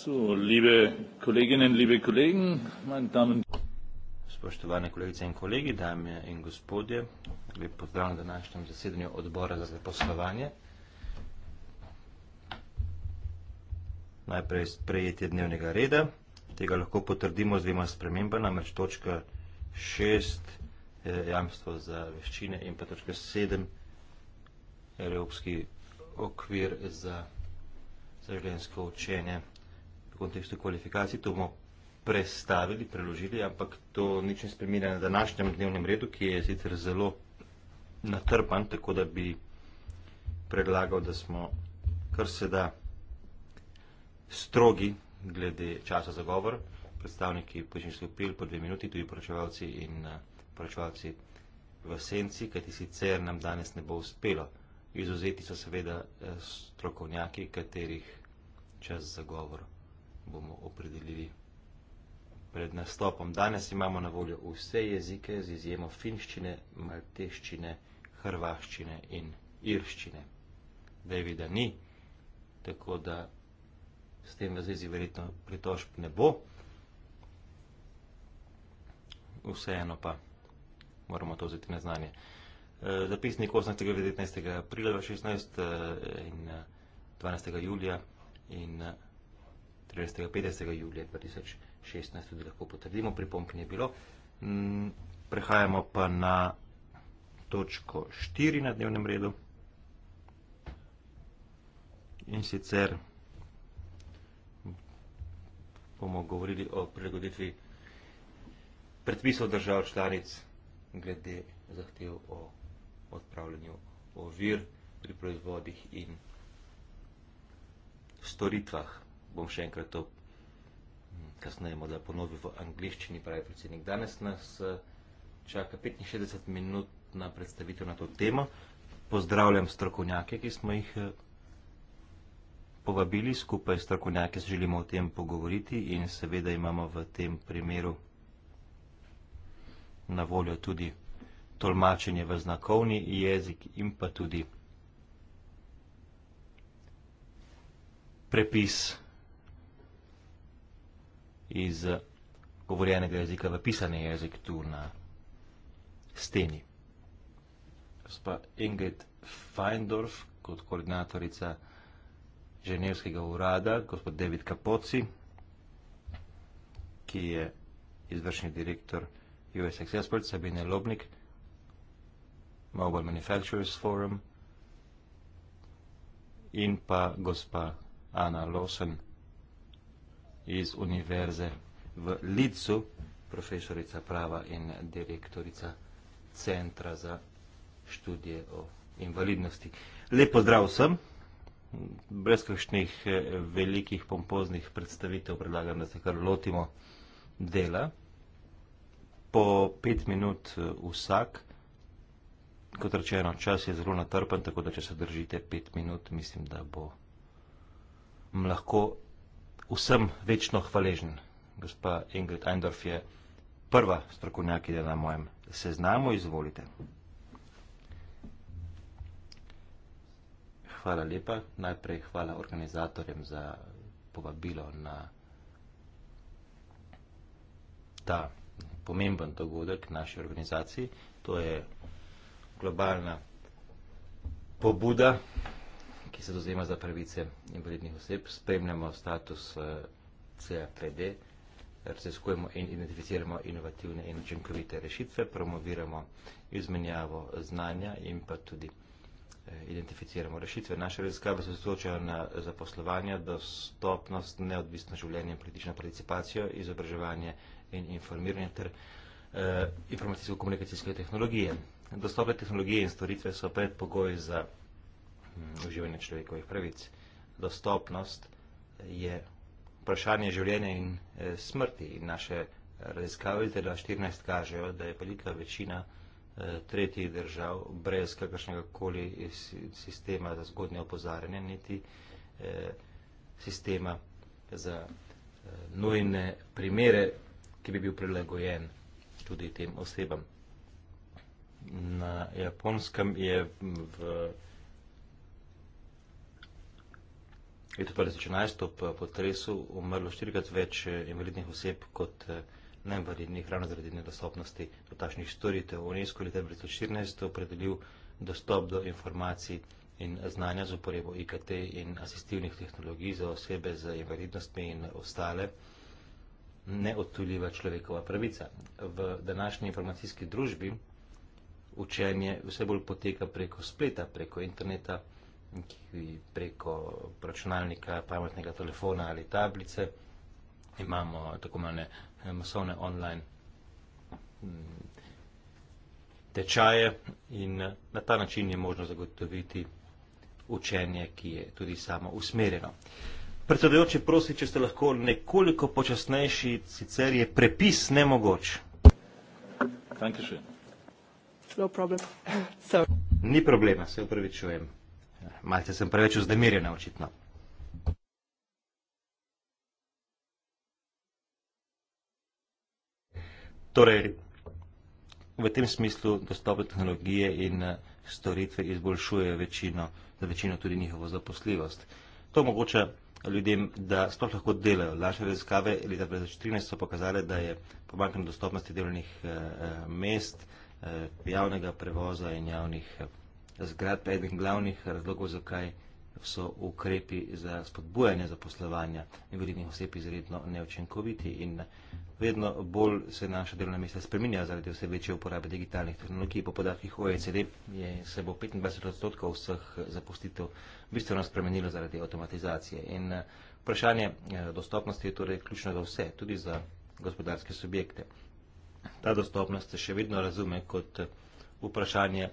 So, liebe Kolleginnen, liebe Kollegen, meine Damen und Spoštovane kolegice in kolegi, dame in gospodje, lep pozdrav na današnjem zasedanju odbora za zaposlovanje. Najprej sprejetje dnevnega reda. Tega lahko potrdimo z dvema spremembama, namreč točka šest, eh, jamstvo za veščine, in pa točka sedem, evropski okvir za, za življenjsko učenje kontekstu kvalifikacij, to bomo predstavili, preložili, ampak to nič ne spremenja na današnjem dnevnem redu, ki je sicer zelo natrpan, tako da bi predlagal, da smo kar se da strogi glede časa za govor, predstavniki počinjski pil po dve minuti, tudi poročevalci in uh, poročevalci v senci, kajti sicer nam danes ne bo uspelo. Izuzeti so seveda eh, strokovnjaki, katerih čas za govor bomo opredelili pred nastopom. Danes imamo na voljo vse jezike z izjemo finščine, malteščine, hrvaščine in irščine. Davida ni, tako da s tem v zvezi verjetno pritožb ne bo. Vseeno pa moramo to vzeti na znanje. E, zapisnik 18. 19. aprila 2016 e, in 12. E, julija in 13. 50. julija 2016 tudi lahko potrdimo, pripomp ni bilo. Mm, prehajamo pa na točko 4 na dnevnem redu in sicer bomo govorili o prilagoditvi predpisov držav članic glede zahtev o odpravljanju ovir pri proizvodih in storitvah bom še enkrat to hm, kasneje morda ponovil v angliščini, pravi predsednik. Danes nas eh, čaka 65 minut na predstavitev na to temo. Pozdravljam strokovnjake, ki smo jih eh, povabili skupaj s strokovnjaki, se želimo o tem pogovoriti in seveda imamo v tem primeru na voljo tudi tolmačenje v znakovni jezik in pa tudi prepis iz govorjenega jezika v pisani jezik tu na steni. Gospa Ingrid Feindorf kot koordinatorica ženevskega urada, gospod David Kapoci, ki je izvršni direktor US Export, Sabine Lobnik, Mobile Manufacturers Forum in pa gospa Ana Lawson, iz Univerze v Lidzu, profesorica prava in direktorica Centra za študije o invalidnosti. Lepo zdrav vsem. Brez kakšnih eh, velikih pompoznih predstavitev predlagam, da se kar lotimo dela. Po pet minut eh, vsak, kot rečeno, čas je zelo natrpen, tako da če se držite pet minut, mislim, da bo lahko vsem večno hvaležen. Gospa Ingrid Eindorf je prva strokovnjakinja na mojem seznamu, izvolite. Hvala lepa. Najprej hvala organizatorjem za povabilo na ta pomemben dogodek naši organizaciji. To je globalna pobuda, ki se dozema za pravice invalidnih oseb, spremljamo status eh, CAPD, raziskujemo in identificiramo inovativne in učinkovite rešitve, promoviramo izmenjavo znanja in pa tudi eh, identificiramo rešitve. Naše raziskave se soočajo na zaposlovanje, dostopnost, neodvisno življenje, politično participacijo, izobraževanje in informiranje ter eh, informacijsko-komunikacijske tehnologije. Dostopne tehnologije in storitve so predpogoj za Mm, uživanje človekovih pravic. Dostopnost je vprašanje življenja in e, smrti. In naše raziskave iz 2014 kažejo, da je velika večina e, tretjih držav brez kakršnega koli sistema za zgodnje opozarjanje, niti e, sistema za e, nujne primere, ki bi bil prilagojen tudi tem osebam. Na japonskem je v, v letu 2011 ob eh, potresu umrlo štirikrat več eh, invalidnih oseb kot eh, neinvalidnih, ravno zaradi nedostopnosti do takšnih storitev. UNESCO leta 2014 je opredelil dostop do informacij in znanja z uporabo IKT in asistivnih tehnologij za osebe z invalidnostmi in ostale neodtujljiva človekova pravica. V današnji informacijski družbi učenje vse bolj poteka preko spleta, preko interneta, ki preko računalnika, pametnega telefona ali tablice imamo tako imenovane eh, masovne online mm, tečaje in eh, na ta način je možno zagotoviti učenje, ki je tudi samo usmerjeno. Predsedujoči, prosim, če ste lahko nekoliko počasnejši, sicer je prepis nemogoč. No problem. Ni problema, se upravičujem. Malce sem preveč vznemirjena, očitno. Torej, v tem smislu dostop do tehnologije in eh, storitve izboljšuje večino, za večino tudi njihovo zaposljivost. To omogoča ljudem, da sploh lahko delajo. Naše raziskave leta 2014 so pokazale, da je pomanjkanje dostopnosti delovnih eh, eh mest, eh, javnega prevoza in javnih eh, zgradba eden glavnih razlogov, zakaj so ukrepi za spodbujanje zaposlovanja invalidnih oseb izredno neočinkoviti in vedno bolj se naša delovna mesta spreminja zaradi vse večje uporabe digitalnih tehnologij. Po podatkih OECD je, se bo 25 odstotkov vseh zapustitev bistveno spremenilo zaradi avtomatizacije. In eh, vprašanje eh, dostopnosti je torej ključno za vse, tudi za gospodarske subjekte. Ta dostopnost se še vedno razume kot eh, vprašanje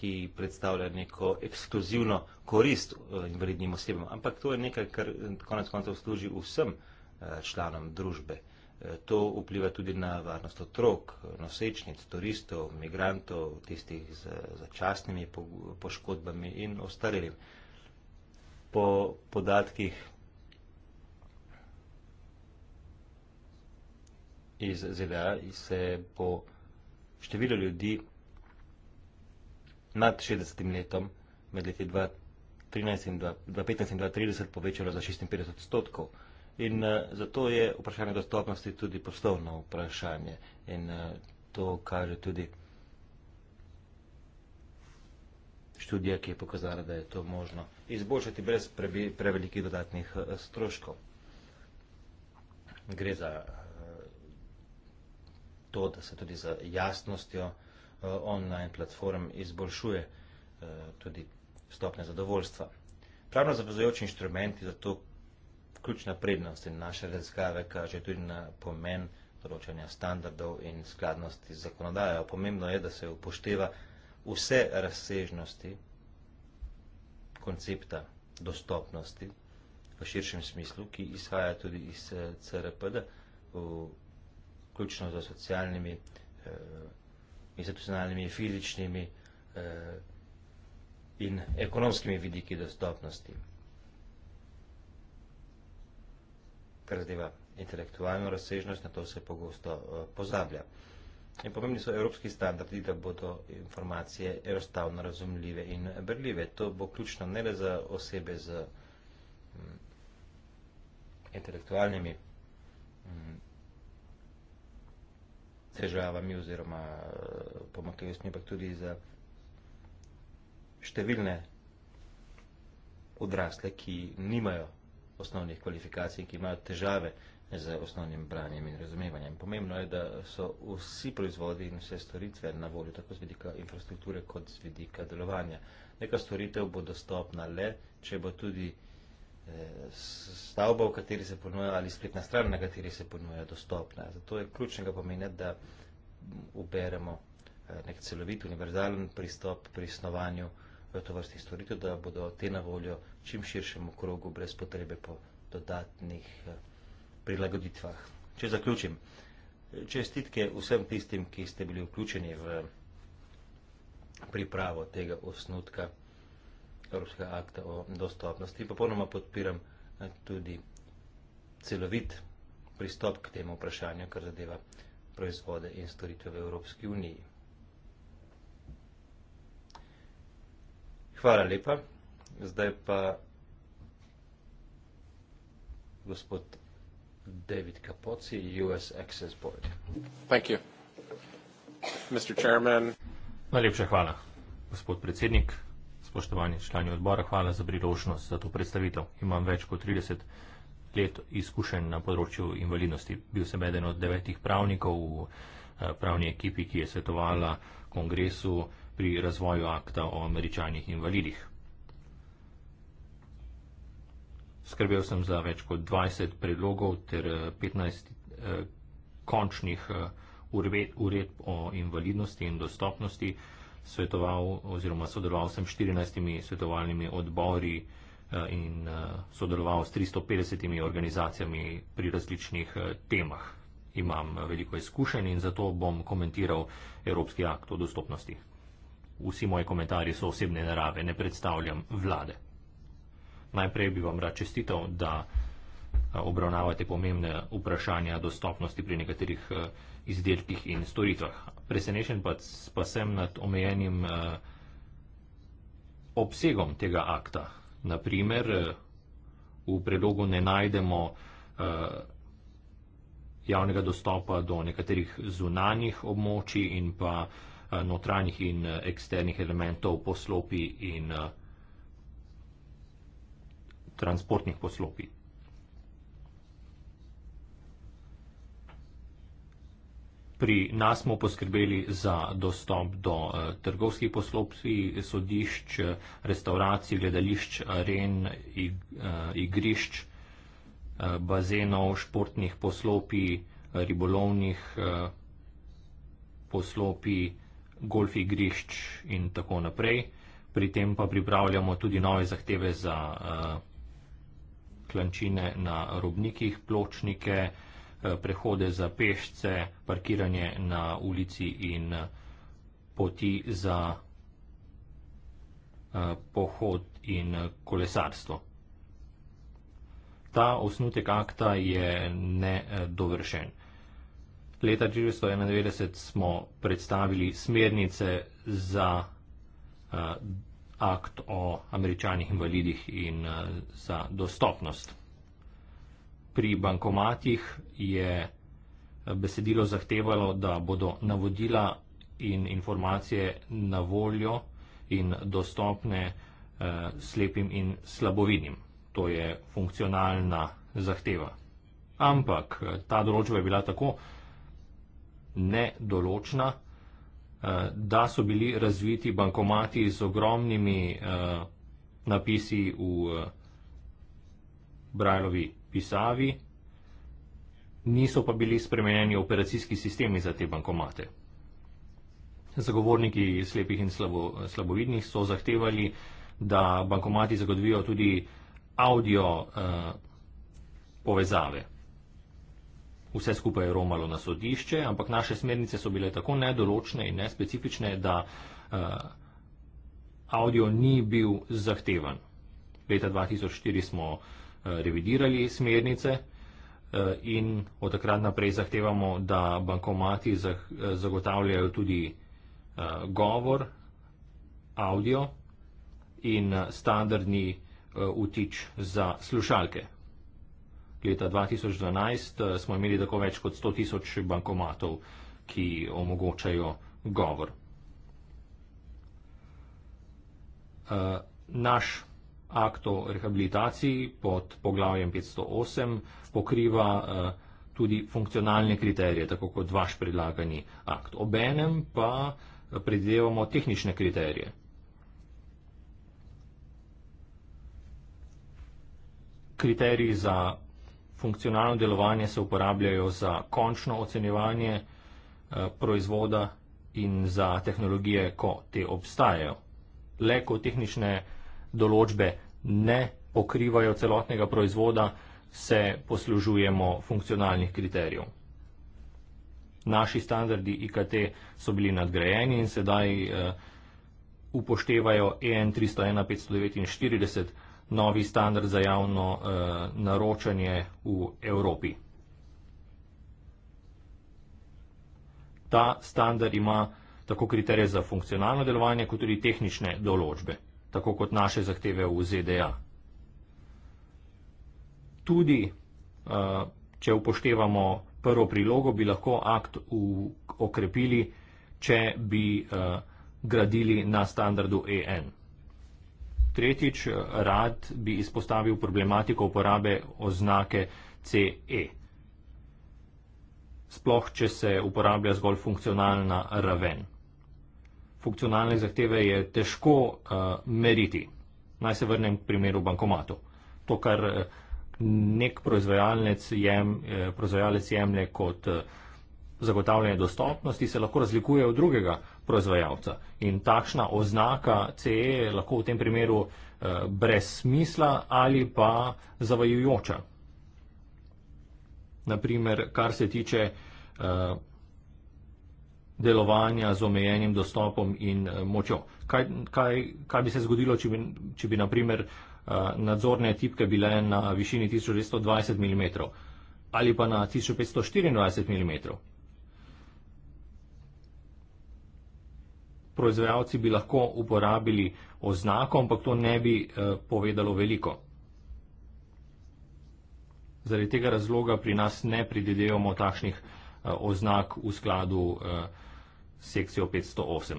ki predstavlja neko ekskluzivno korist eh, invalidnim osebam, ampak to je nekaj, kar eh, konec koncev služi vsem eh, članom družbe. To vpliva tudi na varnost otrok, nosečnic, turistov, migrantov, tistih z začasnimi poškodbami in ostarelim. Po podatkih iz ZDA se po število ljudi nad 60 letom med leti 2013 in 2015 in 2030 povečalo za 56 odstotkov. In uh, zato je vprašanje dostopnosti tudi poslovno vprašanje. In uh, to kaže tudi študija, ki je pokazala, da je to možno izboljšati brez prevelikih dodatnih uh, stroškov. Gre za uh, to, da se tudi za jasnostjo uh, Eh, online platform izboljšuje eh, tudi stopne zadovoljstva. Pravno zavezujoči inštrument je zato ključna prednost in naše raziskave kaže tudi na pomen določanja standardov in skladnosti z zakonodajo. Pomembno je, da se upošteva vse razsežnosti koncepta dostopnosti v širšem smislu, ki izhaja tudi iz eh, CRPD, vključno za socialnimi eh, institucionalnimi, fizičnimi eh, in ekonomskimi vidiki dostopnosti. Kar zadeva intelektualno razsežnost, na to se pogosto eh, pozablja. In pomembni so evropski standardi, da bodo informacije enostavno razumljive in berljive. To bo ključno ne le za osebe z hm, intelektualnimi hm, težavami oziroma eh, pomakljivostmi, ampak tudi za številne odrasle, ki nimajo osnovnih kvalifikacij in ki imajo težave z osnovnim branjem in razumevanjem. Pomembno je, da so vsi proizvodi in vse storitve na voljo tako z vidika infrastrukture kot z vidika delovanja. Neka storitev bo dostopna le, če bo tudi vsega, stavba, v kateri se ponuja, ali spletna stran, na kateri se ponuja dostopna. Zato je ključnega pomena, da uberemo eh, nek celovit, univerzalen pristop pri snovanju v eh, to vrsti storitev, da bodo te na voljo čim širšemu krogu, brez potrebe po dodatnih eh, prilagoditvah. Če zaključim, čestitke vsem tistim, ki ste bili vključeni v pripravo tega osnutka. Evropskega akta o dostopnosti. Popolnoma podpiram eh, tudi celovit pristop k temu vprašanju, kar zadeva proizvode in storitve v Evropski uniji. Hvala lepa. Zdaj pa gospod David Capozzi, US Access Board. Thank you. Mr. Chairman. Najlepša hvala, gospod predsednik, Spoštovani člani odbora, hvala za priložnost za to predstavitev. Imam več kot 30 let izkušen na področju invalidnosti. Bil sem eden od devetih pravnikov v eh, pravni ekipi, ki je svetovala kongresu pri razvoju akta o američanih invalidih. Skrbel sem za več kot 20 predlogov ter 15 eh, eh, končnih eh, ured, ured o invalidnosti in dostopnosti. Eh, svetoval oziroma sodeloval sem s 14 svetovalnimi odbori eh, in eh, sodeloval s 350 organizacijami pri različnih eh, temah. Imam veliko izkušenj in zato bom komentiral Evropski akt o dostopnosti. Vsi moji komentarji so osebne narave, ne predstavljam vlade. Najprej bi vam rad čestitev, da obravnavate pomembne vprašanja dostopnosti pri nekaterih izdelkih in storitvah. Presenečen pa, pa sem nad omejenim eh, obsegom tega akta. Naprimer, eh, v predlogu ne najdemo eh, javnega dostopa do nekaterih zunanjih območij in pa eh, notranjih in eh, eksternih elementov poslopi in eh, transportnih poslopi. pri nas smo poskrbeli za dostop do uh, trgovskih poslopsij, sodišč, restauracij, gledališč, aren, ig, uh, igrišč, uh, bazenov, športnih poslopij, ribolovnih uh, poslopij, golf igrišč in tako naprej. Pri tem pa pripravljamo tudi nove zahteve za uh, klančine na robnikih, pločnike, uh, Eh, prehode za pešce, parkiranje na ulici in eh, poti za eh, pohod in kolesarstvo. Ta osnutek akta je nedovršen. Leta 1991 smo predstavili smernice za akt o američanih invalidih in za dostopnost pri bankomatih je eh, besedilo zahtevalo, da bodo navodila in informacije na voljo in dostopne eh, slepim in slabovidnim. To je funkcionalna zahteva. Ampak eh, ta določba je bila tako nedoločna, eh, da so bili razviti bankomati z ogromnimi eh, napisi v eh, Brajlovi pisavi, niso pa bili spremenjeni operacijski sistemi za te bankomate. Zagovorniki slepih in slabo, slabovidnih so zahtevali, da bankomati zagotovijo tudi audio eh, povezave. Vse skupaj je romalo na sodišče, ampak naše smernice so bile tako nedoločne in nespecifične, da eh, audio ni bil zahtevan. Leta 2004 smo Eh, revidirali smernice eh, in od takrat naprej zahtevamo, da bankomati eh, zagotavljajo tudi govor, audio in standardni vtič za slušalke. Leta 2012 smo imeli tako več kot 100 tisoč bankomatov, ki omogočajo govor. Naš akt o rehabilitaciji pod poglavjem 508 pokriva eh, tudi funkcionalne kriterije, tako kot vaš predlagani akt. Obenem pa eh, predvidevamo tehnične kriterije. Kriteriji za funkcionalno delovanje se uporabljajo za končno ocenjevanje eh, proizvoda in za tehnologije, ko te obstajajo. Le ko tehnične kriterije določbe ne pokrivajo celotnega proizvoda, se poslužujemo funkcionalnih kriterijev. Naši standardi IKT so bili nadgrajeni in sedaj uh, upoštevajo e EN 301-549, novi standard za javno uh, naročanje v Evropi. Ta standard ima tako kriterije za funkcionalno delovanje, kot tudi tehnične določbe tako kot naše zahteve v ZDA. Tudi, eh, če upoštevamo prvo prilogo, bi lahko akt okrepili, če bi eh, gradili na standardu EN. Tretjič, rad bi izpostavil problematiko uporabe oznake CE. Sploh, če se uporablja zgolj funkcionalna raven funkcionalne zahteve je težko uh, meriti. Naj se vrnem k primeru bankomatu. To, kar eh, nek proizvajalec, jem, eh, proizvajalec jemlje kot eh, zagotavljanje dostopnosti, se lahko razlikuje od drugega proizvajalca. In takšna oznaka CE je lahko v tem primeru eh, brez smisla ali pa zavajujoča. Naprimer, kar se tiče eh, delovanja z omejenim dostopom in eh, močjo. Kaj, kaj, kaj bi se zgodilo, če bi, če bi naprimer eh, nadzorne tipke bile na višini 1220 mm ali pa na 1524 mm? Proizvajalci bi lahko uporabili oznako, ampak to ne bi eh, povedalo veliko. Zaradi tega razloga pri nas ne pridedevamo takšnih oznak v skladu uh, sekcijo 508.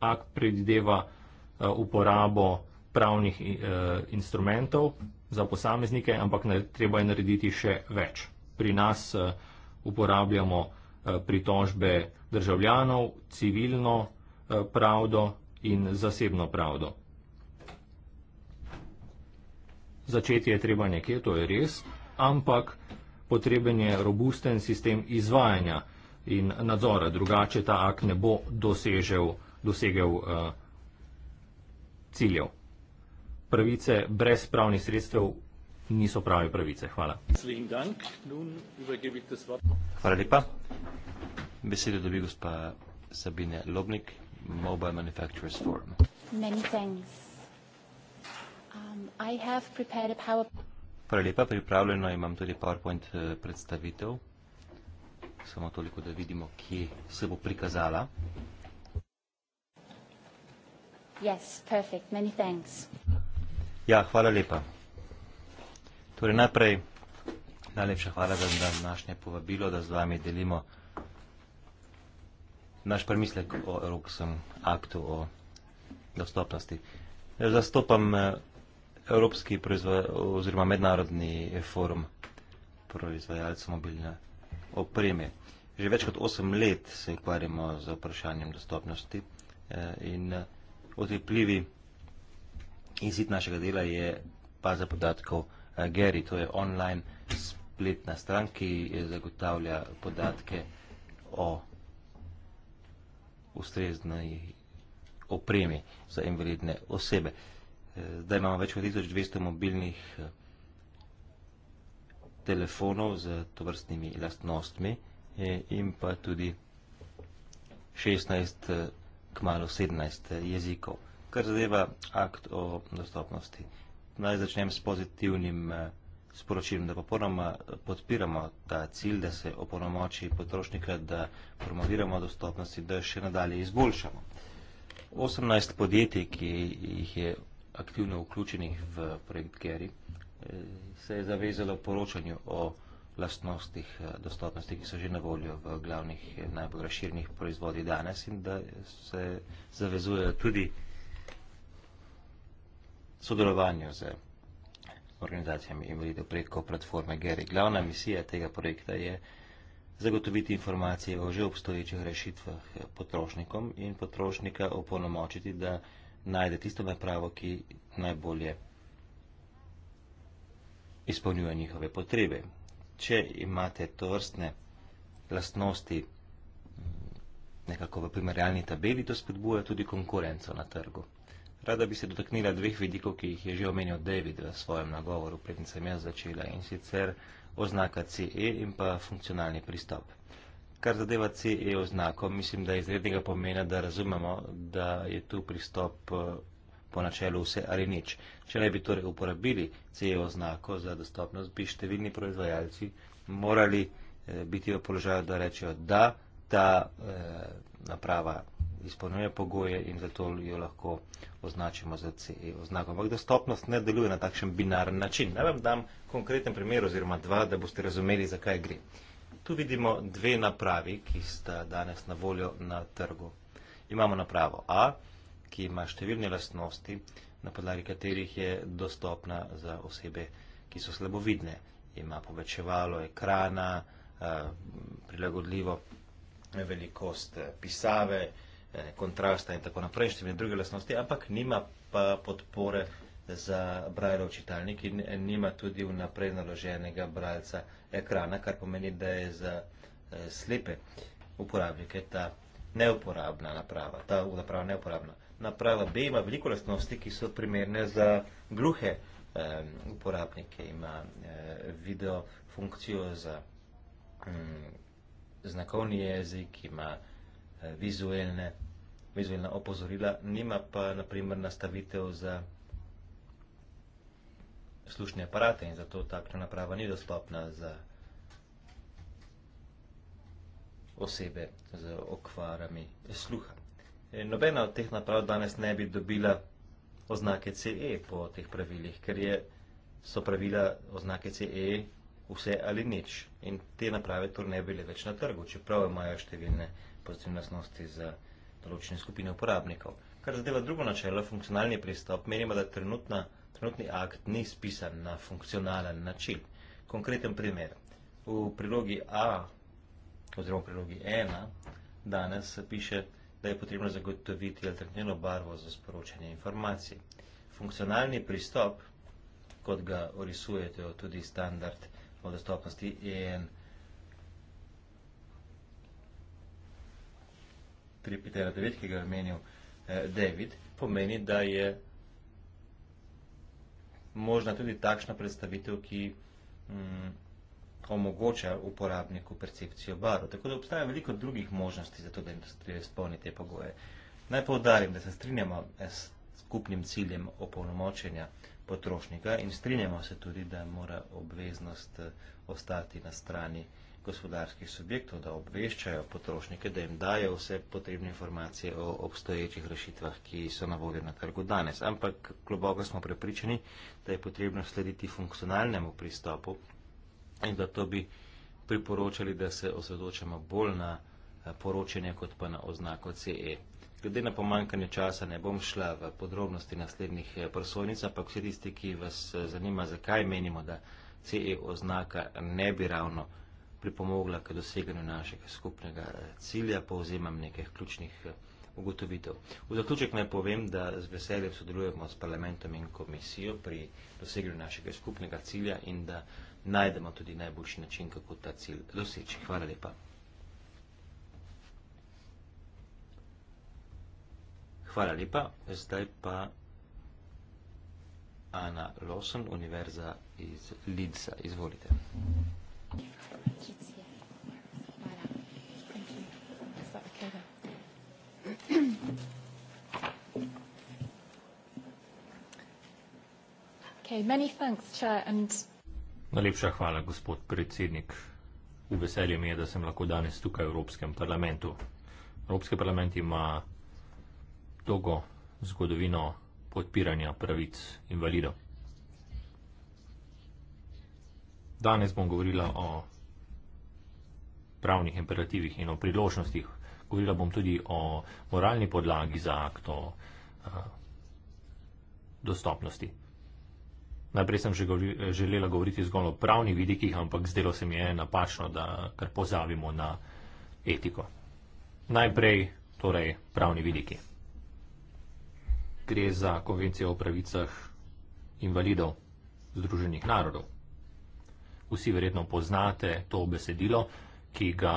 Akt predideva eh, uporabo pravnih eh, instrumentov za posameznike, ampak treba je narediti še več. Pri nas eh, uporabljamo pritožbe državljanov, civilno pravdo in zasebno pravdo. Začeti je treba nekje, to je res, ampak potreben je robusten sistem izvajanja pravda in nadzora. Drugače ta akt ne bo dosežel, dosegel uh, ciljev. Pravice brez pravnih sredstev niso prave pravice. Hvala. Hvala lepa. Besedo dobi gospa Sabine Lobnik, Mobile Manufacturers Forum. Many thanks. Um, I have prepared a power... Hvala lepa, pripravljeno imam tudi PowerPoint eh, predstavitev samo toliko, da vidimo, kje se bo prikazala. Yes, Many ja, hvala lepa. Torej, najprej najlepša hvala za današnje povabilo, da z vami delimo naš premislek o Evropskem aktu o dostopnosti. Zastopam eh, Evropski proizvaj, oziroma mednarodni forum proizvajalcev mobilne opremi. Že več kot 8 let se ukvarjamo z vprašanjem dostopnosti eh, in eh, otepljivi izid našega dela je baza podatkov eh, GERI, to je online spletna stran, ki zagotavlja podatke o ustrezni opremi za invalidne osebe. Zdaj imamo več kot 1200 mobilnih podatkov, telefonov z tovrstnimi lastnostmi e, in pa tudi 16, e, kmalo 17 e, jezikov. Kar zadeva akt o dostopnosti. Naj začnem s pozitivnim sporočilom, da popolnoma podpiramo ta cilj, da se opolnomoči potrošnika, da promoviramo dostopnost in da še nadalje izboljšamo. 18 podjetij, ki jih je aktivno vključenih v projekt GERI, se je zavezalo poročanju o lastnostih, eh, dostopnosti, ki so že na voljo v glavnih eh, najbolj raširnih proizvodih danes in da se zavezuje tudi sodelovanju z organizacijami invalidov preko platforme GERI. Glavna misija tega projekta je zagotoviti informacije o že obstoječih rešitvah eh, potrošnikom in potrošnika opolnomočiti, da najde tisto napravo, ki najbolje izpolnjuje njihove potrebe. Če imate to vrstne lastnosti mm, nekako v primerjalni tabeli, to spodbuja tudi konkurenco na trgu. Rada bi se dotaknila dveh vidikov, ki jih je že omenil David v svojem nagovoru, preden sem jaz začela, in sicer oznaka CE in pa funkcionalni pristop. Kar zadeva CE oznako, mislim, da je izrednega pomena, da razumemo, da je tu pristop eh, po načelu vse ali nič. Če ne bi torej uporabili CE oznako za dostopnost, bi številni proizvajalci morali eh, biti v položaju, da rečejo, da ta eh, naprava izpolnjuje pogoje in zato jo lahko označimo za CE oznako. Ampak dostopnost ne deluje na takšen binaren način. Naj vam dam konkreten primer oziroma dva, da boste razumeli, zakaj gre. Tu vidimo dve napravi, ki sta danes na voljo na trgu. Imamo napravo A, ki ima številne lastnosti, na podlagi katerih je dostopna za osebe, ki so slabovidne. Ima povečevalo ekrana, eh, prilagodljivo velikost eh, pisave, eh, kontrasta in tako naprej, številne druge lastnosti, ampak nima pa podpore za brajlo čitalnik in nima tudi vnaprej naloženega bralca ekrana, kar pomeni, da je za slepe uporabnike ta neuporabna naprava, ta naprava neuporabna naprava B ima veliko lastnosti, ki so primerne za gluhe eh, uporabnike. Ima eh, video funkcijo za hm, znakovni jezik, ima eh, vizualne, vizualna opozorila, nima pa naprimer nastavitev za slušne aparate in zato takšna naprava ni dostopna za osebe z okvarami sluha. In eh, nobena od teh naprav danes ne bi dobila oznake CE po teh pravilih, ker je, so pravila oznake CE vse ali nič. In te naprave torej ne bi bile več na trgu, čeprav imajo številne pozitivne lastnosti za določene skupine uporabnikov. Kar zadeva drugo načelo, funkcionalni pristop, menimo, da trenutna, trenutni akt ni spisan na funkcionalen način. Konkreten primer. V prilogi A oziroma v prilogi 1 danes piše, da je potrebno zagotoviti alternativno barvo za sporočanje informacij. Funkcionalni pristop, kot ga orisujete tudi standard o dostopnosti EN 359, ki ga je omenil eh, David, pomeni, da je možna tudi takšna predstavitev, ki mm, omogoča uporabniku percepcijo barv. Tako da obstaja veliko drugih možnosti za to, da industrija izpolni te pogoje. Naj povdarim, da se strinjamo eh, s skupnim ciljem opolnomočenja potrošnika in strinjamo se tudi, da mora obveznost eh, ostati na strani gospodarskih subjektov, da obveščajo potrošnike, da jim dajo vse potrebne informacije o obstoječih rešitvah, ki so na voljo na trgu danes. Ampak globoko smo prepričani, da je potrebno slediti funkcionalnemu pristopu in da to bi priporočali, da se osredotočamo bolj na eh, poročanje kot pa na oznako CE. Glede na pomankanje časa ne bom šla v podrobnosti naslednjih eh, prosojnic, ampak vsi tisti, ki vas eh, zanima, zakaj menimo, da CE oznaka ne bi ravno pripomogla k doseganju našega skupnega cilja, povzemam nekaj ključnih ugotovitev. V zaključek naj povem, da z veseljem sodelujemo s parlamentom in komisijo pri doseganju našega skupnega cilja in da najdemo tudi najboljši način, kako ta cilj doseči. Hvala lepa. Hvala lepa. Zdaj pa Ana Lawson, Univerza iz Lidza. Izvolite. Okay, many thanks, Chair, and Najlepša hvala, gospod predsednik. V veselje mi je, da sem lahko danes tukaj v Evropskem parlamentu. Evropski parlament ima dolgo zgodovino podpiranja pravic invalidov. Danes bom govorila o pravnih imperativih in o priložnostih. Govorila bom tudi o moralni podlagi za akt o a, eh, dostopnosti. Najprej sem želela govoriti zgolj o pravnih vidikih, ampak zdelo se mi je napačno, da kar pozavimo na etiko. Najprej torej pravni vidiki. Gre za konvencijo o pravicah invalidov Združenih narodov. Vsi verjetno poznate to besedilo, ki ga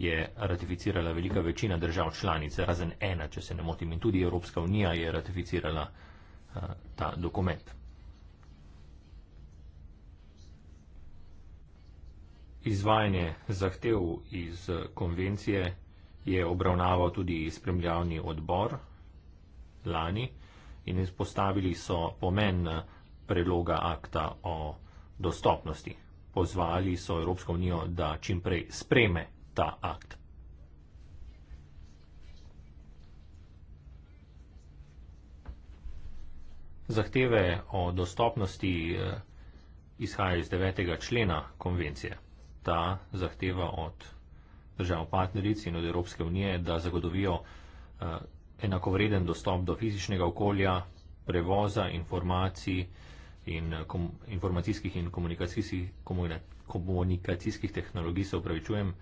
je ratificirala velika večina držav članice, razen ena, če se ne motim, in tudi Evropska unija je ratificirala. Eh, ta dokument. Izvajanje zahtev iz konvencije je obravnaval tudi spremljavni odbor lani in izpostavili so pomen predloga akta o dostopnosti. Pozvali so Evropsko unijo, da čimprej spreme ta akt. zahteve o dostopnosti eh, izhaja iz 9. člena konvencije. Ta zahteva od držav partneric in od Evropske unije, da zagodovijo eh, enakovreden dostop do fizičnega okolja, prevoza informacij in eh, kom, informacijskih in komunikacijskih, komunikacijskih tehnologij, se upravičujem,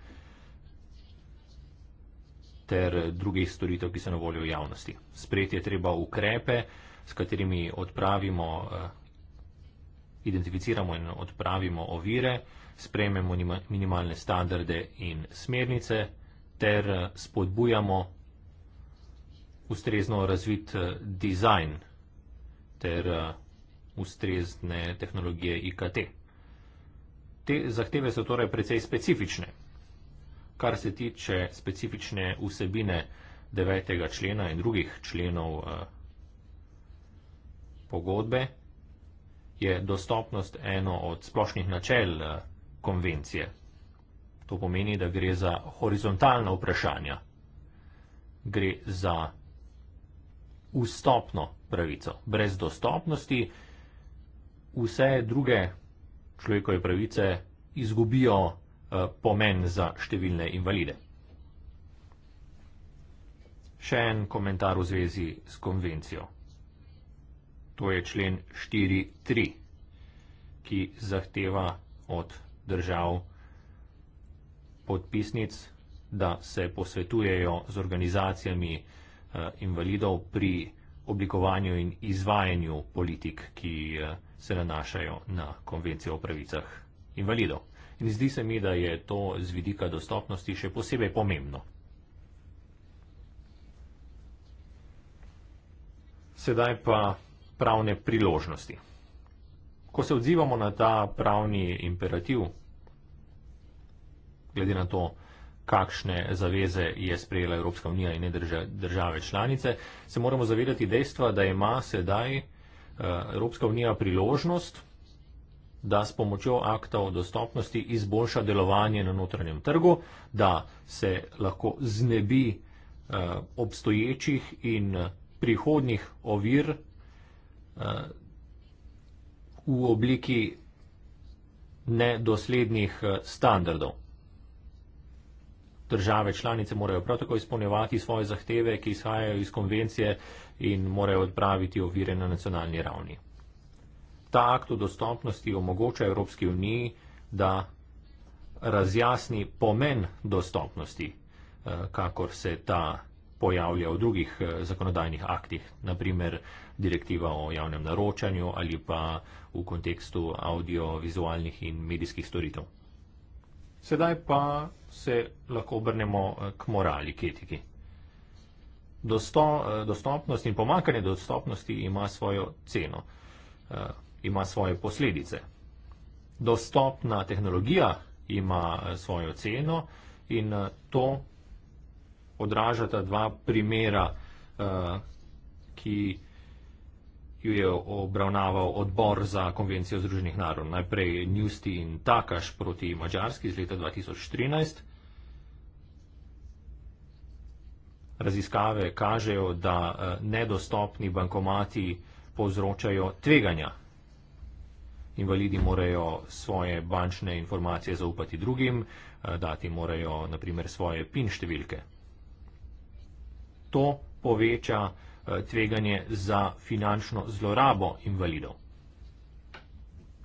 ter drugih storitev, ki so na voljo javnosti. Sprejeti je treba ukrepe, s katerimi odpravimo, eh, identificiramo in odpravimo ovire, sprejmemo minimalne standarde in smernice ter eh, spodbujamo ustrezno razvit eh, dizajn ter ustrezne tehnologije IKT. Te zahteve so torej precej specifične. Kar se tiče specifične vsebine 9. člena in drugih členov pogodbe, je dostopnost eno od splošnih načel eh, konvencije. To pomeni, da gre za horizontalna vprašanja, gre za vstopno pravico. Brez dostopnosti vse druge človekove pravice izgubijo eh, pomen za številne invalide. Še en komentar v zvezi s konvencijo to je člen 4.3, ki zahteva od držav podpisnic, da se posvetujejo z organizacijami eh, invalidov pri oblikovanju in izvajanju politik, ki eh, se nanašajo na konvencijo o pravicah invalidov. In zdi se mi, da je to z vidika dostopnosti še posebej pomembno. Sedaj pa pravne priložnosti. Ko se odzivamo na ta pravni imperativ, glede na to, kakšne zaveze je sprejela Evropska unija in ne države članice, se moramo zavedati dejstva, da ima sedaj eh, Evropska unija priložnost, da s pomočjo akta o dostopnosti izboljša delovanje na notranjem trgu, da se lahko znebi eh, obstoječih in prihodnih ovir v obliki nedoslednih eh, standardov. Države članice morajo prav tako izpolnjevati svoje zahteve, ki izhajajo iz konvencije in morajo odpraviti ovire na nacionalni ravni. Ta akt o dostopnosti omogoča Evropski uniji, da razjasni pomen dostopnosti, eh, kakor se ta pojavlja v drugih eh, zakonodajnih aktih, naprimer direktiva o javnem naročanju ali pa v kontekstu audiovizualnih in medijskih storitev. Sedaj pa se lahko obrnemo eh, k morali, k etiki. Dosto, eh, dostopnost in pomakanje dostopnosti ima svojo ceno, ima svoje posledice. Dostopna tehnologija ima svojo ceno in to odražata dva primera, uh, ki ju je obravnaval odbor za konvencijo Združenih narodov. Najprej Newsti in Takaš proti Mačarski iz leta 2013. Raziskave kažejo, da eh, nedostopni bankomati povzročajo tveganja. Invalidi morajo svoje bančne informacije zaupati drugim, eh, dati morajo naprimer svoje PIN številke to poveča eh, tveganje za finančno zlorabo invalidov.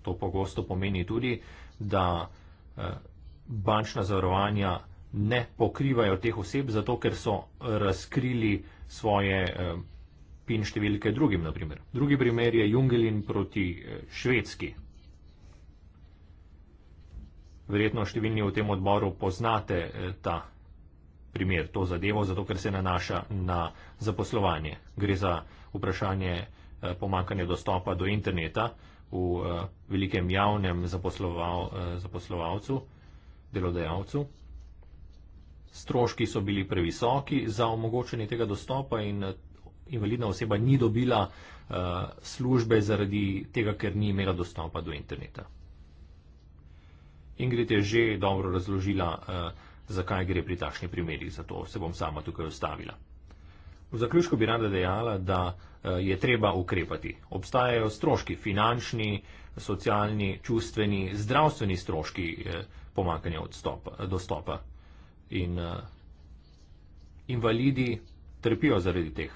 To pogosto pomeni tudi, da eh, bančna zavarovanja ne pokrivajo teh oseb, zato ker so razkrili svoje eh, pin številke drugim, na primer. Drugi primer je Jungelin proti švedski. Verjetno številni v tem odboru poznate ta primer to zadevo, zato ker se nanaša na zaposlovanje. Gre za vprašanje eh, pomankanja dostopa do interneta v eh, velikem javnem zaposloval, eh, zaposlovalcu, delodajalcu. Stroški so bili previsoki za omogočanje tega dostopa in invalidna oseba ni dobila službe zaradi tega, ker ni imela dostopa do interneta. Ingrid je že dobro razložila, zakaj gre pri takšnih primerjih. Zato se bom sama tukaj ustavila. V zaključku bi rada dejala, da eh, je treba ukrepati. Obstajajo stroški, finančni, socialni, čustveni, zdravstveni stroški eh, pomankanja dostopa. In eh, invalidi trpijo zaradi teh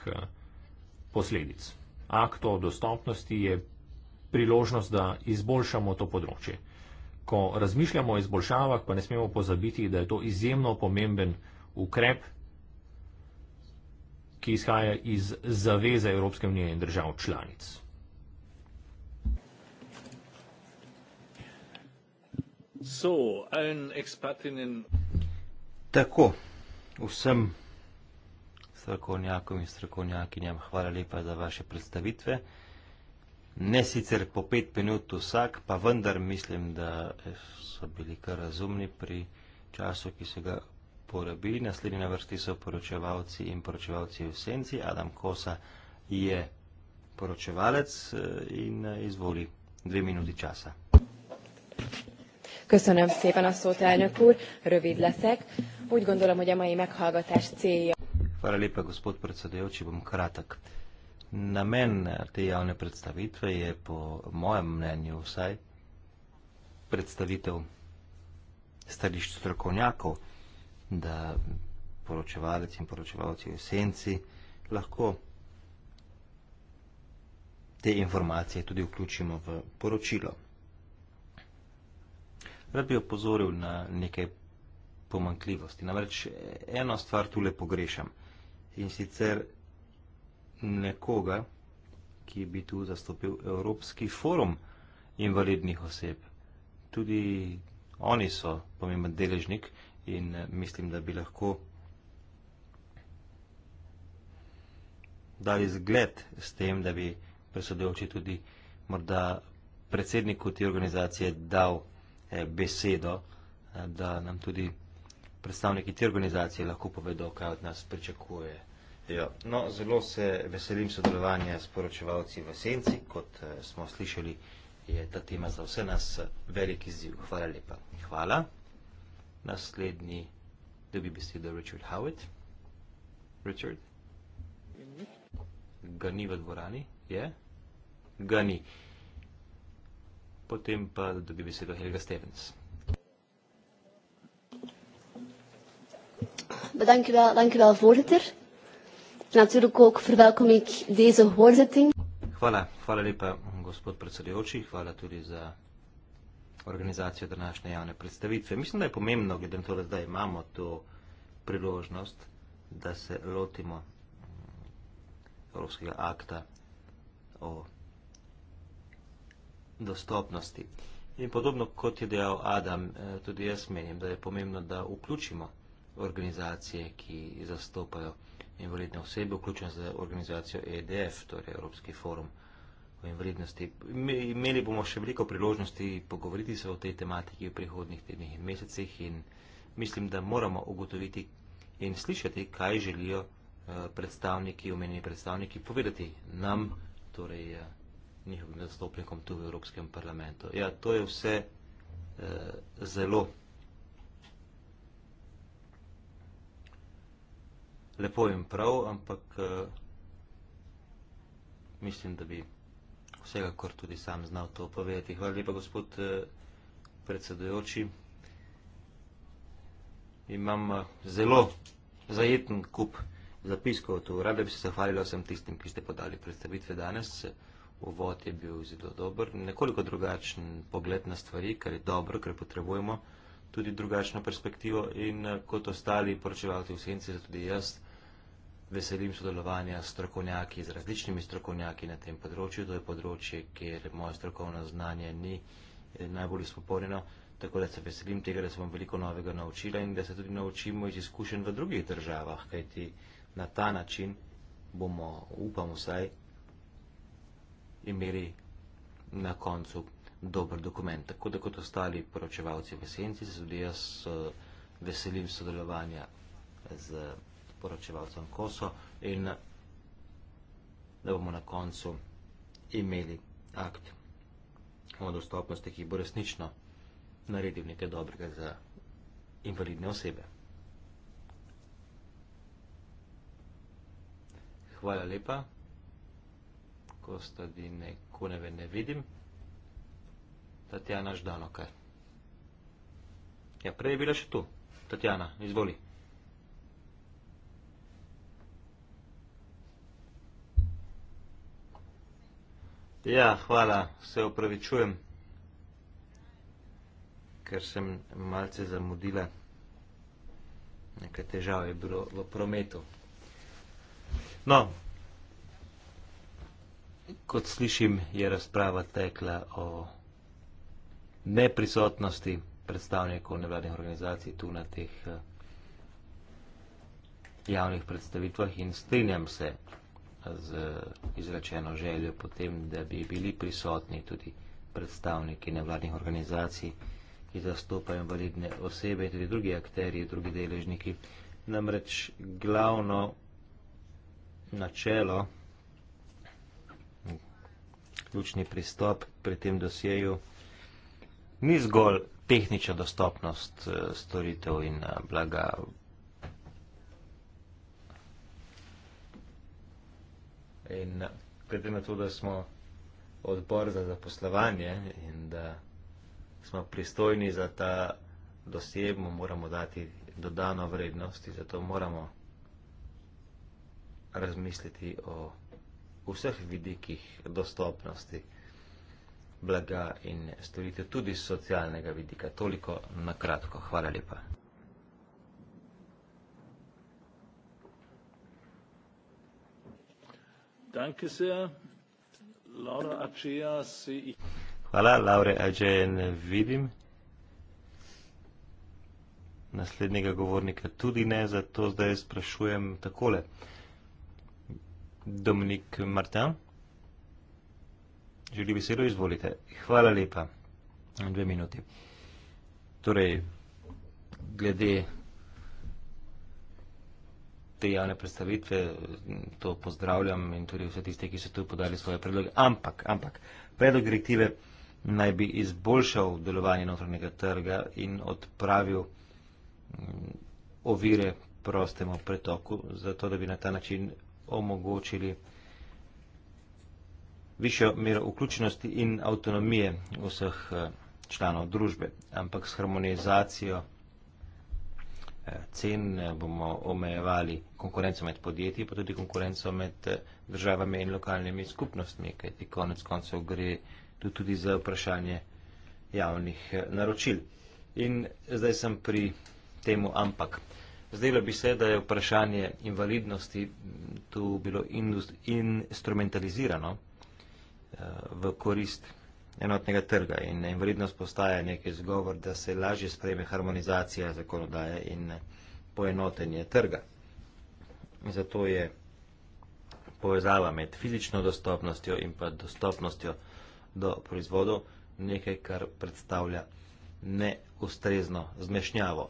posledic. Akt o dostopnosti je priložnost, da izboljšamo to področje ko razmišljamo o izboljšavah, pa ne smemo pozabiti, da je to izjemno pomemben ukrep, ki izhaja iz zaveze Evropske unije in držav članic. So, Tako, vsem strokovnjakom in strokovnjakinjam hvala lepa za vaše predstavitve ne sicer po pet minut vsak, pa vendar mislim, da so bili kar razumni pri času, ki so ga porabili. Naslednji na vrsti so poročevalci in poročevalci v senci. Adam Kosa je poročevalec eh, in eh, izvoli dve minuti časa. Köszönöm szépen a szót, elnök úr. Rövid leszek. Úgy gondolom, hogy a mai meghallgatás célja. Fára lépe, gospod predsedajócsi, bom kratak. Namen eh, te javne predstavitve je, po mojem mnenju vsaj, predstavitev stališč strokovnjakov, da poročevalec in poročevalci v esenci lahko te informacije tudi vključimo v poročilo. Rad bi opozoril na nekaj pomankljivosti. Namreč eh, eno stvar tule pogrešam. In sicer nekoga, ki bi tu zastopil Evropski forum invalidnih oseb. Tudi oni so pomemben deležnik in eh, mislim, da bi lahko dali zgled s tem, da bi presodeoči tudi morda predsedniku te organizacije dal eh, besedo, eh, da nam tudi predstavniki te organizacije lahko povedo, kaj od nas pričakuje. Ja. No, zelo se veselim sodelovanja s poročevalci v Senci. Kot eh, smo slišali, je ta tema za vse nas eh, velik izziv. Hvala lepa. Hvala. Naslednji dobi besedo Richard Howitt. Richard? Ga ni v dvorani? Je? Ga ni. Potem pa dobi besedo Helga Stevens. Bedankt u wel, dank u wel, voorzitter. Natuurlijk ook verwelkom ik deze hoorzitting. Hvala, hvala lepa, gospod predsedujoči. Hvala tudi za organizacijo današnje javne predstavitve. Mislim, da je pomembno, glede na to, da zdaj imamo to priložnost, da se lotimo Evropskega akta o dostopnosti. In podobno kot je dejal Adam, eh, tudi jaz menim, da je pomembno, da vključimo organizacije, ki zastopajo invalidne osebe, vključen z organizacijo EDF, torej Evropski forum o invalidnosti. Imeli bomo še veliko priložnosti pogovoriti se o tej tematiki v prihodnih tednih in mesecih in mislim, da moramo ugotoviti in slišati, kaj želijo eh, predstavniki, omenjeni predstavniki, povedati nam, torej eh, njihovim nastopnikom tu v Evropskem parlamentu. Ja, to je vse eh, zelo lepo in prav, ampak eh, mislim, da bi vsekakor tudi sam znal to povedati. Hvala lepa, gospod eh, predsedujoči. Imam eh, zelo zajeten kup zapiskov tu. Rada bi se zahvalila vsem tistim, ki ste podali predstavitve danes. Uvod je bil zelo dober. Nekoliko drugačen pogled na stvari, kar je dobro, ker potrebujemo tudi drugačno perspektivo. In kot ostali poročevalci v senci, tudi jaz, veselim sodelovanja s strokovnjaki, z različnimi strokovnjaki na tem področju. To je področje, kjer moje strokovno znanje ni eh, najbolj usporjeno, tako da se veselim tega, da se bom veliko novega naučila in da se tudi naučimo iz izkušenj v drugih državah, kajti na ta način bomo, upam vsaj, imeli na koncu dober dokument. Tako da kot ostali poročevalci v esenci, se tudi jaz eh, veselim sodelovanja z poročevalcem Koso in da bomo na koncu imeli akt o dostopnosti, ki bo resnično naredil nekaj dobrega za invalidne osebe. Hvala lepa, Kostadine Kuneve ne vidim, Tatjana Ždanoka. Ja, prej je bila še tu. Tatjana, izvoli. Ja, hvala, se upravičujem, ker sem malce zamudila. Nekaj težav je bilo v prometu. No, kot slišim, je razprava tekla o neprisotnosti predstavnikov nevladnih organizacij tu na teh eh, javnih predstavitvah in strinjam se, z izrečeno željo potem, da bi bili prisotni tudi predstavniki nevladnih organizacij, ki zastopajo invalidne osebe in tudi drugi akteri, drugi deležniki. Namreč glavno načelo, ključni pristop pri tem dosjeju ni zgolj tehnična dostopnost eh, storitev in eh, blaga In glede na to, da smo odbor za zaposlovanje in da smo pristojni za ta doseg, mu moramo dati dodano vrednost in zato moramo razmisliti o vseh vidikih dostopnosti blaga in storitev, tudi socialnega vidika. Toliko na kratko. Hvala lepa. Danke sehr. Laura Acea sehe ich. Hvala, Laure Acea ne eh, vidim. Naslednjega govornika tudi ne, zato zdaj sprašujem takole. Dominik Martin, želi besedo, izvolite. Hvala lepa. Dve minuti. Torej, glede te javne predstavitve, to pozdravljam in tudi vse tiste, ki so tu podali svoje predloge. Ampak, ampak predlog direktive naj bi izboljšal delovanje notranjega trga in odpravil mm, ovire prostemu pretoku, zato da bi na ta način omogočili višjo mero vključenosti in avtonomije vseh eh, članov družbe, ampak s harmonizacijo cen, bomo omejevali konkurenco med podjetji, pa tudi konkurenco med eh, državami in lokalnimi skupnostmi, kajti konec koncev gre tudi za vprašanje javnih eh, naročil. In zdaj sem pri temu ampak. Zdelo bi se, da je vprašanje invalidnosti tu bilo instrumentalizirano eh, v korist enotnega trga in, in vrednost postaje nek izgovor, da se lažje sprejme harmonizacija zakonodaje in poenotenje trga. In zato je povezava med fizično dostopnostjo in pa dostopnostjo do proizvodov nekaj, kar predstavlja neustrezno zmešnjavo.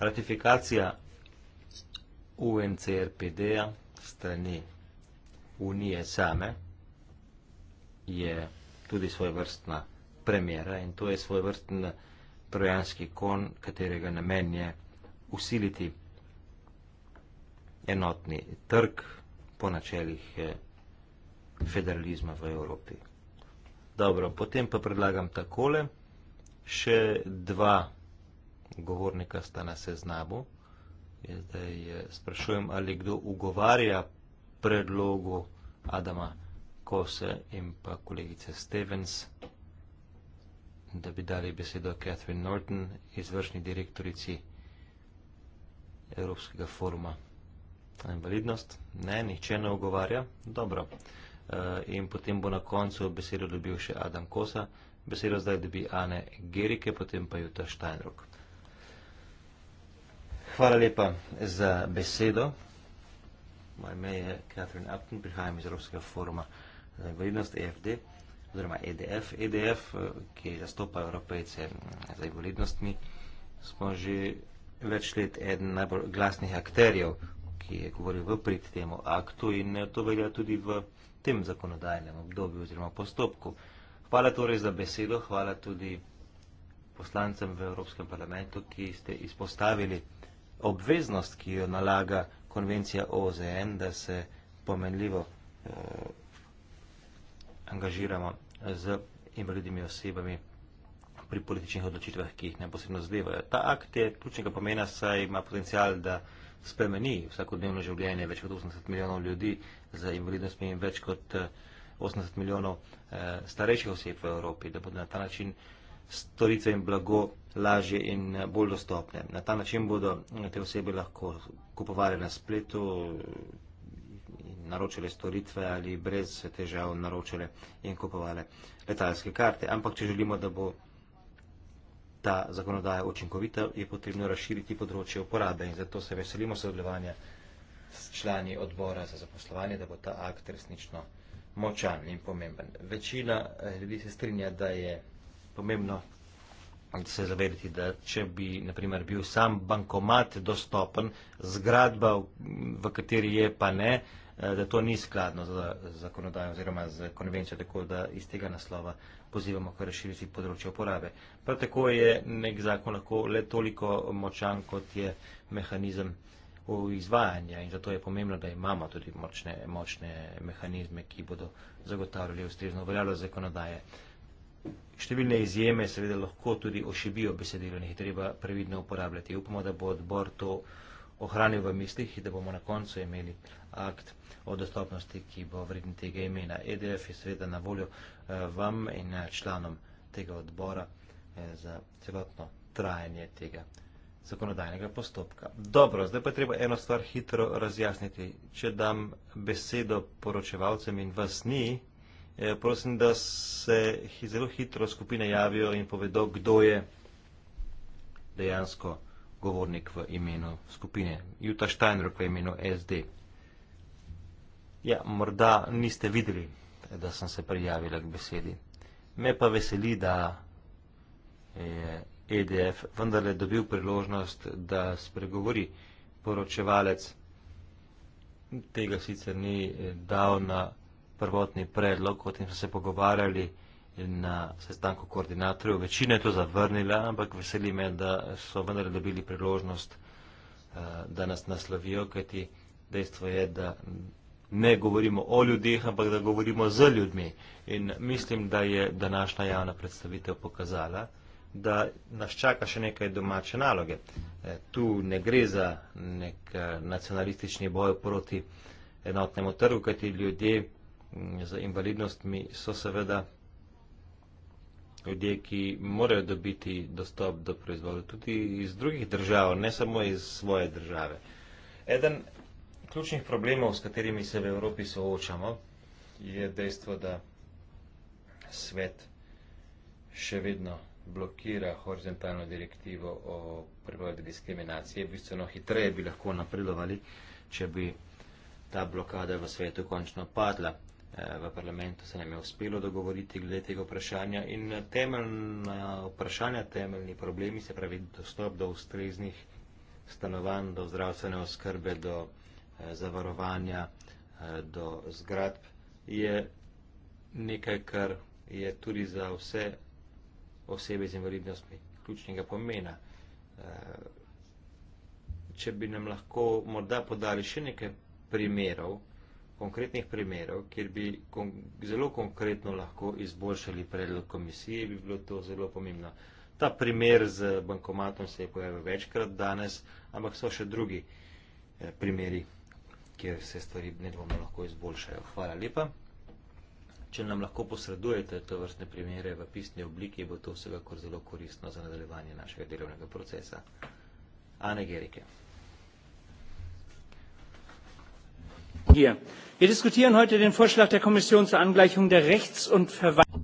Ratifikacija UNCRPD-a strani Unije same je tudi svoje vrstna premjera in to je svoj vrsten trojanski kon, katerega namen je usiliti enotni trg po načelih eh, federalizma v Evropi. Dobro, potem pa predlagam takole, še dva govornika sta na seznamu. Zdaj eh, sprašujem, ali kdo ugovarja predlogu Adama Hrvatska. Kose in pa kolegice Stevens, da bi dali besedo Catherine Norton, izvršni direktorici Evropskega foruma za invalidnost. Ne, nihče ne ogovarja. Dobro. E, in potem bo na koncu besedo dobil še Adam Kosa, besedo zdaj dobi Ane Gerike, potem pa Juta Steinrock. Hvala lepa za besedo. Moje ime je Catherine Upton, prihajam iz Evropskega foruma. Eh, vrednost EFD oziroma EDF. EDF, eh, ki zastopa evropejce mm, z invalidnostmi, smo že več let eden najbolj glasnih akterjev, ki je govoril v prid temu aktu in eh, to velja tudi v tem zakonodajnem obdobju oziroma postopku. Hvala torej za besedo, hvala tudi poslancem v Evropskem parlamentu, ki ste izpostavili obveznost, ki jo nalaga konvencija OZN, da se pomenljivo eh, angažiramo z invalidnimi osebami pri političnih odločitvah, ki jih neposredno zadevajo. Ta akt je ključnega pomena, saj ima potencial, da spremeni vsakodnevno življenje več kot 80 milijonov ljudi z invalidnostmi in več kot 80 eh, milijonov eh, starejših oseb v Evropi, da bodo na ta način storitve in blago lažje in eh, bolj dostopne. Na ta način bodo eh, te osebe lahko kupovali na spletu, naročile storitve ali brez težav naročile in kupovale letalske karte. Ampak, če želimo, da bo ta zakonodaja učinkovita, je potrebno razširiti področje uporabe in zato se veselimo sodelovanja s člani odbora za zaposlovanje, da bo ta akt resnično močan in pomemben. Večina eh, ljudi se strinja, da je pomembno se zavediti, da če bi naprimer bil sam bankomat dostopen, zgradba, v kateri je pa ne, Eh, da to ni skladno z zakonodajo oziroma z konvencijo, tako da iz tega naslova pozivamo k razširitvi področja uporabe. Prav tako je nek zakon lahko le toliko močan, kot je mehanizem izvajanja in zato je pomembno, da imamo tudi močne, močne mehanizme, ki bodo zagotavljali ustrezno veljalo zakonodaje. Številne izjeme seveda lahko tudi ošibijo besedilo in jih treba previdno uporabljati. Upamo, da bo odbor to ohranil v mislih, da bomo na koncu imeli akt o dostopnosti, ki bo vreden tega imena. EDF je seveda na voljo eh, vam in eh, članom tega odbora eh, za celotno trajanje tega zakonodajnega postopka. Dobro, zdaj pa treba eno stvar hitro razjasniti. Če dam besedo poročevalcem in vas ni, prosim, da se zelo hitro skupine javijo in povedo, kdo je dejansko govornik v imenu skupine, Jutta Steinrock v imenu SD. Ja, morda niste videli, da sem se prijavila k besedi. Me pa veseli, da je EDF vendarle dobil priložnost, da spregovori poročevalec. Tega sicer ni dal na prvotni predlog, o tem smo se pogovarjali in na sestanku koordinatorjev. Večina je to zavrnila, ampak veseli me, da so vendar dobili priložnost, eh, da nas naslovijo, kajti dejstvo je, da ne govorimo o ljudeh, ampak da govorimo z ljudmi. In mislim, da je današnja javna predstavitev pokazala, da nas čaka še nekaj domače naloge. Eh, tu ne gre za nek eh, nacionalistični boj proti enotnemu trgu, kajti ljudje mm, z invalidnostmi so seveda ljudje, ki morajo dobiti dostop do proizvoda tudi iz drugih držav, ne samo iz svoje države. Eden ključnih problemov, s katerimi se v Evropi soočamo, je dejstvo, da svet še vedno blokira horizontalno direktivo o prepovedi diskriminacije. Bistveno hitreje bi lahko napredovali, če bi ta blokada v svetu končno padla v parlamentu se nam je uspelo dogovoriti glede tega vprašanja in temeljna vprašanja, temeljni problemi, se pravi dostop do ustreznih stanovanj, do zdravstvene oskrbe, do eh, zavarovanja, eh, do zgradb, je nekaj, kar je tudi za vse osebe z invalidnostmi ključnega pomena. Eh, če bi nam lahko morda podali še nekaj primerov, konkretnih primerov, kjer bi kon zelo konkretno lahko izboljšali predlog komisije, bi bilo to zelo pomembno. Ta primer z bankomatom se je pojavil večkrat danes, ampak so še drugi eh, primeri, kjer se stvari nedvomno lahko izboljšajo. Hvala lepa. Če nam lahko posredujete to vrstne primere v pisni obliki, bo to vsega kor zelo koristno za nadaljevanje našega delovnega procesa. Ane Gerike. hier. wir diskutieren heute den vorschlag der kommission zur angleichung der rechts und verwaltung.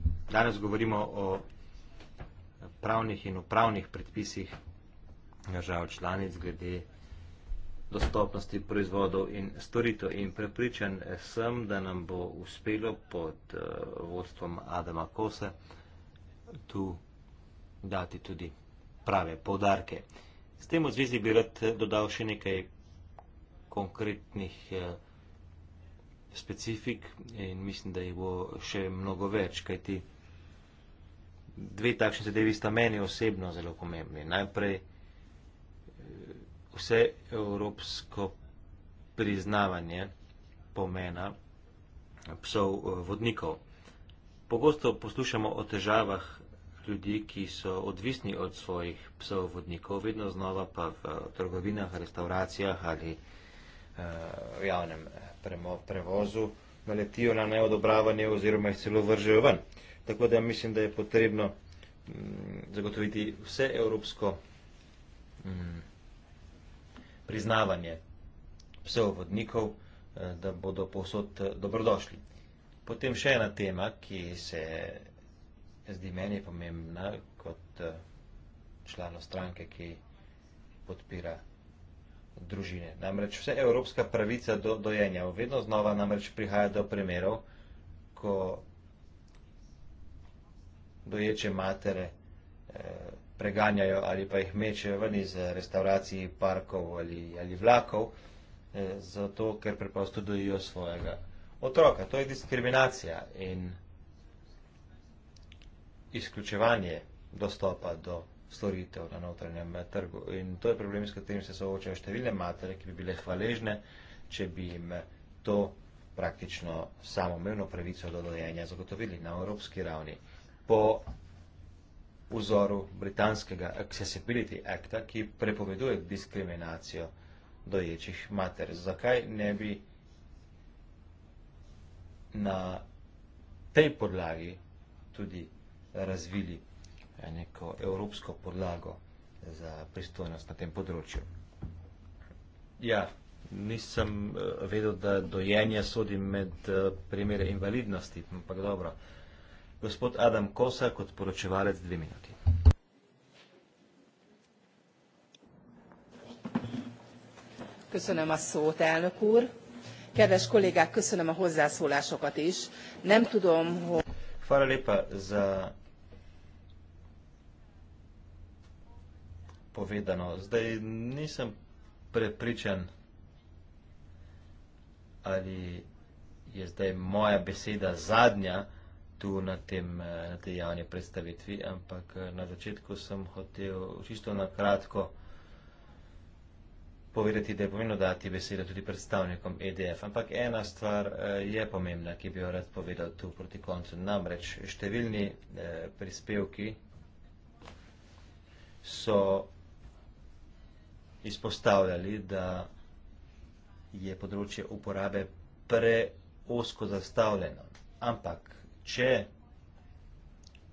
dostopnosti proizvodov in storitev in prepričan sem, da nam bo uspelo pod eh, vodstvom Adama Kose tu dati tudi prave podarke. S tem v zvezi bi rad dodal še nekaj konkretnih eh, specifik in mislim, da jih bo še mnogo več, kajti dve takšne zadevi sta meni osebno zelo pomembni. Najprej eh, vse evropsko priznavanje pomena psov eh, vodnikov. Pogosto poslušamo o težavah ljudi, ki so odvisni od svojih psov vodnikov, vedno znova pa v trgovinah, restauracijah ali uh, javnem uh, prevozu naletijo na neodobravanje oziroma jih celo vržejo ven. Tako da mislim, da je potrebno mm, zagotoviti vse evropsko mm, priznavanje vseh vodnikov, eh, da bodo povsod eh, dobrodošli. Potem še ena tema, ki se zdi meni pomembna kot eh, člano stranke, ki podpira družine. Namreč vse evropska pravica do dojenja vedno znova namreč prihaja do primerov, ko doječe matere eh, preganjajo ali pa jih mečejo ven iz eh, restauracij, parkov ali, ali vlakov, eh, zato ker preprosto dojijo svojega otroka. To je diskriminacija in izključevanje dostopa do storitev na notranjem trgu. In to je problem, s katerim se soočajo številne matere, ki bi bile hvaležne, če bi jim to praktično samomevno pravico do dojenja zagotovili na evropski ravni. Po vzoru britanskega Accessibility Acta, ki prepoveduje diskriminacijo doječih mater. Zakaj ne bi na tej podlagi tudi razvili Eh, neko evropsko podlago za pristojnost na tem področju. Ja, nisem eh, vedel, da dojenje sodim med eh, primere invalidnosti, ampak dobro. Gospod Adam Kosa, kot poročevalec, dve minuti. Köszönöm a szót, elnök úr. Kedves kollégák, köszönöm a hozzászólásokat is. Nem tudom, hogy... Fára lépa za povedano. Zdaj nisem prepričan, ali je zdaj moja beseda zadnja tu na, tem, eh, na tej javni predstavitvi, ampak eh, na začetku sem hotel čisto na kratko povedati, da je pomembno dati besedo tudi predstavnikom EDF. Ampak ena stvar eh, je pomembna, ki bi jo rad povedal tu proti koncu. Namreč številni eh, prispevki so izpostavljali, da je področje uporabe preosko zastavljeno. Ampak, če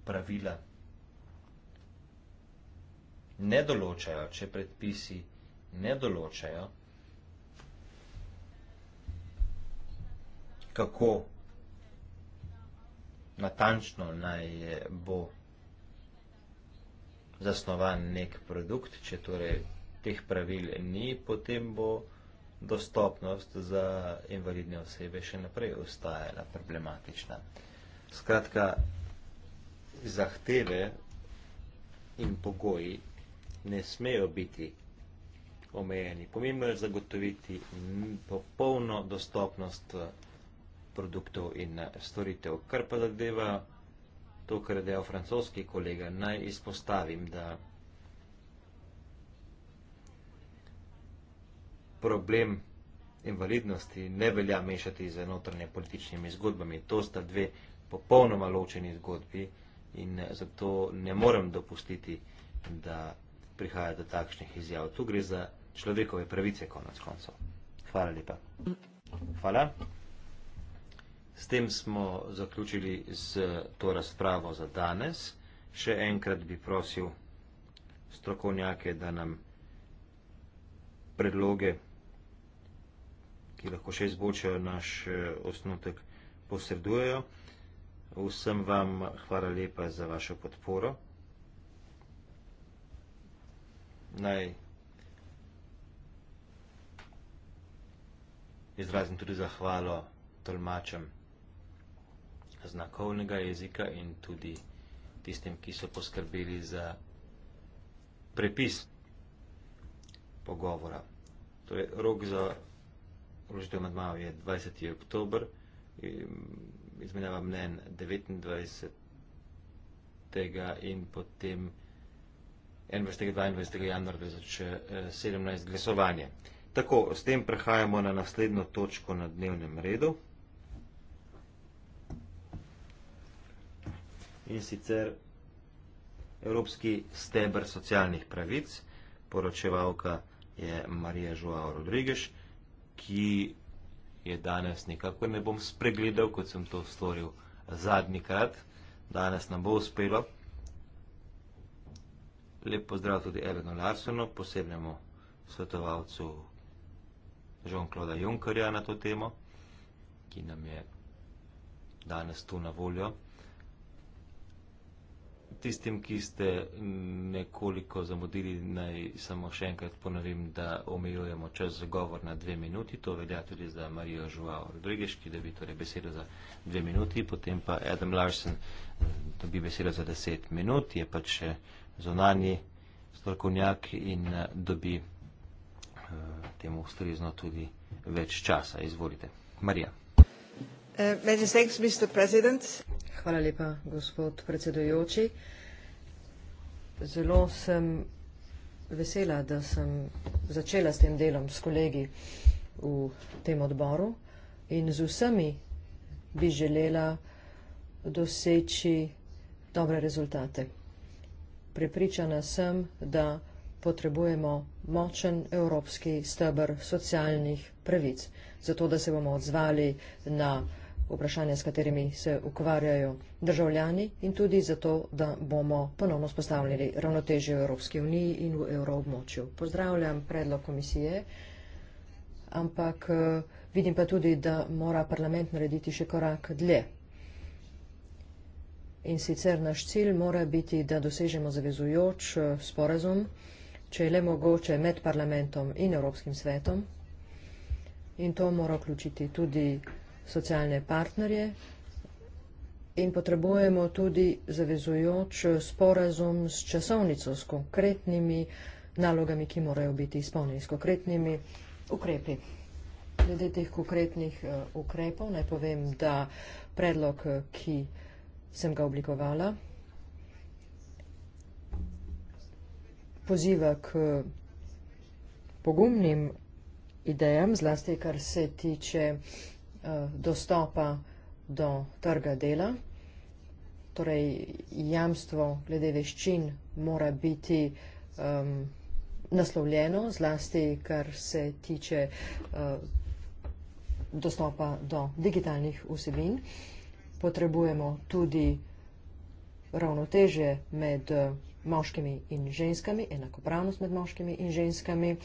pravila ne določajo, če predpisi ne določajo, kako natančno naj bo zasnovan nek produkt, če torej teh pravil ni, potem bo dostopnost za invalidne osebe še naprej ostajala problematična. Skratka, zahteve in pogoji ne smejo biti omejeni. Pomembno je zagotoviti popolno dostopnost eh, produktov in eh, storitev. Kar pa zadeva to, kar je dejal francoski kolega, naj izpostavim, da. problem invalidnosti ne velja mešati z notranje političnimi zgodbami. To sta dve popolnoma ločeni zgodbi in zato ne morem dopustiti, da prihaja do takšnih izjav. Tu gre za človekove pravice, konec koncov. Hvala lepa. Hvala. S tem smo zaključili z to razpravo za danes. Še enkrat bi prosil strokovnjake, da nam predloge ki lahko še izboljšajo naš eh, osnutek, posredujejo. Vsem vam hvala lepa za vašo podporo. Naj izrazim tudi zahvalo tolmačem znakovnega jezika in tudi tistem, ki so poskrbeli za prepis pogovora. Torej, rok za Vložitev amadmajev je 20. oktober, izmenjava mnen 29. in potem 21. 22. januar 2017 eh, glasovanje. Tako, s tem prehajamo na naslednjo točko na dnevnem redu. In sicer Evropski steber socialnih pravic, poročevalka je Marija Žuao Rodrigeš, ki je danes nekako ne bom spregledal, kot sem to storil zadnji krat. Danes nam bo uspelo. Lep pozdrav tudi Elenu Larsonu, posebnemu svetovalcu Jean-Claude Junckerja na to temo, ki nam je danes tu na voljo tistim, ki ste nekoliko zamudili, naj samo še enkrat ponovim, da omejujemo čas za govor na dve minuti. To velja tudi za Marijo Žuvao Rodrigeš, ki dobi torej besedo za dve minuti, potem pa Adam Larsen eh, dobi besedo za deset minut, je pač zonani strokovnjak in eh, dobi eh, temu ustrezno tudi več časa. Izvolite. Marija. Uh, Hvala lepa, gospod predsedujoči. Zelo sem vesela, da sem začela s tem delom s kolegi v tem odboru in z vsemi bi želela doseči dobre rezultate. Prepričana sem, da potrebujemo močen evropski stebr socialnih pravic, zato da se bomo odzvali na vse, vprašanja, s katerimi se ukvarjajo državljani in tudi zato, da bomo ponovno spostavljali ravnotežje v Evropski uniji in v evroobmočju. Pozdravljam predlog komisije, ampak eh, vidim pa tudi, da mora parlament narediti še korak dlje. In sicer naš cilj mora biti, da dosežemo zavezujoč eh, sporazum, če je le mogoče med parlamentom in Evropskim svetom. In to mora vključiti tudi parlament socialne partnerje in potrebujemo tudi zavezujoč sporazum s časovnico, s konkretnimi nalogami, ki morajo biti izpolnjeni, s konkretnimi ukrepi. Glede teh konkretnih eh, ukrepov naj povem, da predlog, eh, ki sem ga oblikovala, poziva k eh, pogumnim idejam, zlasti kar se tiče Eh, dostopa do trga dela. Torej, jamstvo glede veščin mora biti um, naslovljeno, zlasti kar se tiče uh, dostopa do digitalnih vsebin. Potrebujemo tudi ravnoteže med eh, moškimi in ženskami, enakopravnost med moškimi in ženskami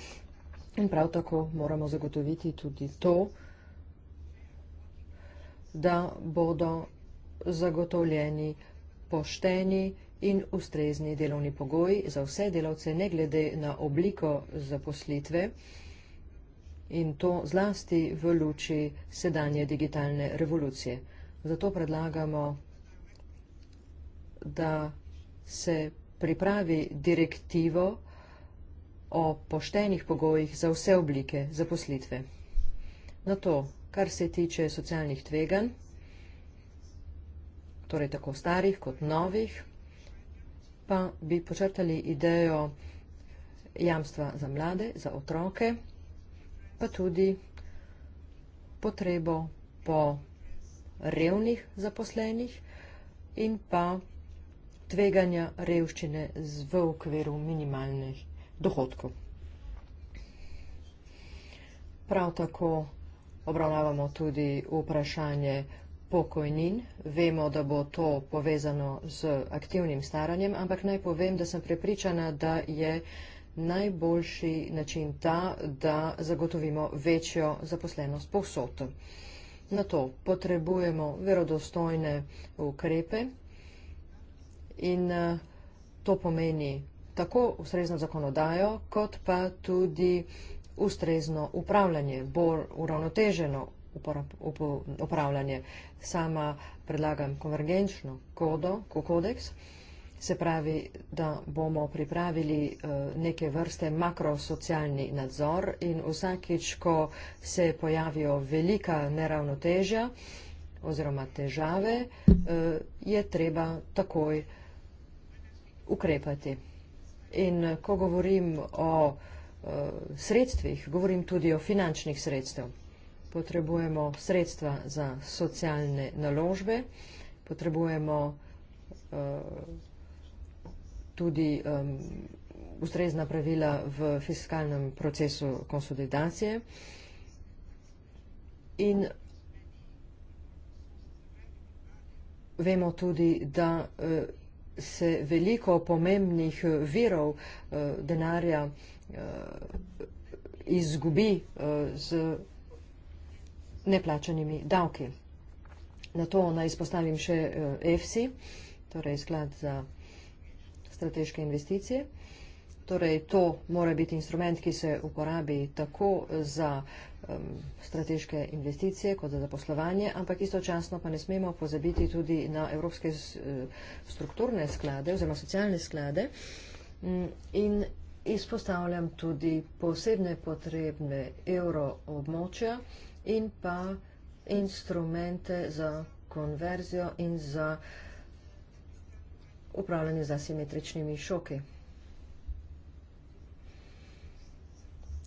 in prav tako moramo zagotoviti tudi to, da bodo zagotovljeni pošteni in ustrezni delovni pogoji za vse delavce, ne glede na obliko zaposlitve in to zlasti v luči sedanje digitalne revolucije. Zato predlagamo, da se pripravi direktivo o poštenih pogojih za vse oblike zaposlitve. Na to kar se tiče socialnih tvegan, torej tako starih kot novih, pa bi počrtali idejo jamstva za mlade, za otroke, pa tudi potrebo po revnih zaposlenih in pa tveganja revščine v okviru minimalnih dohodkov. Prav tako obravnavamo tudi vprašanje pokojnin. Vemo, da bo to povezano z aktivnim staranjem, ampak naj povem, da sem prepričana, da je najboljši način ta, da zagotovimo večjo zaposlenost povsod. Na to potrebujemo verodostojne ukrepe in to pomeni tako ustrezno zakonodajo, kot pa tudi ustrezno upravljanje, bolj uravnoteženo upravljanje. Sama predlagam konvergenčno kodo, kodeks, se pravi, da bomo pripravili eh, neke vrste makrosocialni nadzor in vsakič, ko se pojavijo velika neravnotežja oziroma težave, eh, je treba takoj ukrepati. In ko govorim o vsakih, Eh, sredstvih, govorim tudi o finančnih sredstev. Potrebujemo sredstva za socialne naložbe, potrebujemo eh, tudi ustrezna pravila v fiskalnem procesu konsolidacije in vemo tudi, da eh, se veliko pomembnih virov denarja vsega, uh, izgubi uh, z neplačanimi davki. Na to naj izpostavim še uh, eh, EFSI, torej sklad za strateške investicije. Torej, to mora biti instrument, ki se uporabi tako za um, strateške investicije kot za zaposlovanje, ampak istočasno pa ne smemo pozabiti tudi na evropske strukturne sklade oziroma socialne sklade. Mm, in izpostavljam tudi posebne potrebne evroobmočja in pa instrumente za konverzijo in za upravljanje z asimetričnimi šoki.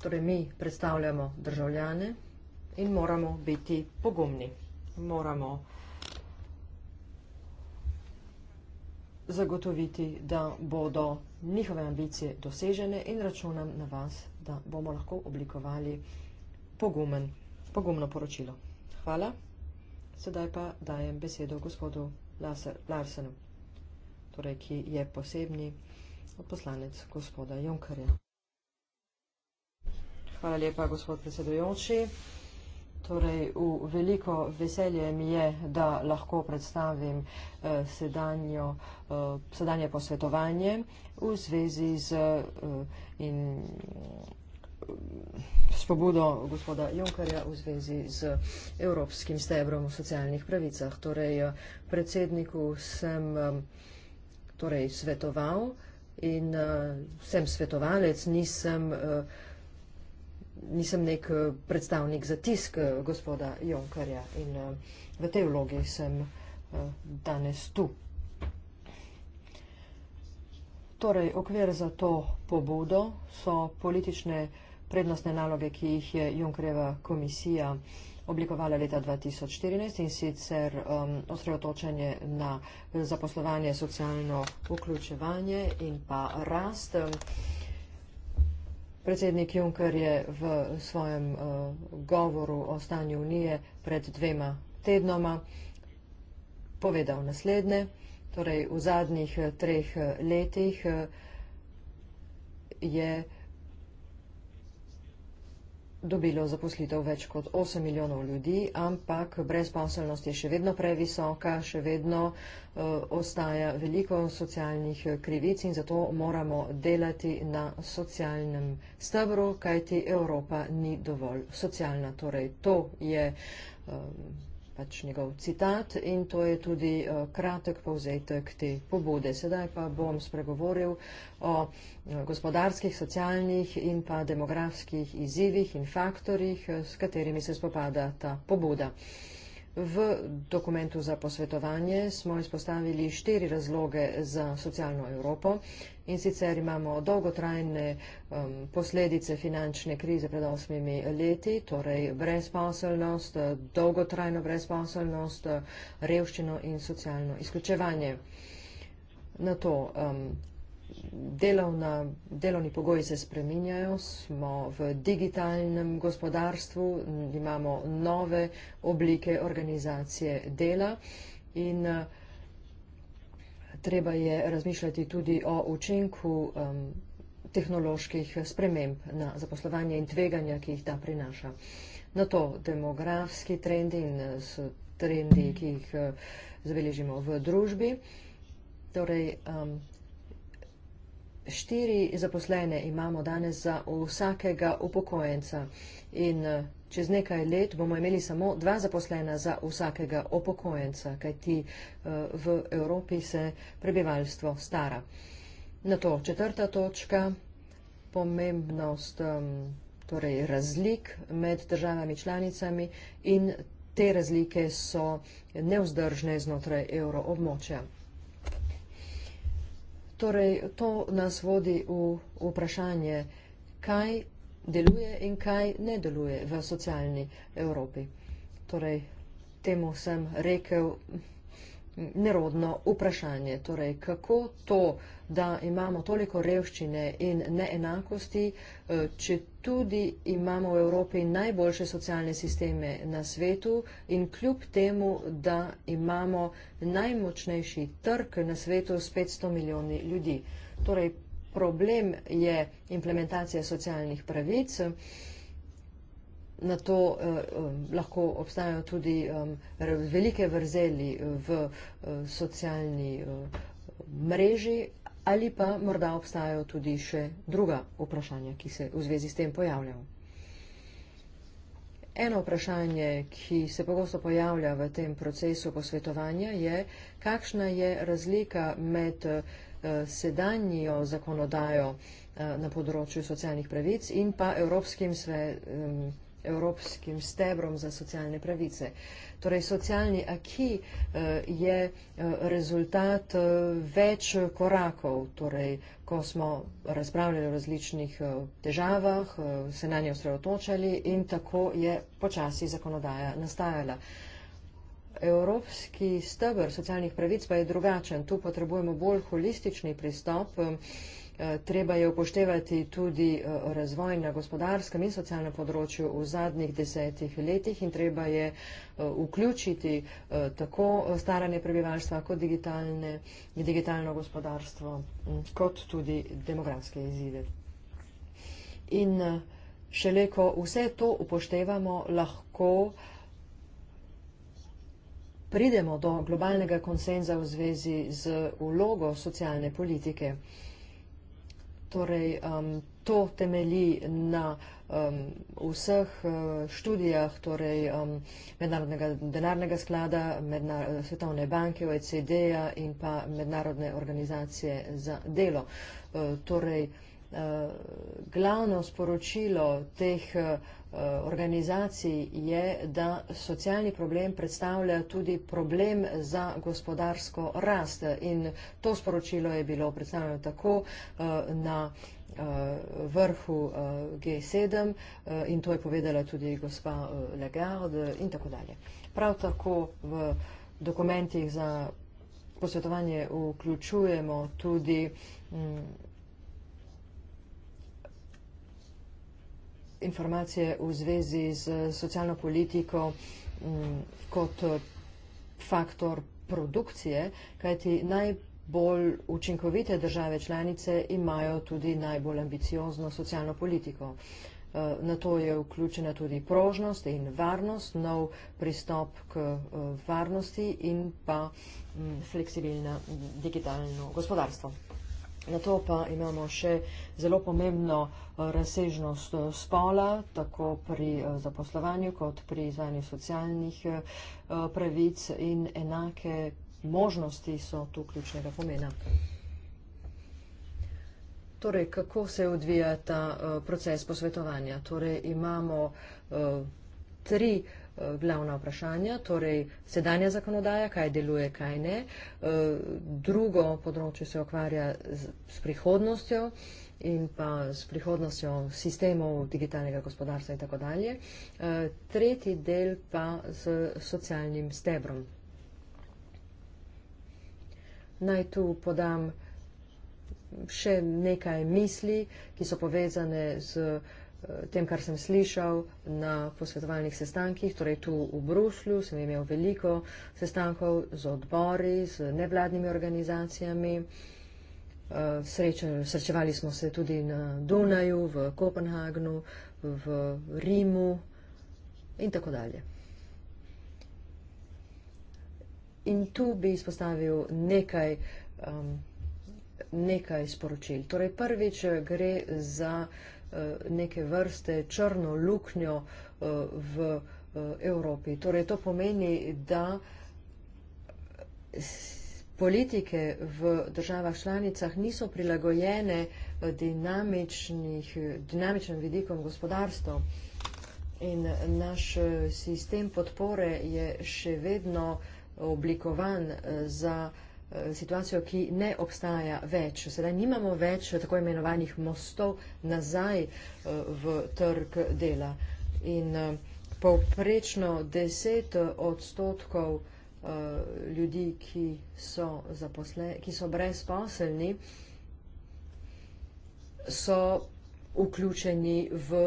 Torej, mi predstavljamo državljane in moramo biti pogumni. Moramo zagotoviti, da bodo njihove ambicije dosežene in računam na vas, da bomo lahko oblikovali pogumen, pogumno poročilo. Hvala. Sedaj pa dajem besedo gospodu Laser, Larsenu, torej, ki je posebni poslanec gospoda Junkarja. Hvala lepa, gospod predsedujoči. Torej, v veliko veselje mi je, da lahko predstavim eh, sedanjo, eh, sedanje posvetovanje v zvezi z eh, in s pobudo gospoda Junkarja v zvezi z Evropskim stebrom v socialnih pravicah. Torej, predsedniku sem torej, svetoval in sem svetovalec, nisem uh, nisem nek eh, predstavnik za tisk eh, gospoda Jonkarja in eh, v tej vlogi sem danes tu. Torej, okvir za to pobudo so politične prednostne naloge, ki jih je Junkreva komisija oblikovala leta 2014 in sicer um, osredotočenje na zaposlovanje, socialno vključevanje in pa rast. Um, Predsednik Juncker je v svojem uh, govoru o stanju Unije pred dvema tednoma povedal naslednje. Torej, v zadnjih treh eh, letih uh, je dobilo zaposlitev več kot 8 milijonov ljudi, ampak brezposelnost je še vedno previsoka, še vedno eh, ostaja veliko socialnih krivic in zato moramo delati na socialnem stebru, kajti Evropa ni dovolj socialna. Torej, to je eh, pač njegov citat in to je tudi eh, kratek povzetek te pobude. Sedaj pa bom spregovoril o eh, gospodarskih, socialnih in pa demografskih izzivih in faktorjih, eh, s katerimi se spopada ta pobuda. V dokumentu za posvetovanje smo izpostavili štiri razloge za socialno Evropo in sicer imamo dolgotrajne um, posledice finančne krize pred osmimi leti, torej brezposelnost, dolgotrajno brezposelnost, revščino in socialno izključevanje. Na to um, delovna, delovni pogoji se spreminjajo, smo v digitalnem gospodarstvu, imamo nove oblike organizacije dela in treba je razmišljati tudi o učinku um, tehnoloških sprememb na zaposlovanje in tveganja, ki jih ta prinaša. Na to demografski trendi in uh, s trendi, ki jih uh, zabeležimo v družbi. Torej, um, štiri zaposlene imamo danes za vsakega upokojenca in eh, čez nekaj let bomo imeli samo dva zaposlena za vsakega upokojenca, kajti eh, v Evropi se prebivalstvo stara. Na to četrta točka, pomembnost torej razlik med državami članicami in te razlike so neuzdržne znotraj evroobmočja. Torej, to nas vodi v vprašanje, kaj deluje in kaj ne deluje v socialni Evropi. Torej, temu sem rekel, nerodno vprašanje. Torej, kako to, da imamo toliko revščine in neenakosti, eh, če tudi imamo v Evropi najboljše socialne sisteme na svetu in kljub temu, da imamo najmočnejši trg na svetu s 500 milijoni ljudi. Torej, problem je implementacija socialnih pravic na to eh, eh, lahko obstajajo tudi eh, velike vrzeli eh, v eh, socialni eh, mreži ali pa morda obstajajo tudi še druga vprašanja, ki se v zvezi s tem pojavljajo. Eno vprašanje, ki se pogosto pojavlja v tem procesu posvetovanja, je, kakšna je razlika med eh, sedanjo zakonodajo eh, na področju socialnih pravic in pa evropskim svetom. Eh, evropskim stebrom za socialne pravice. Torej, socialni aki eh, je eh, rezultat eh, več korakov, torej, ko smo razpravljali o različnih težavah, se na nje osredotočali in tako je počasi zakonodaja nastajala. Evropski stebr socialnih pravic pa je drugačen. Tu potrebujemo bolj holistični pristop, Eh, treba je upoštevati tudi eh, razvoj na gospodarskem in socialnem področju v zadnjih desetih letih in treba je eh, vključiti tako staranje prebivalstva kot digitalno gospodarstvo, mm, kot tudi demografske izzive. In šele ko vse to upoštevamo, lahko pridemo do globalnega konsenza v zvezi z vlogo socialne politike. Torej, um, to temelji na um, vseh uh, študijah torej, um, Mednarodnega denarnega sklada, mednar Svetovne banke, OECD-ja in pa Mednarodne organizacije za delo. Uh, torej, uh, glavno sporočilo teh uh, Eh, organizacij je, da socialni problem predstavlja tudi problem za gospodarsko rast. In to sporočilo je bilo predstavljeno tako eh, na eh, vrhu G7 in to je povedala tudi gospa Legarde in tako dalje. Prav tako v dokumentih za posvetovanje vključujemo tudi mm, informacije v zvezi z socialno politiko mm, kot faktor produkcije, kajti najbolj učinkovite države članice imajo tudi najbolj ambiciozno socialno politiko. Eh, na to je vključena tudi prožnost in varnost, nov pristop k eh, varnosti in pa mm, fleksibilno mm, digitalno gospodarstvo. Na to pa imamo še zelo pomembno eh, razsežnost eh, spola, tako pri eh, zaposlovanju kot pri izvajanju socialnih pravic in enake možnosti so tu ključnega pomena. Torej, kako se odvija ta proces posvetovanja? Torej, imamo tri različnosti glavna vprašanja, torej sedanja zakonodaja, kaj deluje, kaj ne. E, drugo področje se okvarja s prihodnostjo in pa s prihodnostjo sistemov digitalnega gospodarstva in tako dalje. E, tretji del pa s socialnim stebrom. Naj tu podam še nekaj misli, ki so povezane z vprašanjem Eh, tem, kar sem slišal na posvetovalnih sestankih, torej tu v Bruslju, sem imel veliko sestankov z odbori, z nevladnimi organizacijami. Eh, Sreče, srečevali smo se tudi na Dunaju, v Kopenhagnu, v Rimu in tako dalje. In tu bi izpostavil nekaj, um, nekaj sporočil. Torej, prvič gre za uh, Eh, neke vrste črno luknjo eh, v eh, Evropi. Torej, to pomeni, da politike v državah članicah niso prilagojene dinamičnim vidikom gospodarstva. In naš sistem podpore je še vedno oblikovan za vsega, Eh, situacijo, ki ne obstaja več. Sedaj nimamo več tako imenovanih mostov nazaj eh, v trg dela. In eh, povprečno 10 odstotkov ljudi, ki so, zaposle, ki so brezposelni, so vključeni v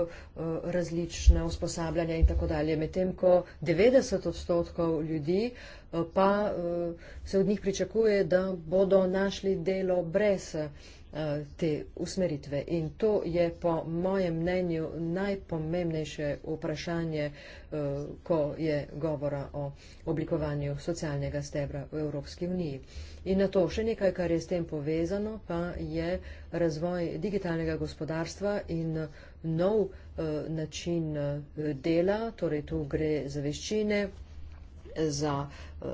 različne usposabljanja in tako dalje. Medtem ko 90 odstotkov ljudi uh, pa eh, se od njih pričakuje, da bodo našli delo brez eh, te usmeritve. In to je po mojem mnenju najpomembnejše vprašanje, eh, ko je govora o oblikovanju socialnega stebra v Evropski uniji. In na to še nekaj, kar je s tem povezano, pa je razvoj digitalnega gospodarstva in nov način dela, torej tu gre za veščine, za uh,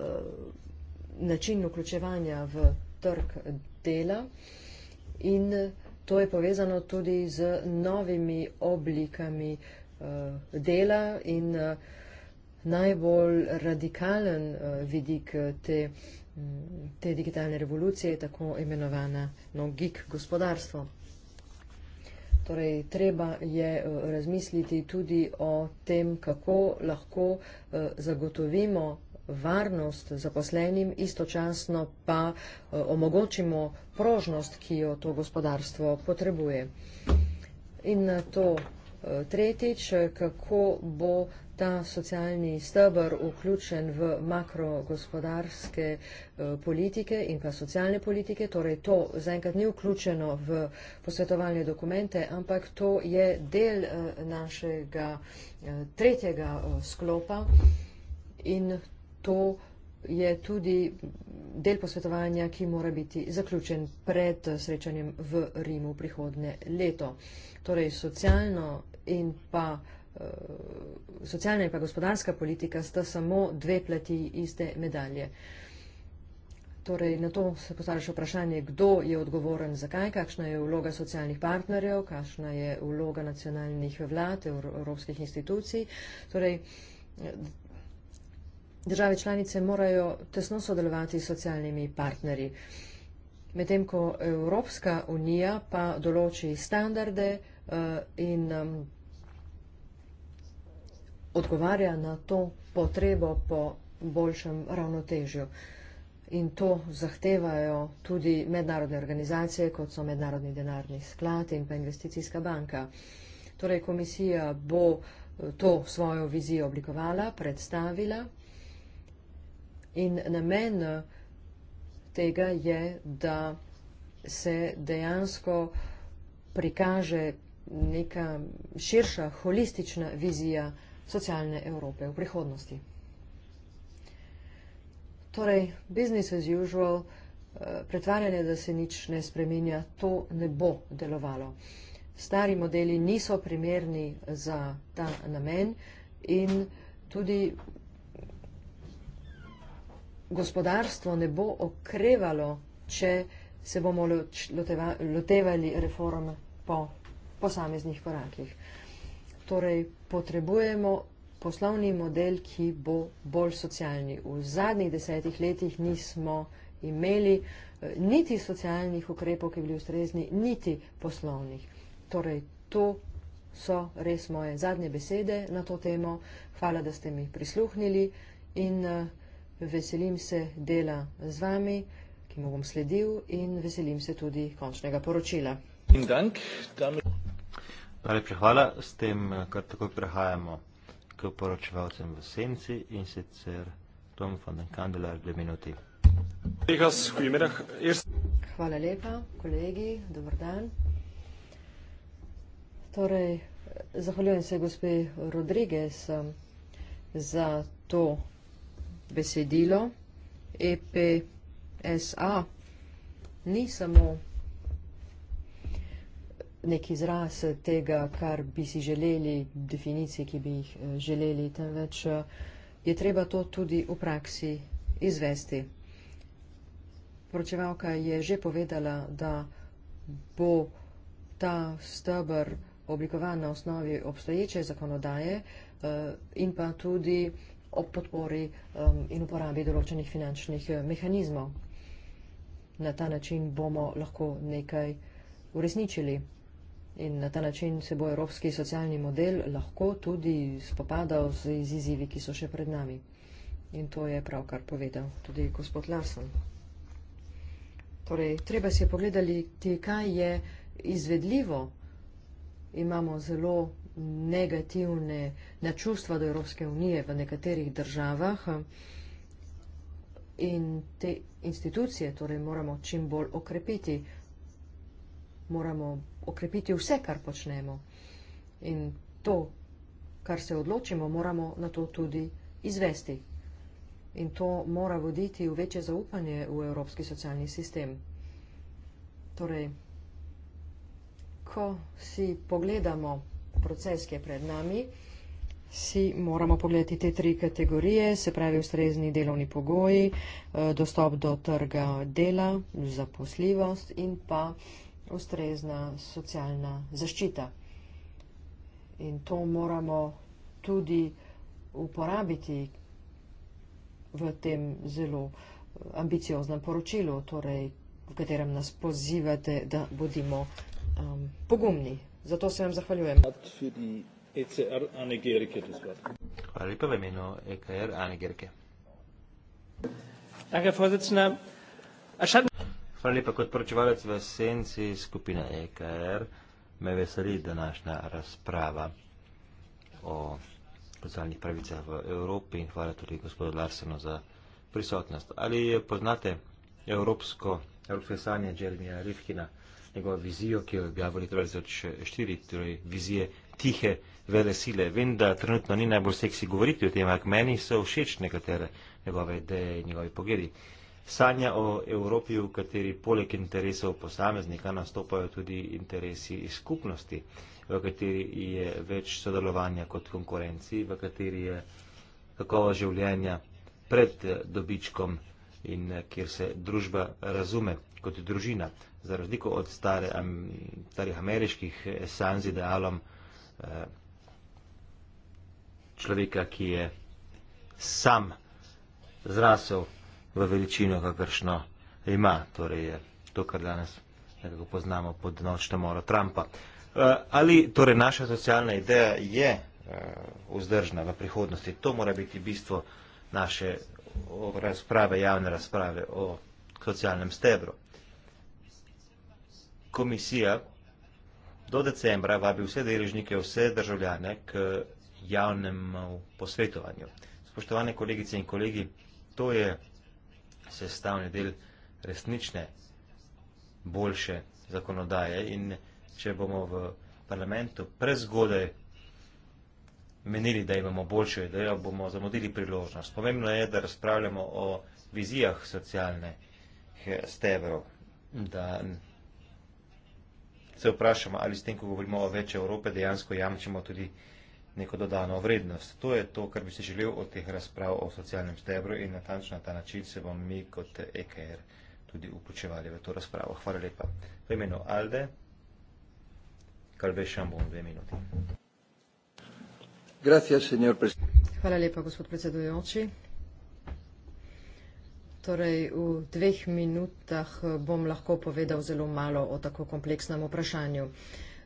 način vključevanja v trg dela in to je povezano tudi z novimi oblikami uh, dela in uh, najbolj radikalen uh, vidik te, mm, te digitalne revolucije je tako imenovana no, gig gospodarstvo. Torej, treba je eh, razmisliti tudi o tem, kako lahko eh, zagotovimo varnost zaposlenim, istočasno pa eh, omogočimo prožnost, ki jo to gospodarstvo potrebuje. In na to tretjič, kako bo ta socialni stebr vključen v makrogospodarske eh, politike in pa socialne politike. Torej to zaenkrat ni vključeno v posvetovalne dokumente, ampak to je del eh, našega eh, tretjega sklopa in to je tudi del posvetovanja, ki mora biti zaključen pred srečanjem v Rimu prihodne leto. Torej socialno in pa Eh, socialna in pa gospodarska politika sta samo dve plati iste medalje. Torej, na to se postavlja še vprašanje, kdo je odgovoren za kaj, kakšna je vloga socialnih partnerjev, kakšna je vloga nacionalnih vlad, evropskih institucij. Torej, eh, države članice morajo tesno sodelovati s socialnimi partnerji. Medtem ko Evropska unija pa določi standarde uh, in um, odgovarja na to potrebo po boljšem ravnotežju. In to zahtevajo tudi mednarodne organizacije, kot so Mednarodni denarni sklad in pa Investicijska banka. Torej, komisija bo eh, to svojo vizijo oblikovala, predstavila in namen eh, tega je, da se dejansko prikaže neka širša, holistična vizija, socialne Evrope v prihodnosti. Torej, business as usual, eh, pretvarjanje, da se nič ne spreminja, to ne bo delovalo. Stari modeli niso primerni za ta namen in tudi gospodarstvo ne bo okrevalo, če se bomo lotevali reform po posameznih korakih torej potrebujemo poslovni model, ki bo bolj socialni. V zadnjih desetih letih nismo imeli eh, niti socialnih ukrepov, ki bili ustrezni, niti poslovnih. Torej, to so res moje zadnje besede na to temo. Hvala, da ste mi prisluhnili in eh, veselim se dela z vami, ki mu bom sledil in veselim se tudi končnega poročila. In dank, dame... Najlepša hvala. S tem, eh, kar takoj prehajamo k poročevalcem v Senci in sicer Tom von den Kandelar, dve minuti. Hvala lepa, kolegi, dobr dan. Torej, zahvaljujem se gospe Rodriguez um, za to besedilo. EPSA ni samo nek izraz tega, kar bi si želeli, definicij, ki bi jih eh, želeli, temveč eh, je treba to tudi v praksi izvesti. Poročevalka je že povedala, da bo ta stebr oblikovan na osnovi obstoječe zakonodaje eh, in pa tudi ob podpori in uporabi določenih finančnih mehanizmov. Na ta način bomo lahko nekaj uresničili. In na ta način se bo evropski socialni model lahko tudi spopadal z izizivi, ki so še pred nami. In to je prav, kar povedal tudi gospod Larsen. Torej, treba si je pogledati, kaj je izvedljivo. Imamo zelo negativne načustva do Evropske unije v nekaterih državah in te institucije torej, moramo čim bolj okrepiti. Moramo okrepiti vse, kar počnemo. In to, kar se odločimo, moramo na to tudi izvesti. In to mora voditi v večje zaupanje v evropski socialni sistem. Torej, ko si pogledamo proces, ki je pred nami, si moramo pogledati te tri kategorije, se pravi ustrezni delovni pogoji, eh, dostop do trga dela, zaposljivost in pa uh, ustrezna socialna zaščita. In to moramo tudi uporabiti v tem zelo eh, ambicioznem poročilu, torej, v katerem nas pozivate, da bodimo um, pogumni. Zato se vam zahvaljujem. Hvala lepa v imenu EKR Anegerke. Danke, Vorsitzende. Hvala lepa kot poročevalec v senci skupine EKR. Me veseli današnja razprava o socialnih pravicah v Evropi in hvala tudi gospodu Larsenu za prisotnost. Ali poznate evropsko, evropsko sanje Jeremija Rifkina, njegovo vizijo, ki jo je objavil leta 2004, torej vizije tihe vele sile. Vem, da trenutno ni najbolj seksi govoriti o tem, ampak meni so všeč nekatere njegove ideje in njegovi pogledi. Uh, sanja o Evropi, v kateri poleg interesov posameznika nastopajo tudi interesi skupnosti, v kateri je več sodelovanja kot konkurenci, v kateri je kakovo življenja pred dobičkom in kjer se družba razume kot družina. Za razliko od stare, starih ameriških eh, sanj z idealom eh, človeka, ki je sam zrasel v veličino, kakršno ima. Torej je to, kar danes nekako poznamo pod nočno moro Trumpa. Eh, ali torej naša socialna ideja je eh, vzdržna v prihodnosti? To mora biti bistvo naše razprave, javne razprave o socialnem stebru. Komisija do decembra vabi vse deležnike, vse državljane k javnemu posvetovanju. Spoštovane kolegice in kolegi, to je sestavni del resnične boljše zakonodaje in če bomo v parlamentu prezgodaj menili, da imamo boljšo idejo, bomo zamudili priložnost. Pomembno je, da razpravljamo o vizijah socialnih stebrov, da se vprašamo, ali s tem, ko govorimo o več Evrope, dejansko jamčimo tudi neko dodano vrednost. To je to, kar bi si želel od teh razprav o socialnem stebru in natančno na ta način se bom mi kot EKR tudi upočevali v to razpravo. Hvala lepa. V imenu Alde, Kalvešan bom dve minuti. Hvala lepa, gospod predsedujoči. Torej, v dveh minutah bom lahko povedal zelo malo o tako kompleksnem vprašanju.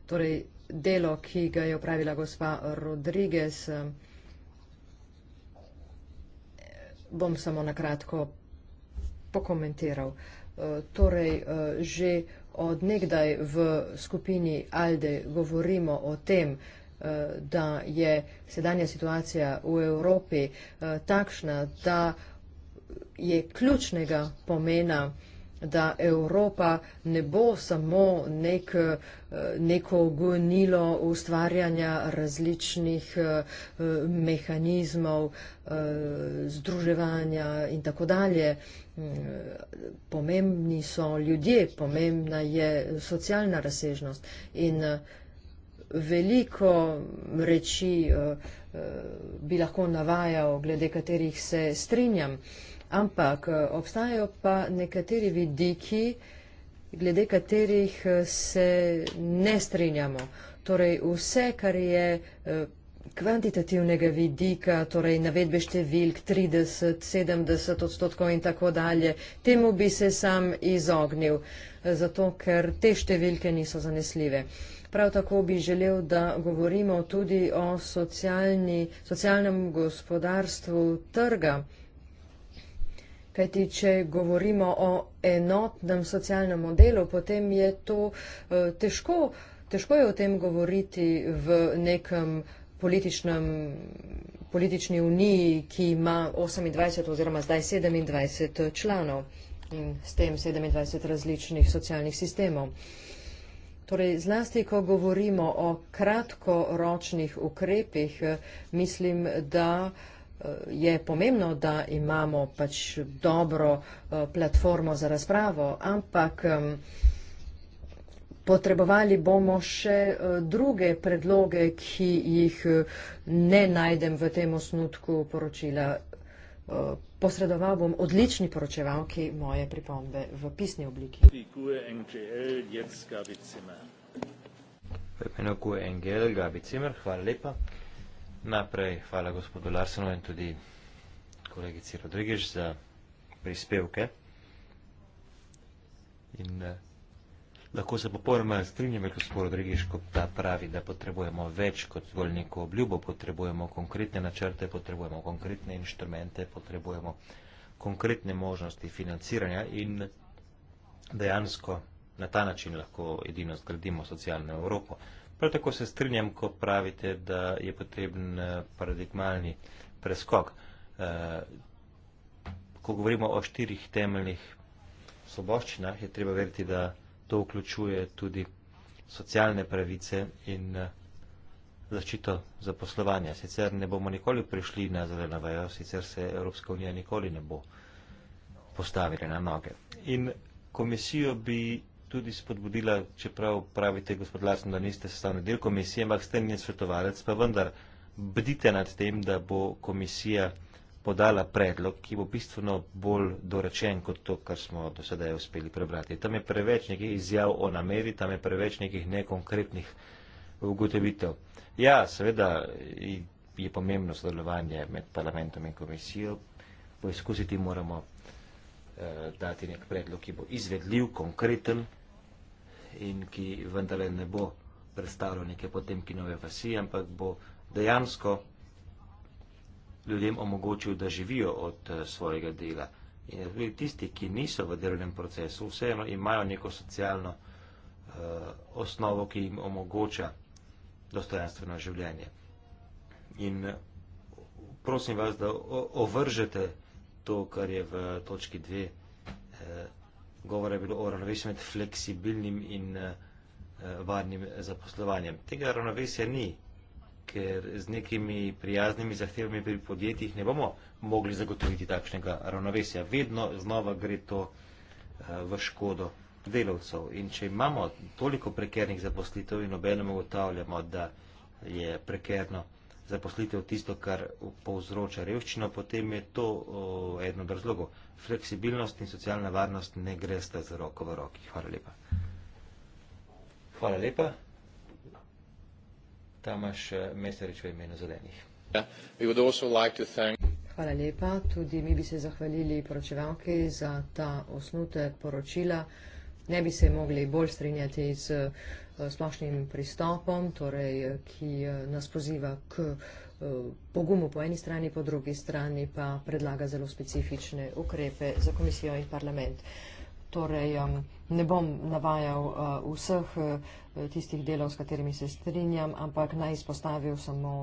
Torej, delo, ki ga je upravila gospa Rodriguez, bom samo nakratko pokomentiral. Torej, že odnegdaj v skupini Alde govorimo o tem, da je sedanja situacija v Evropi eh, takšna, da je ključnega pomena, da je ključnega pomena, da Evropa ne bo samo nek, eh, neko gonilo ustvarjanja različnih eh, mehanizmov, eh, združevanja in tako dalje. Mm, pomembni so ljudje, pomembna je socialna razsežnost in veliko reči bi lahko navajal, glede katerih se strinjam. Ampak eh, obstajajo pa nekateri vidiki, glede katerih eh, se ne strinjamo. Torej vse, kar je eh, kvantitativnega vidika, torej navedbe številk 30, 70 odstotkov in tako dalje, temu bi se sam izognil, zato ker te številke niso zanesljive. Prav tako bi želel, da govorimo tudi o socialnem gospodarstvu trga, Kajti, če govorimo o enotnem socialnem modelu, potem je to eh, težko, težko je o tem govoriti v nekem političnem, politični uniji, ki ima 28 oziroma zdaj 27 eh, članov in s tem 27 različnih socialnih sistemov. Torej, zlasti, ko govorimo o kratkoročnih ukrepih, eh, mislim, da uh, je pomembno, da imamo pač dobro eh, platformo za razpravo, ampak potrebovali bomo še eh, druge predloge, ki jih eh, ne najdem v tem osnutku poročila. Posredoval bom odlični poročevalki moje pripombe v pisni obliki. Hvala lepa. Naprej, hvala gospodu Larsenu in tudi kolegici Rodrigež za prispevke. In eh, lahko se popolnoma strinjam, gospod Rodrigež, kot ta pravi, da potrebujemo več kot zgolj neko obljubo, potrebujemo konkretne načrte, potrebujemo konkretne inštrumente, potrebujemo konkretne možnosti financiranja in dejansko na ta način lahko edino zgradimo socialno Evropo. Prav tako se strinjam, ko pravite, da je potreben eh, paradigmalni preskok. Eh, ko govorimo o štirih temeljnih sloboščinah, je treba veriti, da to vključuje tudi socialne pravice in eh, zaščito zaposlovanja. Sicer ne bomo nikoli prišli na zeleno vajo, sicer se Evropska unija nikoli ne bo postavila na noge. In komisijo bi tudi spodbudila, čeprav pravite, gospod Larsen, da niste sestavni del komisije, ampak ste njen svetovalec, pa vendar bdite nad tem, da bo komisija podala predlog, ki bo bistveno bolj dorečen kot to, kar smo do sedaj uspeli prebrati. Tam je preveč nekih izjav o nameri, tam je preveč nekih nekonkretnih ugotovitev. Ja, seveda je pomembno sodelovanje med parlamentom in komisijo, poizkusiti moramo eh, dati nek predlog, ki bo izvedljiv, konkreten in ki vendarle ne bo predstavljal neke potemkinove vasi, ampak bo dejansko ljudem omogočil, da živijo od eh, svojega dela. In tudi tisti, ki niso v delovnem procesu, vseeno imajo neko socialno uh, osnovo, ki jim omogoča dostojanstveno življenje. In eh, prosim vas, da ovržete to, kar je v točki 2 govora je bilo o ravnovesju med fleksibilnim in uh, varnim eh, zaposlovanjem. Tega ravnovesja ni, ker z nekimi prijaznimi zahtevami pri podjetjih ne bomo mogli zagotoviti takšnega ravnovesja. Vedno znova gre to uh, v škodo delavcev. In če imamo toliko prekernih zaposlitev in obenem ugotavljamo, da je prekerno zaposlitev tisto, kar povzroča revščino, potem je to eno od razlogov. Fleksibilnost in socialna varnost ne gre sta z roko v roki. Hvala lepa. Hvala lepa. Tamaš eh, Mesarič v imenu zelenih. Hvala lepa. Tudi mi bi se zahvalili poročevalki za ta osnutek poročila ne bi se mogli bolj strinjati z eh, splošnim pristopom, torej, eh, ki eh, nas poziva k pogumu po eni strani, po drugi strani pa predlaga zelo specifične ukrepe za komisijo in parlament. Torej, ne bom navajal vseh tistih delov, s katerimi se strinjam, ampak naj izpostavil samo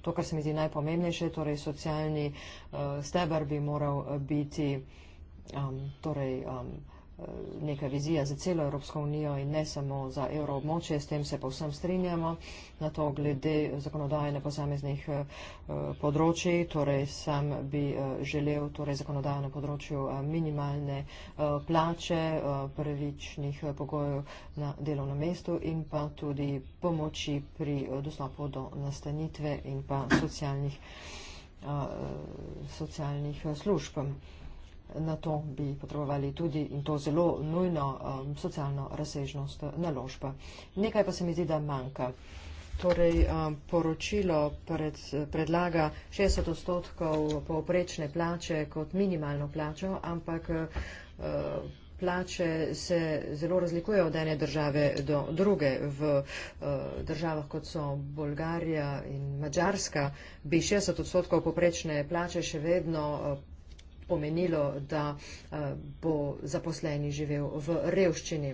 to, kar se mi zdi najpomembnejše, torej socialni steber bi moral biti torej, neka vizija za celo Evropsko unijo in ne samo za evroobmočje, s tem se povsem strinjamo na to glede zakonodaje na posameznih eh, področji, torej sam bi eh, želel torej zakonodajo na področju eh, minimalne plače, prvičnih pogojev na delovnem mestu in pa tudi pomoči pri dostopu do nastanitve in pa socialnih, socialnih služb na to bi potrebovali tudi in to zelo nujno um, socialno razsežnost naložbe. Nekaj pa se mi zdi, da manjka. Torej, um, poročilo pred, predlaga 60 odstotkov povprečne plače kot minimalno plačo, ampak uh, plače se zelo razlikujejo od ene države do druge. V uh, državah, kot so Bolgarija in Mačarska, bi 60 odstotkov povprečne plače še vedno. Uh, pomenilo, da eh, bo zaposleni živel v revščini.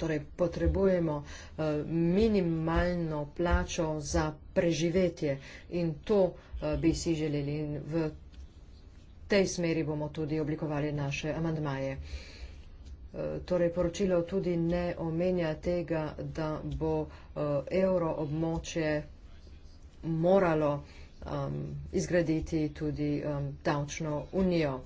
Torej, potrebujemo eh, minimalno plačo za preživetje in to eh, bi si želeli in v tej smeri bomo tudi oblikovali naše amandmaje. Torej, poročilo tudi ne omenja tega, da bo evro območje moralo um, izgraditi tudi um, davčno unijo.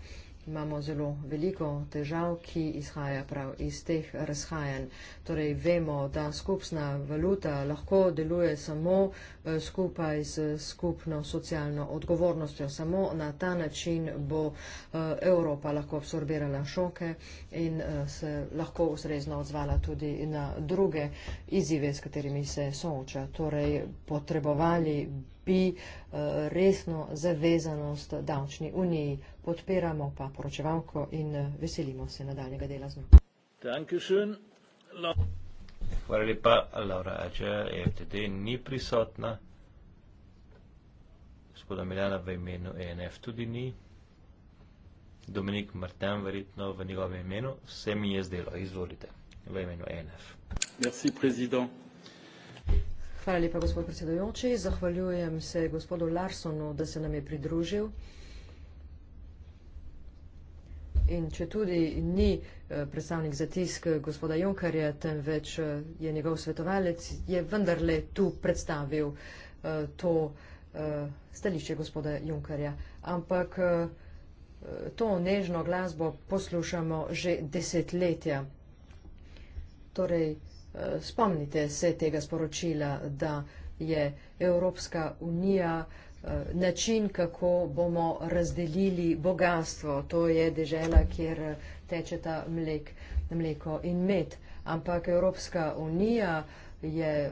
Imamo zelo veliko težav, ki izhaja prav iz teh razhajanj. Torej, vemo, da skupna valuta lahko deluje samo eh, skupaj z skupno socialno odgovornostjo. Samo na ta način bo eh, Evropa lahko absorbirala šoke in eh, se lahko ustrezno odzvala tudi na druge izzive, s katerimi se sooča. Torej, potrebovali krepi eh, resno zavezanost davčni uniji. Podpiramo pa poročevalko in eh, veselimo se nadaljnega dela z njo. Hvala lepa, Laura Ače, FTD ni prisotna. Gospoda Miljana v imenu ENF tudi ni. Dominik Martin verjetno v njegovem imenu. Vse mi je zdelo. Izvolite. V imenu ENF. Merci, prezident. Hvala lepa, gospod predsedujoči. Zahvaljujem se gospodu Larsonu, da se nam je pridružil. In če tudi ni eh, predstavnik za tisk eh, gospoda Junkarja, temveč eh, je njegov svetovalec, je vendarle tu predstavil to stališče gospoda Junkarja. Ampak to nežno glasbo poslušamo že desetletja. Torej, spomnite se tega sporočila, da je Evropska unija eh, način, kako bomo razdelili bogatstvo. To je dežela, kjer eh, teče ta mlek, mleko in med. Ampak Evropska unija je eh,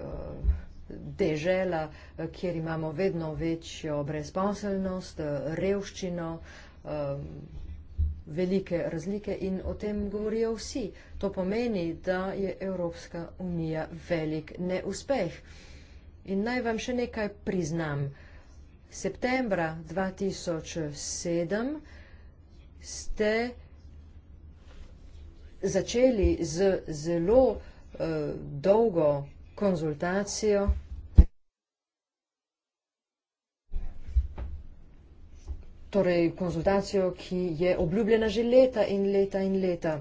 dežela, kjer imamo vedno večjo brezposelnost, revščino, velike razlike in o tem govorijo vsi. To pomeni, da je Evropska unija velik neuspeh. In naj vam še nekaj priznam. Septembra 2007 ste začeli z zelo uh, dolgo konzultacijo torej konzultacijo, ki je obljubljena že leta in leta in leta.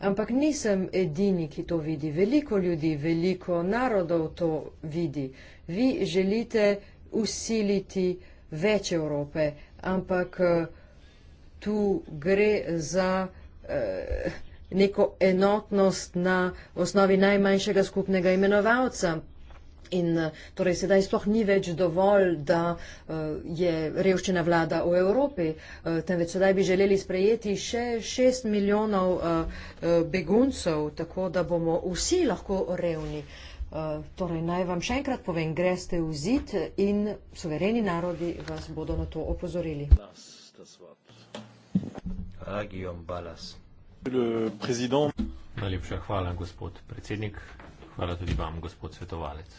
Ampak nisem edini, ki to vidi. Veliko ljudi, veliko narodov to vidi. Vi želite usiliti več Evrope, ampak eh, tu gre za eh, neko enotnost na osnovi najmanjšega skupnega imenovalca. In eh, torej sedaj sploh ni več dovolj, da eh, je revščina vlada v Evropi, eh, temveč sedaj bi želeli sprejeti še šest milijonov beguncev, tako da bomo vsi lahko revni. Torej, naj vam še enkrat povem, greste v zid in suvereni narodi vas bodo na to opozorili. Najlepša hvala, gospod predsednik. Hvala tudi vam, gospod svetovalec.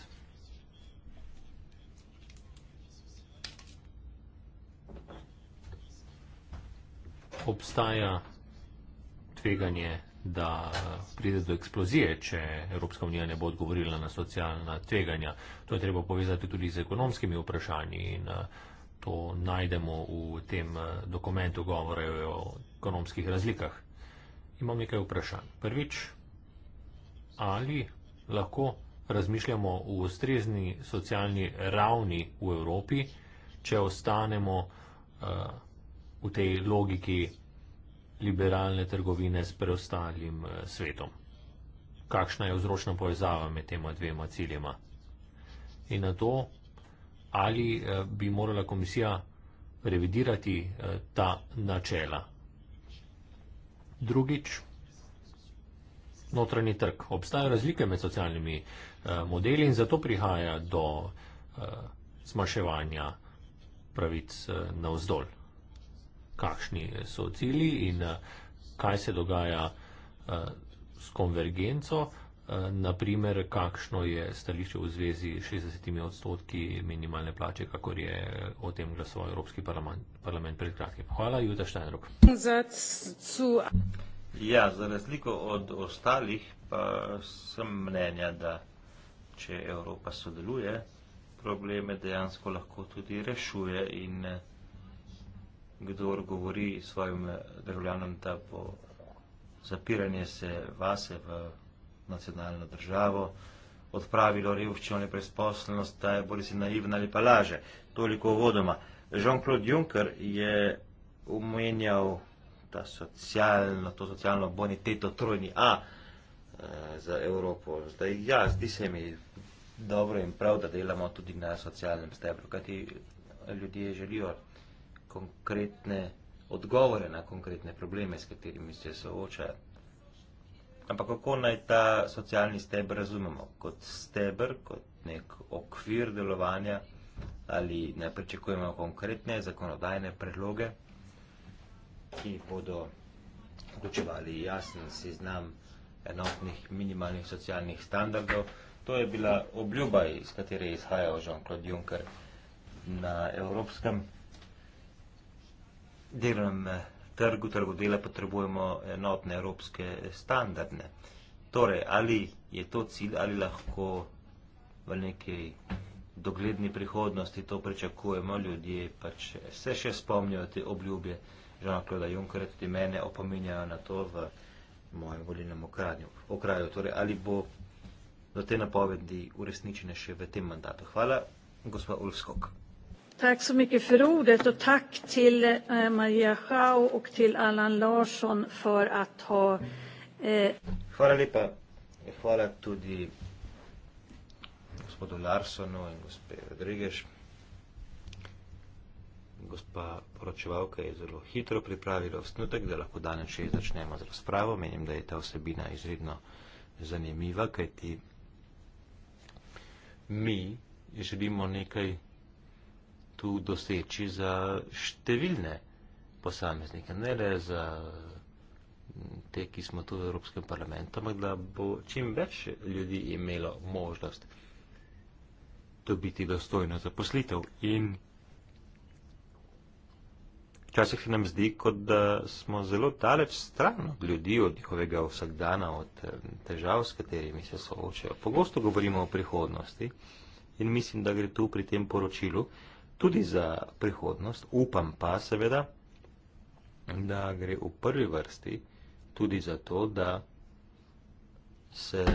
obstaja tveganje, da pride do eksplozije, če Evropska unija ne bo odgovorila na socialna tveganja. To je treba povezati tudi z ekonomskimi vprašanji in eh, to najdemo v tem eh, dokumentu, govorejo o ekonomskih razlikah. Imam nekaj vprašanj. Prvič, ali lahko razmišljamo v ustrezni socialni ravni v Evropi, če ostanemo uh, v tej logiki liberalne trgovine s preostalim eh, svetom. Kakšna je vzročna povezava med tema dvema ciljema? In na to, ali eh, bi morala komisija revidirati eh, ta načela. Drugič, notranji trg. Obstajajo razlike med socialnimi modeli in zato prihaja do zmaševanja pravic na vzdolj kakšni so cilji in eh, kaj se dogaja eh, s konvergenco, eh, naprimer kakšno je stališče v zvezi s 60 odstotki minimalne plače, kakor je o tem glasoval Evropski parlament, parlament pred kratkim. Hvala, Juta Štajnrok. Ja, za razliko od ostalih pa sem mnenja, da če Evropa sodeluje, probleme dejansko lahko tudi rešuje in kdor govori svojim eh, državljanom, da bo zapiranje se vase v nacionalno državo odpravilo revščino in brezposelnost, da je bolj si naivna ali pa laže. Toliko uvodoma. Jean-Claude Juncker je umenjal socialno, to socialno boniteto trojni A e, za Evropo. Zdaj, ja, zdi se mi dobro in prav, da delamo tudi na socialnem stebru, kajti ljudje želijo konkretne odgovore na konkretne probleme, s katerimi se soočajo. Ampak kako naj ta socialni stebr razumemo? Kot stebr, kot nek okvir delovanja ali ne pričakujemo konkretne zakonodajne predloge, ki bodo vključevali jasen seznam enotnih minimalnih socialnih standardov. To je bila obljuba, iz katere je izhajal Jean-Claude Juncker na Evropskem delovnem trgu, trgu dela potrebujemo enotne evropske standardne. Torej, ali je to cilj, ali lahko v neki dogledni prihodnosti to pričakujemo, ljudje pač se še spomnijo te obljube Žanakloda Junkera, tudi mene opominjajo na to v mojem volilnem okranju, okraju. Torej, ali bo do te napovedi uresničene še v tem mandatu. Hvala, gospod Ulfskog. Tack så mycket för ordet och tack till eh, Maria Schau och till Allan Larsson för att ha... Eh... Hvala lipa. Hvala tudi gospodu Larsonu in gospe Rodriguez. Gospa poročevalka je zelo hitro pripravila osnutek, da lahko danes še začnemo z razpravo. Menim, da je ta osebina izredno zanimiva, kajti mi želimo nekaj tu doseči za številne posameznike, ne le za mm, te, ki smo tu v Evropskem parlamentu, ampak da bo čim več ljudi imelo možnost dobiti dostojno zaposlitev. In včasih se nam zdi, kot da smo zelo daleč stran od ljudi, od njihovega vsakdana, od mm, težav, s katerimi se soočajo. Pogosto govorimo o prihodnosti in mislim, da gre tu pri tem poročilu uh, tudi za prihodnost, upam pa seveda, da gre v prvi vrsti tudi za to, da se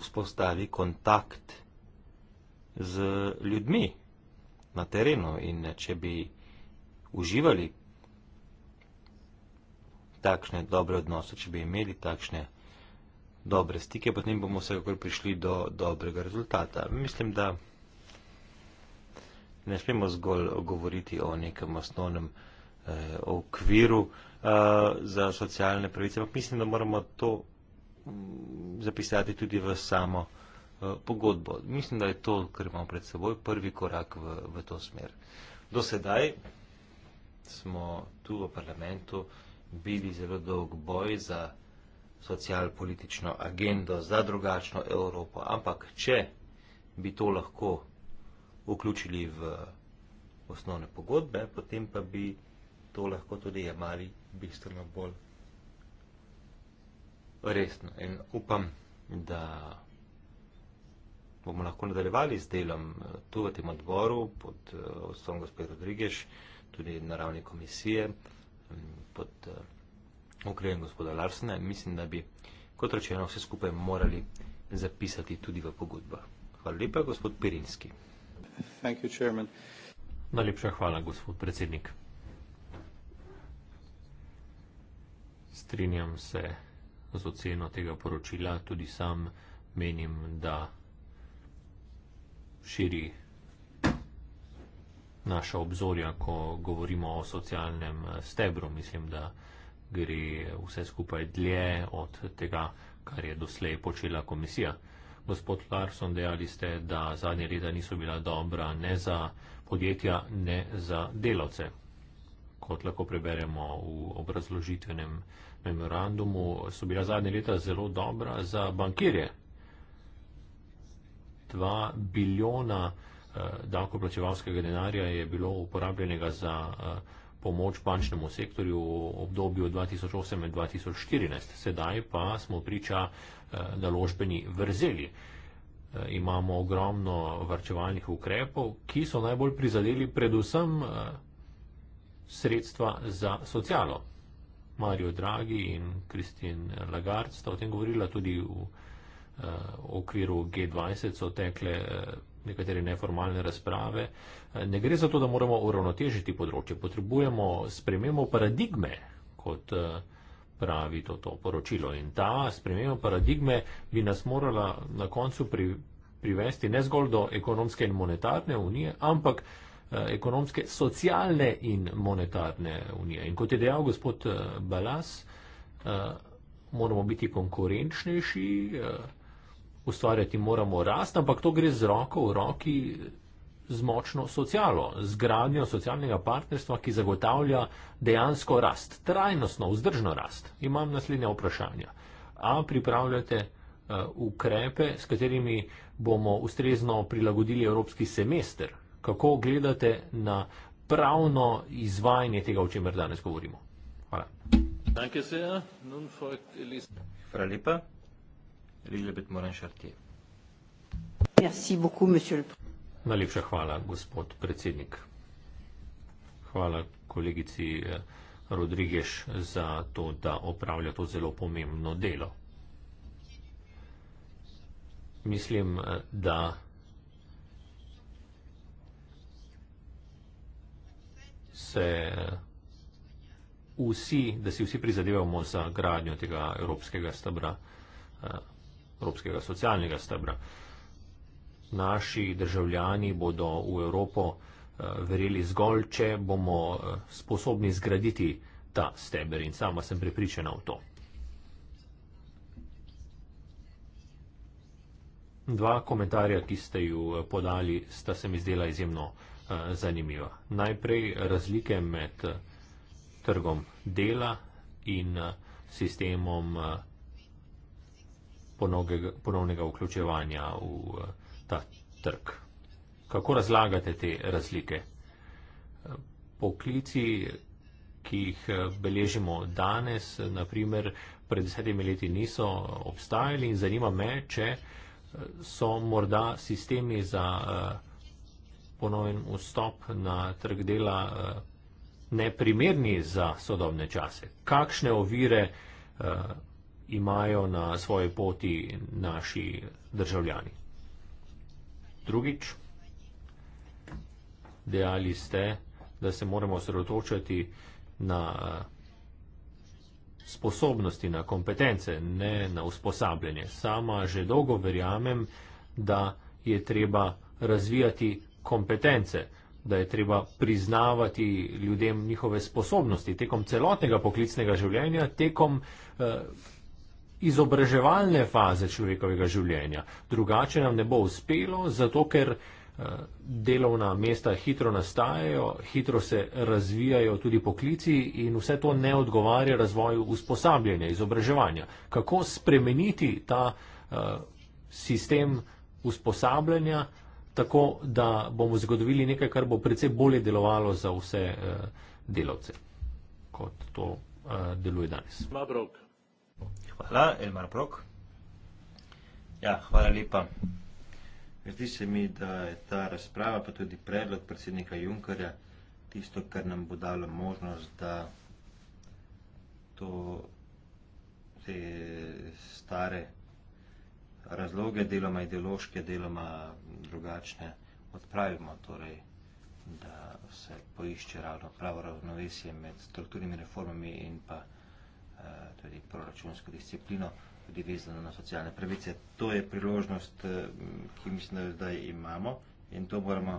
vzpostavi kontakt z ljudmi na terenu in če bi uživali takšne dobre odnose, če bi imeli takšne dobre stike, potem bomo vsekakor prišli do dobrega rezultata. Mislim, da ne smemo zgolj govoriti o nekem osnovnem eh, okviru eh, za socialne pravice, ampak mislim, da moramo to mm, zapisati tudi v samo eh, pogodbo. Mislim, da je to, kar imamo pred seboj, prvi korak v, v to smer. Do sedaj smo tu v parlamentu bili zelo dolg boj za socialpolitično agendo, za drugačno Evropo, ampak če bi to lahko vključili v osnovne pogodbe, potem pa bi to lahko tudi jemali bistveno bolj resno. In upam, da bomo lahko nadaljevali z delom eh, tu v tem odboru pod eh, vstom gospod Rodrigež, tudi na ravni komisije, mm, pod eh, okrejem gospoda Larsena. Mislim, da bi, kot rečeno, vse skupaj morali zapisati tudi v pogodbo. Hvala lepa, gospod Pirinski. Najlepša hvala, gospod predsednik. Strinjam se z oceno tega poročila, tudi sam menim, da širi naša obzorja, ko govorimo o socialnem eh, stebru. Mislim, da gre vse skupaj dlje od tega, kar je doslej počela komisija. Gospod Larson, dejali ste, da zadnje leta niso bila dobra ne za podjetja, ne za delavce. Kot lahko preberemo v obrazložitvenem memorandumu, so bila zadnje leta zelo dobra za bankirje. Dva biljona eh, davkoplačevalskega denarja je bilo uporabljenega za eh, pomoč bančnemu sektorju v obdobju 2008-2014. Sedaj pa smo priča naložbeni eh, vrzeli. Eh, imamo ogromno varčevalnih ukrepov, ki so najbolj prizadeli predvsem eh, sredstva za socialo. Mario Draghi in Kristin Lagarde sta o tem govorila tudi v, v okviru G20, so tekle nekatere neformalne razprave. Eh, ne gre za to, da moramo uravnotežiti področje, potrebujemo spremembo paradigme, kot eh, pravi to, to poročilo. In ta sprememba paradigme bi nas morala na koncu pri, privesti ne zgolj do ekonomske in monetarne unije, ampak eh, ekonomske, socialne in monetarne unije. In kot je dejal gospod Balas, moramo biti konkurenčnejši, ustvarjati moramo rast, ampak to gre z roko v roki z močno socialo, z gradnjo socialnega partnerstva, ki zagotavlja dejansko rast, trajnostno, vzdržno rast. Imam naslednja vprašanja. A pripravljate uh, ukrepe, s katerimi bomo ustrezno prilagodili evropski semester? Kako gledate na pravno izvajanje tega, o čemer danes govorimo? Hvala. Hvala lepa. Elizabeth Moran Chartier. Najlepša hvala, gospod predsednik. Hvala kolegici eh, Rodriguez za to, da opravlja to zelo pomembno delo. Mislim, eh, da se eh, vsi, da si vsi prizadevamo za gradnjo tega evropskega stabra evropskega socialnega stebra. Naši državljani bodo v Evropo eh, verjeli zgolj, če bomo eh, sposobni zgraditi ta steber in sama sem prepričana v to. Dva komentarja, ki ste ju eh, podali, sta se mi zdela izjemno zanimiva. Najprej razlike med trgom dela in sistemom dela ponovnega vključevanja v eh, ta trg. Kako razlagate te razlike? Eh, poklici, ki jih eh, beležimo danes, naprimer pred desetimi leti niso obstajali in zanima me, če so morda sistemi za ponoven vstop na trg dela neprimerni za sodobne čase. Kakšne ovire imajo na svoji poti naši državljani. Drugič, dejali ste, da se moramo osredotočati na sposobnosti, na kompetence, ne na usposabljanje. Sama že dolgo verjamem, da je treba razvijati kompetence, da je treba priznavati ljudem njihove sposobnosti tekom celotnega poklicnega življenja, tekom eh, izobraževalne faze človekovega življenja. Drugače nam ne bo uspelo, zato ker eh, delovna mesta hitro nastajajo, hitro se razvijajo tudi poklici in vse to ne odgovarja razvoju usposabljanja, izobraževanja. Kako spremeniti ta eh, sistem usposabljanja, tako da bomo zgodovili nekaj, kar bo predvsej bolje delovalo za vse eh, delavce, kot to deluje danes. Hvala, Elmar Prok. Ja, hvala lepa. Zdi se mi, da je ta razprava, pa tudi predlog predsednika Junkarja, tisto, kar nam bo dalo možnost, da to, te stare razloge, deloma ideološke, deloma drugačne, odpravimo. Torej, da se poišče ravno pravo ravnovesje med strukturnimi reformami in pa. Eh, tudi torej proračunsko disciplino, tudi vezano na socialne pravice. To je priložnost, eh, ki mislim, da jo zdaj imamo in to moramo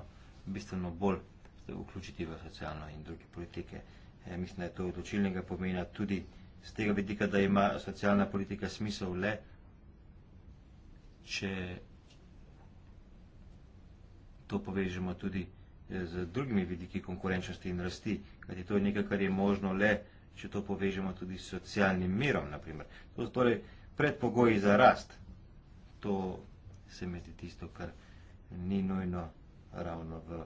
bistveno bolj vključiti v socialno in druge politike. Eh, mislim, da je to odločilnega pomena tudi z tega vidika, da ima socialna politika smisel le, če to povežemo tudi z drugimi vidiki konkurenčnosti in rasti, kajti to je nekaj, kar je možno le, če to povežemo tudi s socialnim mirom, naprimer. To so torej predpogoji za rast. To se mi zdi tisto, kar ni nujno ravno v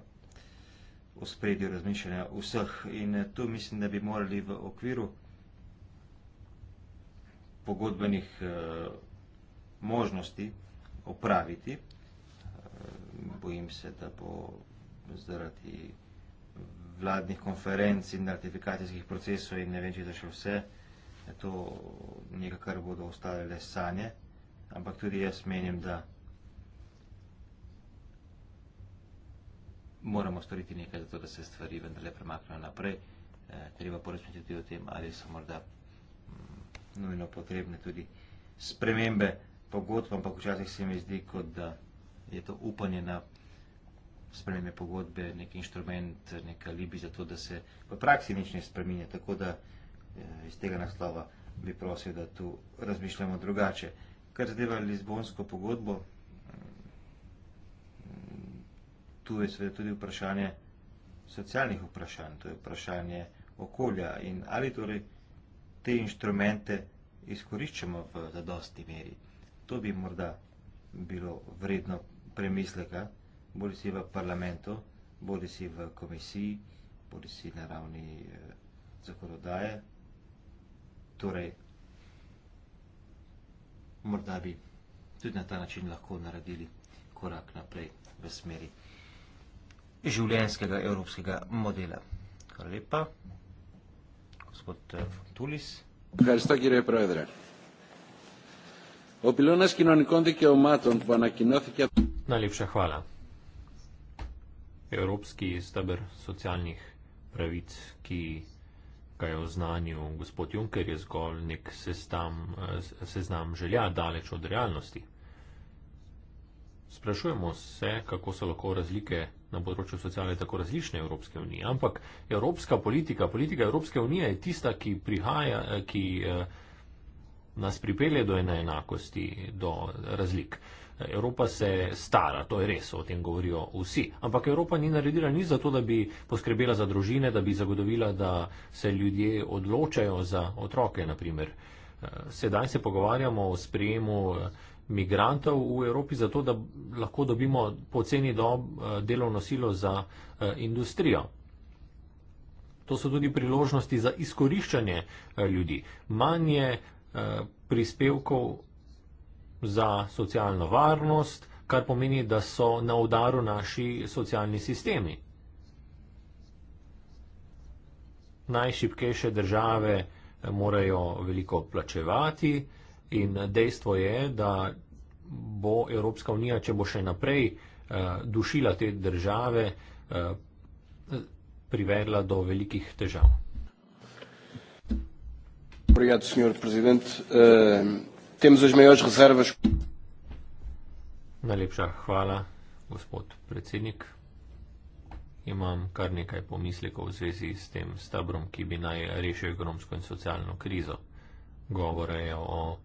ospredju razmišljanja vseh. In eh, tu mislim, da bi morali v okviru pogodbenih e, možnosti opraviti. E, bojim se, da bo zaradi vladnih konferenc in ratifikacijskih procesov in ne vem, če je še vse, je to nekaj, kar bodo ostale le sanje. Ampak tudi jaz menim, da moramo storiti nekaj za to, da se stvari vendarle premaknejo naprej. Eh, treba porazmeti tudi o tem, ali so morda mm, nujno potrebne tudi spremembe pogodb, ampak včasih se mi zdi, kot da je to upanje na prihodnost spremembe pogodbe, nek inštrument, neka libi za to, da se v praksi nič ne spremenja. Tako da eh, iz tega naslova bi prosil, da tu razmišljamo drugače. Kar zadeva Lizbonsko pogodbo, mm, tu je seveda tudi vprašanje socialnih vprašanj, to je vprašanje okolja in ali torej te inštrumente izkoriščamo v zadosti meri. To bi morda bilo vredno premisleka bodi si v parlamentu, bodi si v komisiji, bodi si na ravni eh, zakonodaje. Torej, morda bi tudi na ta način lahko naredili korak naprej v smeri življenskega evropskega modela. Hvala lepa, gospod eh, Tulis. Ευχαριστώ κύριε Πρόεδρε. Ο πυλώνας κοινωνικών δικαιωμάτων που ανακοινώθηκε... Να λείψε χώρα evropski stebr socialnih pravic, ki ga je oznanil gospod Juncker, je zgolj nek sestam, eh, seznam želja daleč od realnosti. Sprašujemo se, kako so lahko razlike na področju socialne tako različne Evropske unije. Ampak evropska politika, politika Evropske unije je tista, ki, prihaja, eh, ki eh, nas pripelje do enakosti, do razlik. Evropa se stara, to je res, o tem govorijo vsi. Ampak Evropa ni naredila nič za to, da bi poskrbela za družine, da bi zagotovila, da se ljudje odločajo za otroke, naprimer. Eh, sedaj se pogovarjamo o sprejemu eh, migrantov v Evropi zato, da lahko dobimo poceni dob eh, delovno silo za industrijo. To so tudi priložnosti za izkoriščanje ljudi. Manje prispevkov za socialno varnost, kar pomeni, da so na udaru naši socialni sistemi. Najšipkejše države eh, morajo veliko plačevati in dejstvo je, da bo Evropska unija, če bo še naprej eh, dušila te države, eh, privedla do velikih težav. Obrigado, Sr. Presidente. Uh temu zažmejoč rezervaš. Najlepša hvala, gospod predsednik. Imam kar nekaj pomislekov v zvezi s tem stabrom, ki bi naj rešil ekonomsko in socialno krizo. Govore o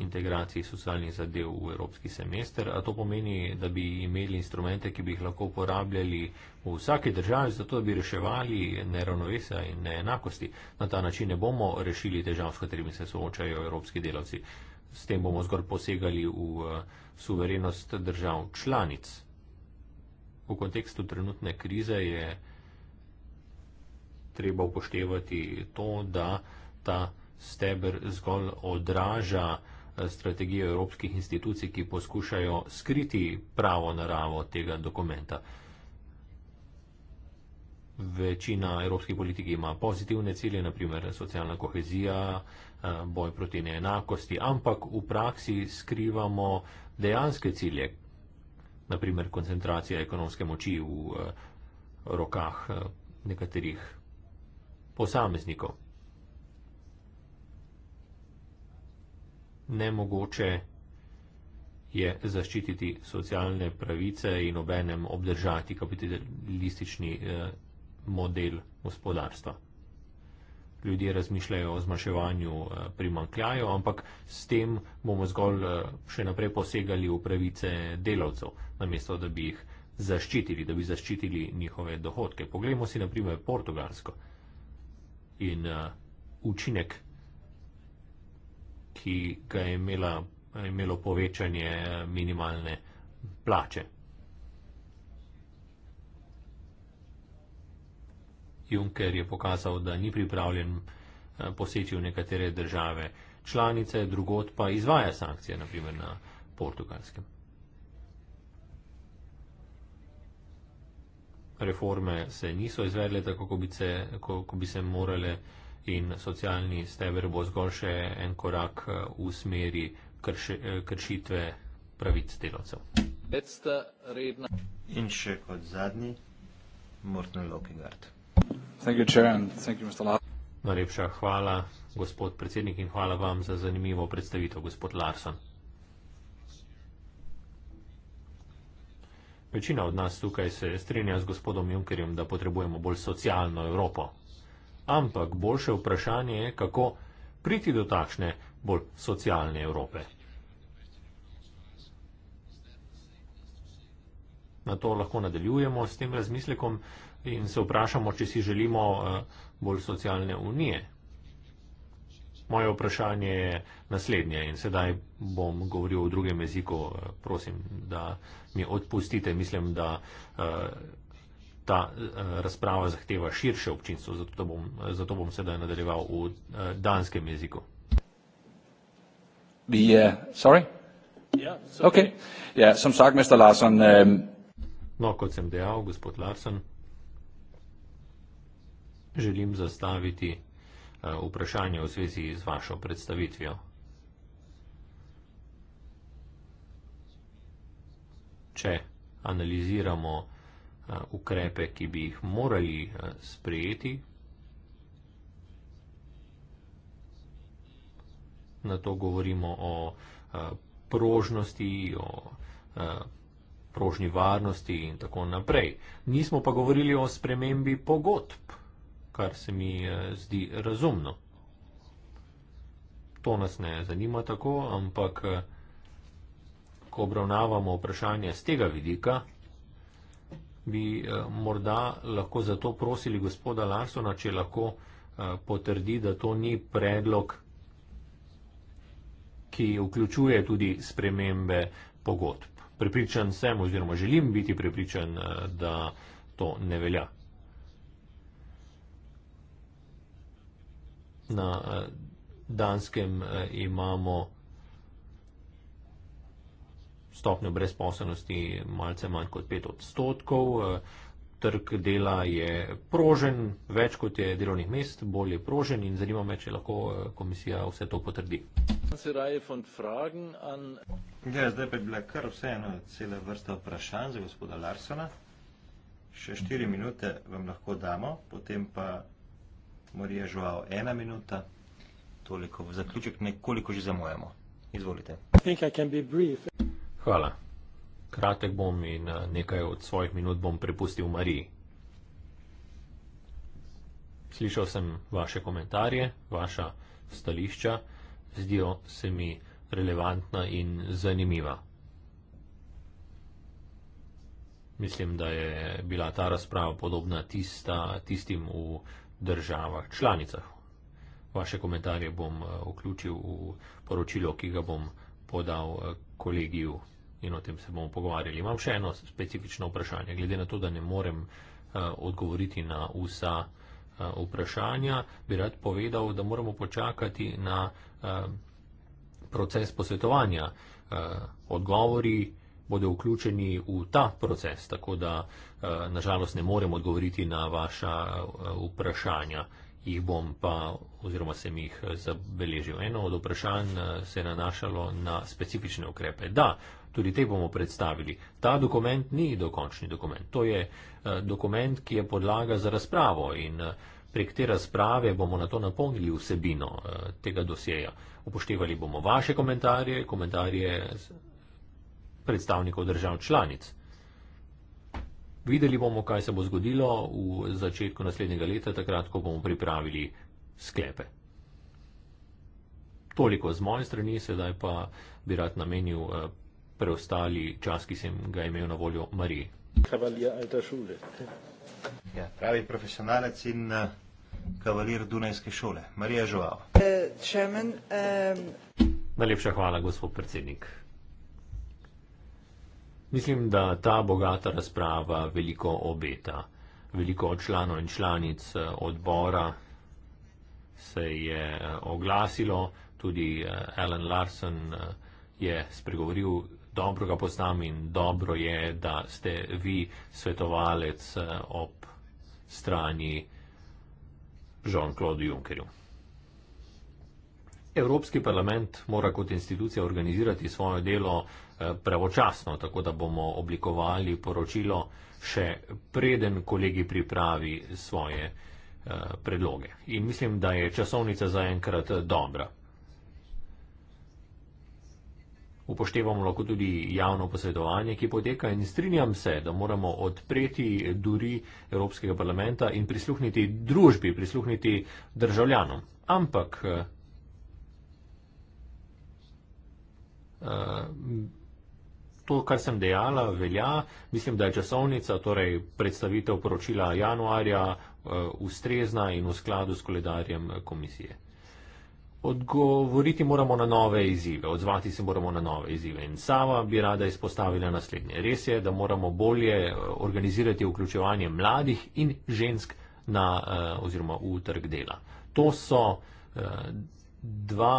integraciji socialnih zadev v evropski semester. A to pomeni, da bi imeli instrumente, ki bi jih lahko uporabljali v vsaki državi, zato da bi reševali neravnovesa in neenakosti. Na ta način ne bomo rešili težav, s katerimi se soočajo evropski delavci. S tem bomo zgolj posegali v eh, suverenost držav članic. V kontekstu trenutne krize je treba upoštevati to, da ta steber zgolj odraža uh, strategijo evropskih institucij, ki poskušajo skriti pravo naravo tega dokumenta. Večina evropskih politik ima pozitivne cilje, naprimer socialna kohezija, eh, boj proti neenakosti, ampak v praksi skrivamo dejanske cilje, naprimer koncentracija ekonomske moči v eh, rokah eh, nekaterih posameznikov. nemogoče je zaščititi socialne pravice in obenem obdržati kapitalistični eh, model gospodarstva. Ljudje razmišljajo o zmanjševanju eh, primankljajo, ampak s tem bomo zgolj eh, še naprej posegali v pravice delavcev, namesto da bi jih zaščitili, da bi zaščitili njihove dohodke. Poglejmo si naprimer Portugalsko in učinek ki ga je imela, imelo povečanje minimalne plače. Juncker je pokazal, da ni pripravljen eh, poseči v nekatere države članice, drugot pa izvaja sankcije, naprimer na portugalskem. Reforme se niso izvedle tako, kot bi se, ko, ko bi se morale in socialni steber bo zgolj še en korak eh, v smeri krši, eh, kršitve pravic delovcev. In še kot zadnji, Morten Lokingard. Najlepša hvala, gospod predsednik, in hvala vam za zanimivo predstavitev, gospod Larson. Večina od nas tukaj se strinja z gospodom Junckerjem, da potrebujemo bolj socialno Evropo. Ampak boljše vprašanje je, kako priti do takšne bolj socialne Evrope. Na to lahko nadaljujemo s tem razmislekom in se vprašamo, če si želimo eh, bolj socialne unije. Moje vprašanje je naslednje in sedaj bom govoril v drugem jeziku. Eh, prosim, da mi odpustite. Mislim, da eh, ta eh, razprava zahteva širše občinstvo. Zato bom, zato bom sedaj nadaljeval v eh, danskem jeziku. Eh, ja, ja, ehm. No, kot sem dejal, gospod Larsen, želim zastaviti vprašanje v zvezi z vašo predstavitvijo. Če analiziramo ukrepe, ki bi jih morali sprejeti. Na to govorimo o prožnosti, o prožni varnosti in tako naprej. Nismo pa govorili o spremembi pogodb, kar se mi zdi razumno. To nas ne zanima tako, ampak ko obravnavamo vprašanje z tega vidika, bi eh, morda lahko zato prosili gospoda Larsona, če lahko eh, potrdi, da to ni predlog, ki vključuje tudi spremembe pogodb. Pripričan sem oziroma želim biti pripričan, eh, da to ne velja. Na Danskem imamo stopnjo brezposobnosti malce manj kot 5 odstotkov. E, trg dela je prožen, več kot je delovnih mest, bolje prožen in zanima me, če lahko e, komisija vse to potrdi. Ja, zdaj pa je bila kar vseeno cela vrsta vprašanj za gospoda Larsona. Še štiri minute vam lahko damo, potem pa Marija Žuao ena minuta. Toliko v zaključek, nekoliko že zamujamo. Izvolite. Hvala. Kratek bom in eh, nekaj od svojih minut bom prepustil Mariji. Slišal sem vaše komentarje, vaša stališča, zdijo se mi relevantna in zanimiva. Mislim, da je bila ta razprava podobna tista, tistim v državah članicah. Vaše komentarje bom eh, vključil v poročilo, ki ga bom podal eh, kolegiju in o tem se bomo pogovarjali. Imam še eno specifično vprašanje, glede na to, da ne morem eh, odgovoriti na vsa eh, vprašanja, bi rad povedal, da moramo počakati na eh, proces posvetovanja. Odgovori bodo vključeni v ta proces, tako da nažalost ne morem odgovoriti na vaša vprašanja. Jih bom pa oziroma sem jih zabeležil. Eno od vprašanj se je nanašalo na specifične ukrepe. Da, Tudi te bomo predstavili. Ta dokument ni dokončni dokument. To je eh, dokument, ki je podlaga za razpravo in eh, prek te razprave bomo na to napolnili vsebino eh, tega dosjeja. Upoštevali bomo vaše komentarje, komentarje predstavnikov držav članic. Videli bomo, kaj se bo zgodilo v začetku naslednjega leta, takrat, ko bomo pripravili sklepe. Toliko z moje strani, sedaj pa bi rad namenil preostali čas, ki sem ga imel na voljo, Mariji. Ja, pravi profesionalec in eh, kavalir Dunajske šole, Marija Žuvao. Eh, eh, Najlepša hvala, gospod predsednik. Mislim, da ta bogata razprava veliko obeta. Veliko članov in članic odbora se je oglasilo, tudi Alan Larsen je spregovoril dobro ga poznam in dobro je, da ste vi svetovalec eh, ob strani Jean-Claude Junckerju. Evropski parlament mora kot institucija organizirati svoje delo eh, pravočasno, tako da bomo oblikovali poročilo še preden kolegi pripravi svoje eh, predloge. In mislim, da je časovnica zaenkrat dobra. upoštevamo lahko tudi javno posvetovanje, ki poteka in strinjam se, da moramo odpreti duri Evropskega parlamenta in prisluhniti družbi, prisluhniti državljanom. Ampak eh, eh, to, kar sem dejala, velja. Mislim, da je časovnica, torej predstavitev poročila januarja, eh, ustrezna in v skladu s koledarjem komisije. Odgovoriti moramo na nove izzive, odzvati se moramo na nove izzive. In sama bi rada izpostavila naslednje. Res je, da moramo bolje eh, organizirati vključevanje mladih in žensk na, eh, oziroma v trg dela. To so, eh, dva,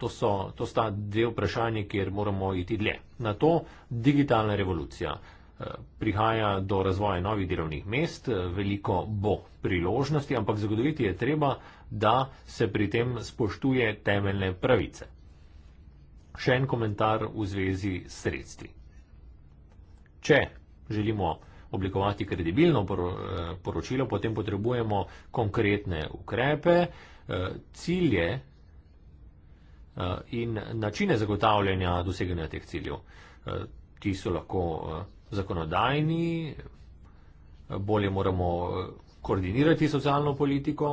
to so to sta dve vprašanje, kjer moramo iti dlje. Na to digitalna revolucija. Prihaja do razvoja novih delovnih mest, veliko bo priložnosti, ampak zagotoviti je treba, da se pri tem spoštuje temeljne pravice. Še en komentar v zvezi s sredstvi. Če želimo oblikovati kredibilno eh, poročilo, potem potrebujemo konkretne ukrepe, eh, cilje eh, in načine zagotavljanja doseganja teh ciljev. Ti so lahko zakonodajni, bolje moramo koordinirati socialno politiko,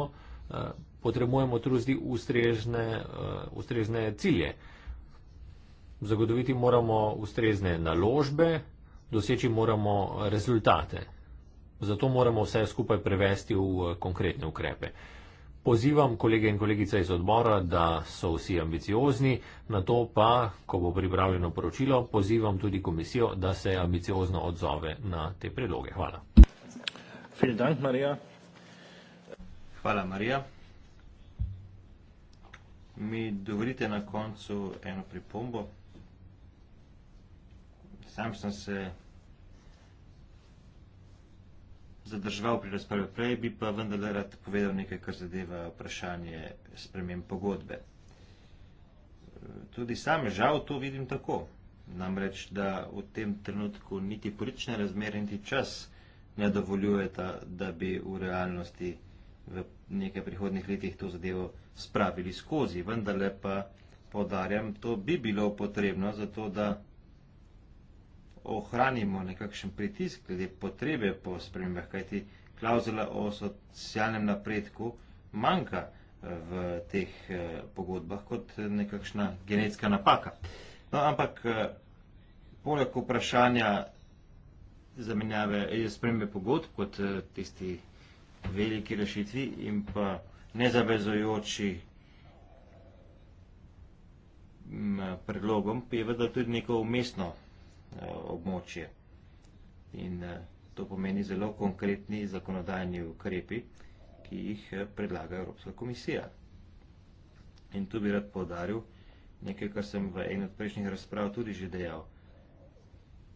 Eh, potrebujemo tudi ustrezne, eh, ustrezne cilje. Zagotoviti moramo ustrezne naložbe, doseči moramo rezultate. Zato moramo vse skupaj prevesti v eh, konkretne ukrepe. Pozivam kolege in kolegice iz odbora, da so vsi ambiciozni, na to pa, ko bo pripravljeno poročilo, pozivam tudi komisijo, da se ambiciozno odzove na te predloge. Hvala. Vielen Dank, Maria. Hvala, Marija. Mi dovolite na koncu eno pripombo. Sam sem se zadržal pri razpravi prej, bi pa vendar rad povedal nekaj, kar zadeva vprašanje spremem pogodbe. Tudi sam žal to vidim tako. Namreč, da v tem trenutku niti politične razmere, niti čas ne dovoljujeta, da bi v realnosti v nekaj prihodnih letih to zadevo spravili skozi. Vendarle pa podarjam, to bi bilo potrebno zato, da ohranimo nekakšen pritisk glede potrebe po spremembah, kajti klauzula o socialnem napredku manjka eh, v teh eh, pogodbah kot nekakšna genetska napaka. No, ampak eh, poleg vprašanja zamenjave, spremembe pogodb kot tisti veliki rešitvi in pa nezavezojoči predlogom, je vedno tudi neko umestno eh, območje. In eh, to pomeni zelo konkretni zakonodajni ukrepi, ki jih eh, predlaga Evropska komisija. In tu bi rad podaril nekaj, kar sem v en od prejšnjih razprav tudi že dejal.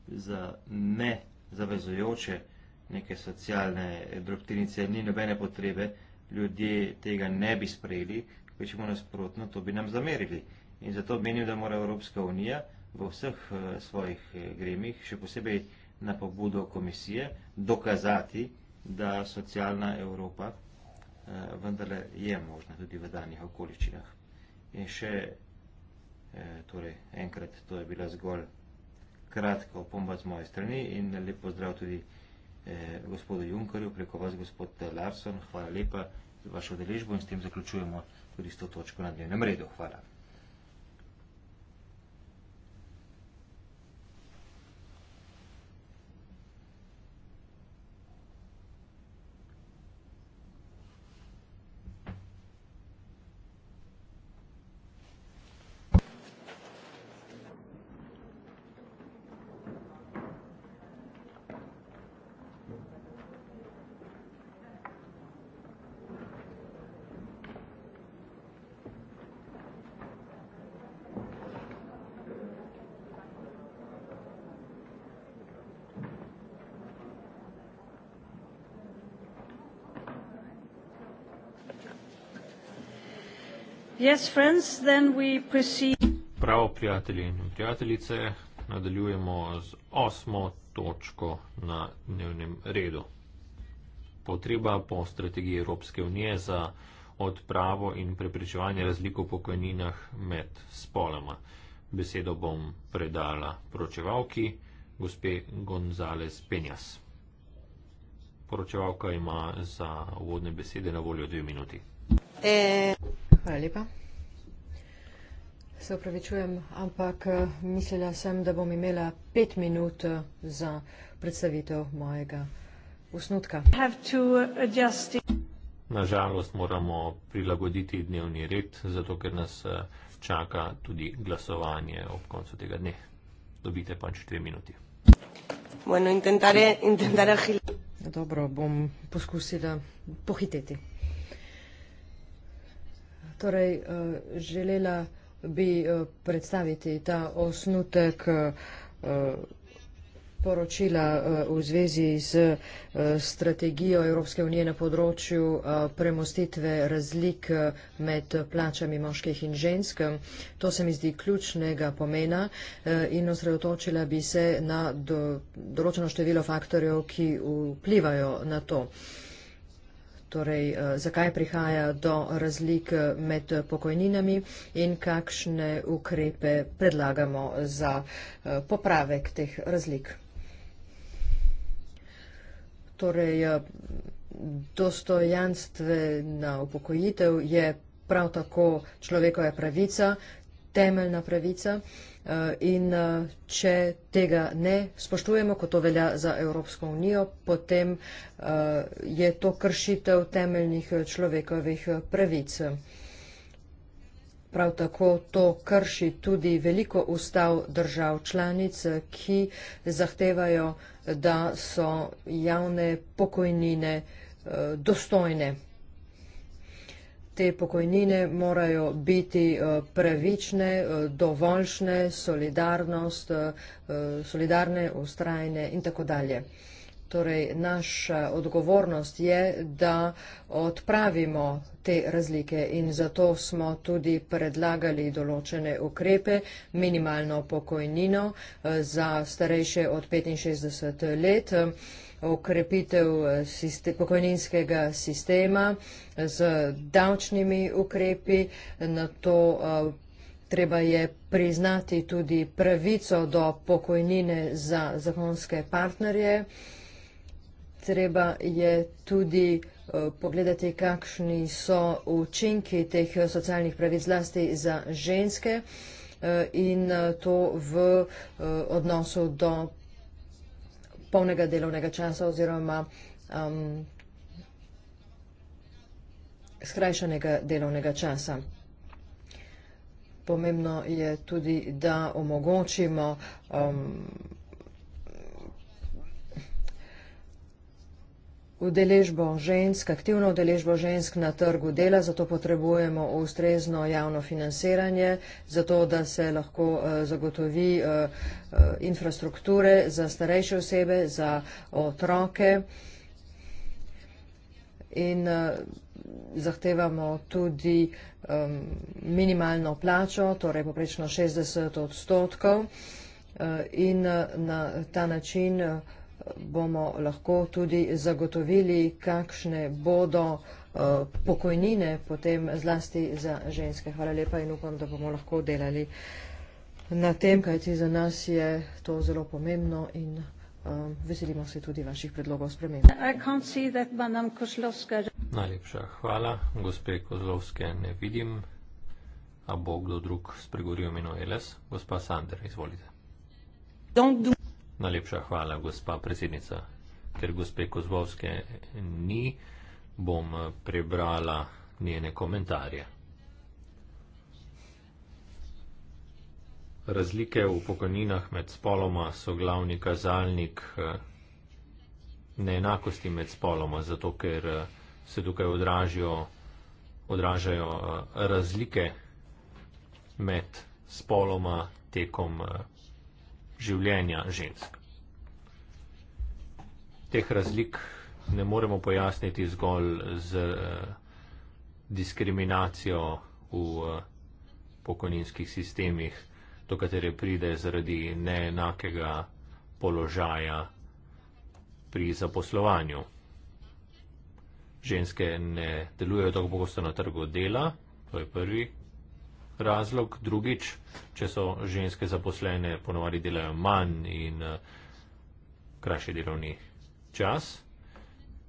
Za nezavezojoče predlogom, neke socialne drobtinice, ni nobene potrebe, ljudje tega ne bi sprejeli, več imamo nasprotno, to bi nam zamerili. In zato menim, da mora Evropska unija v vseh eh, svojih eh, gremih, še posebej na pobudo komisije, dokazati, da socialna Evropa eh, vendarle je možna tudi v danih okoličinah. In še torej, enkrat, to je bila zgolj kratka opomba z moje strani in lep pozdrav tudi vsem, eh, gospodu Junkerju, preko vas, gospod Larson. Hvala lepa za vašo deležbo in s tem zaključujemo tudi to točko na dnevnem redu. Hvala. Yes, friends, then we proceed. Prav, prijatelji in prijateljice, nadaljujemo z osmo točko na dnevnem redu. Potreba po strategiji Evropske unije za odpravo in preprečevanje razlik v pokojninah med spoloma. Besedo bom predala poročevalki, gospe Gonzales Penjas. Poročevalka ima za uvodne besede na voljo dve minuti. E... Hvala lepa. Se upravičujem, ampak eh, mislila sem, da bom imela pet minut eh, za predstavitev mojega usnutka. Nažalost moramo prilagoditi dnevni red, zato ker nas eh, čaka tudi glasovanje ob koncu tega dne. Dobite pač tri minuti. Bueno, intentare, intentare Dobro, bom poskusila pohiteti. Torej, eh, želela bi eh, predstaviti ta osnutek eh, poročila v zvezi z strategijo Evropske unije na področju premostitve razlik med plačami moških in žensk. To se mi zdi ključnega pomena in osredotočila bi se na določeno število faktorjev, ki vplivajo na to torej eh, zakaj prihaja do razlik eh, med eh, pokojninami in kakšne ukrepe predlagamo za popravek teh razlik. Torej, dostojanstvena upokojitev je prav tako človekova pravica, temeljna pravica. Eh, in eh, če tega ne spoštujemo, kot to velja za Evropsko unijo, potem eh, je to kršitev temeljnih človekovih pravic. Prav tako to krši tudi veliko ustav držav članic, ki zahtevajo, da so javne pokojnine dostojne te pokojnine morajo biti eh, pravične, eh, dovoljšne, solidarnost, eh, solidarne, ustrajne in tako dalje. Torej, naša odgovornost je, da odpravimo te razlike in zato smo tudi predlagali določene ukrepe, minimalno pokojnino za starejše od 65 let okrepitev eh, sistem, pokojninskega sistema z davčnimi ukrepi, na to eh, treba je priznati tudi pravico do pokojnine za zakonske partnerje. Treba je tudi eh, pogledati, kakšni so učinki teh socialnih pravic zlasti za ženske in to v odnosu do polnega delovnega časa oziroma um, skrajšanega delovnega časa. Pomembno je tudi, da omogočimo um, Udeležbo žensk, aktivno udeležbo žensk na trgu dela, zato potrebujemo ustrezno javno financiranje, zato da se lahko eh, zagotovi eh, eh, infrastrukture za starejše osebe, za otroke. In zahtevamo tudi minimalno plačo, torej poprečno 60 odstotkov in na ta način bomo lahko tudi zagotovili, kakšne bodo eh, pokojnine potem zlasti za ženske. Hvala lepa in upam, da bomo lahko delali na tem, kajti za nas je to zelo pomembno in eh, veselimo se tudi vaših predlogov sprememb. Najlepša hvala, gospe Kozlovske, ne vidim, a bo kdo drug spregovoril menoj LS. Gospa Sander, izvolite. Don't do Najlepša hvala, gospa predsednica. Ker gospe Kozlovske ni, bom eh, prebrala njene komentarje. Razlike v pokojninah med spoloma so glavni kazalnik eh, neenakosti med spoloma, zato ker eh, se tukaj odražijo, odražajo razlike med spoloma tekom življenja žensk. Teh razlik ne moremo pojasniti zgolj z eh, diskriminacijo v eh, pokojninskih sistemih, do katere pride zaradi neenakega položaja pri zaposlovanju. Ženske ne delujejo tako pogosto na trgu dela, to je prvi razlog. Drugič, če so ženske zaposlene, ponovadi delajo manj in eh, krajši delovni čas.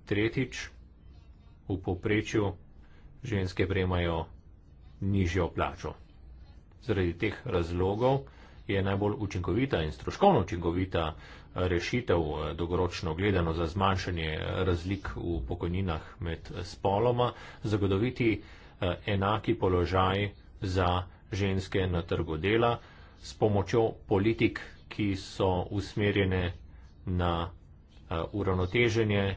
Tretjič, v poprečju ženske prejmajo nižjo plačo. Zaradi teh razlogov je najbolj učinkovita in stroškovno učinkovita eh, rešitev eh, dolgoročno gledano za zmanjšanje razlik v pokojninah med spoloma, zagotoviti enaki položaj za ženske na trgu dela s pomočjo politik, ki so usmerjene na eh, uravnoteženje eh,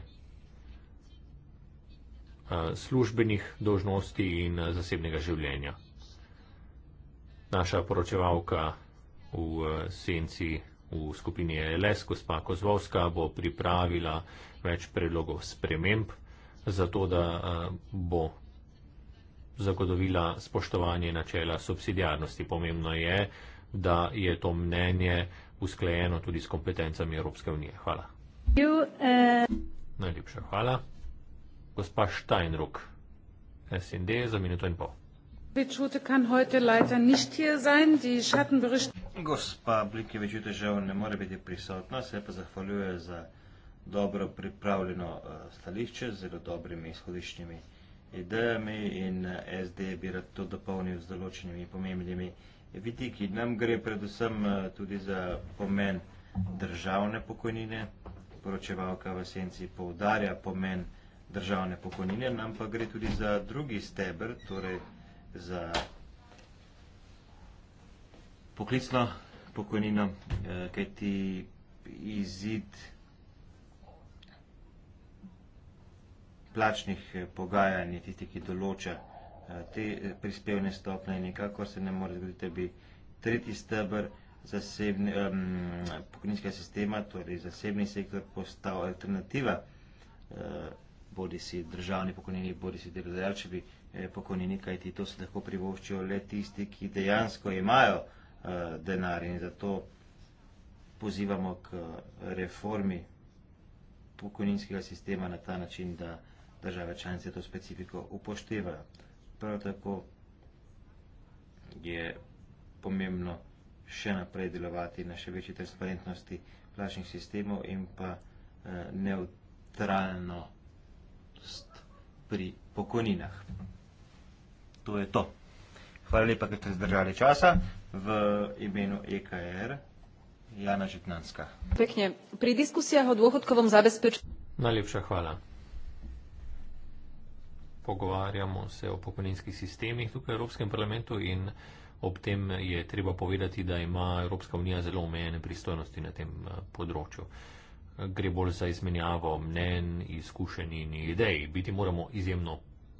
službenih dožnosti in eh, zasebnega življenja. Naša poročevalka v senci v skupini ELS, gospa Kozlovska, bo pripravila več predlogov sprememb, zato da bo zagotovila spoštovanje načela subsidijarnosti. Pomembno je, da je to mnenje usklajeno tudi s kompetencami Evropske unije. Hvala. You, uh... Eh. Najlepša hvala. Gospa Steinruck, SND za minuto in pol. Gospa Blikjevič je žal ne more biti prisotna, se pa zahvaljuje za dobro pripravljeno eh, stališče z zelo dobrimi izhodiščnimi idejami in eh, SD bi rad to dopolnil z določenimi pomembnimi vidiki. Nam gre predvsem eh, tudi za pomen državne pokojnine. Poročevalka v senci poudarja pomen državne pokojnine, nam pa gre tudi za drugi steber, torej za poklicno pokojnino, eh, kajti izid plačnih eh, pogajanj je tisti, ki določa eh, te eh, prispevne stopne in nekako se ne more zgoditi, da bi tretji stebr zasebni, um, pokojninska sistema, torej zasebni sektor, postal alternativa uh, bodi si državni pokojnini, bodi si delodajalčevi eh, pokojnini, kajti to se lahko privoščijo le tisti, ki dejansko imajo uh, denar in zato pozivamo k reformi pokojninskega sistema na ta način, da države članice to specifiko upoštevajo. Prav tako je pomembno še naprej delovati na še večji transparentnosti plačnih sistemov in pa eh, neutralnost pri pokojninah. To je to. Hvala lepa, ker ste zdržali časa v imenu EKR. Jana Žitnanska. Pekne. Pri diskusijah o dôchodkovom zabezpečenju. Najlepša hvala pogovarjamo se o pokojninskih sistemih tukaj v Evropskem parlamentu in ob tem je treba povedati, da ima Evropska unija zelo omejene pristojnosti na tem eh, področju. Gre bolj za izmenjavo mnen, izkušenj in idej. Biti moramo izjemno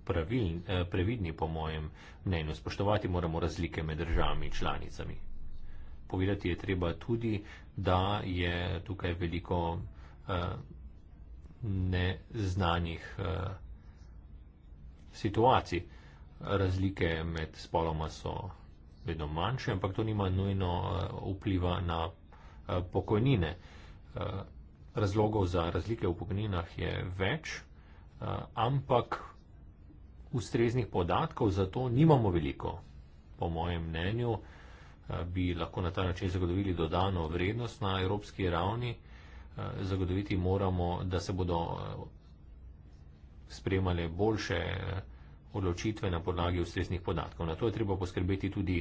pravilni, eh, previdni, po mojem mnenju. Spoštovati moramo razlike med državami in članicami. Povedati je treba tudi, da je tukaj veliko uh, neznanih uh, situacij. Razlike med spoloma so vedno manjše, ampak to nima nujno eh, vpliva na eh, pokojnine. Eh, razlogov za razlike v pokojninah je več, ampak ustreznih podatkov za to nimamo veliko. Po mojem mnenju bi lahko na ta način zagotovili dodano vrednost na evropski ravni. Zagotoviti moramo, da se bodo sprejemale boljše odločitve na podlagi ustreznih podatkov. Na to je treba poskrbeti tudi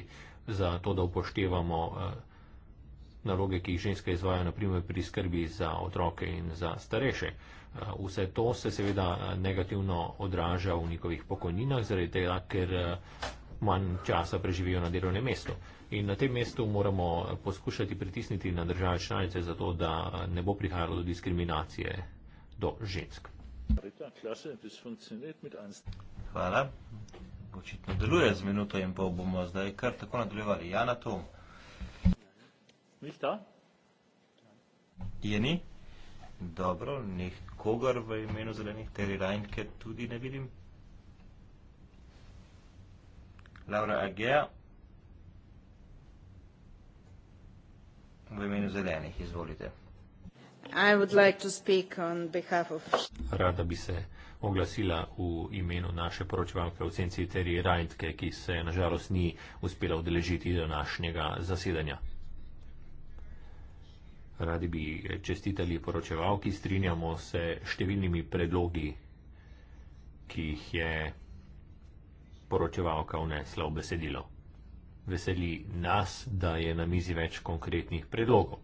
za to, da upoštevamo eh, naloge, ki jih ženske izvajo, naprimer pri skrbi za otroke in za starejše. Eh, vse to se seveda eh, negativno odraža v njihovih pokojninah, zaradi tega, ker manj časa preživijo na delovnem mestu. In na tem mestu moramo poskušati pritisniti na države članice, zato da ne bo prihajalo do diskriminacije do žensk. Hvala. Očitno deluje z minuto in pol, bomo zdaj kar tako nadaljevali. Jana Tom. Je ni? Dobro, nikogar v imenu zelenih, Terry Reinke tudi ne vidim. Laura Agea. V imenu zelenih, izvolite. Hvala. Rada bi se oglasila v imenu naše poročevalke v senci Terije Rajntke, ki se nažalost ni uspela odeležiti današnjega zasedanja. Radi bi čestitali poročevalki, strinjamo se številnimi predlogi, ki jih je poročevalka vnesla v besedilo. Veseli nas, da je na mizi več konkretnih predlogov.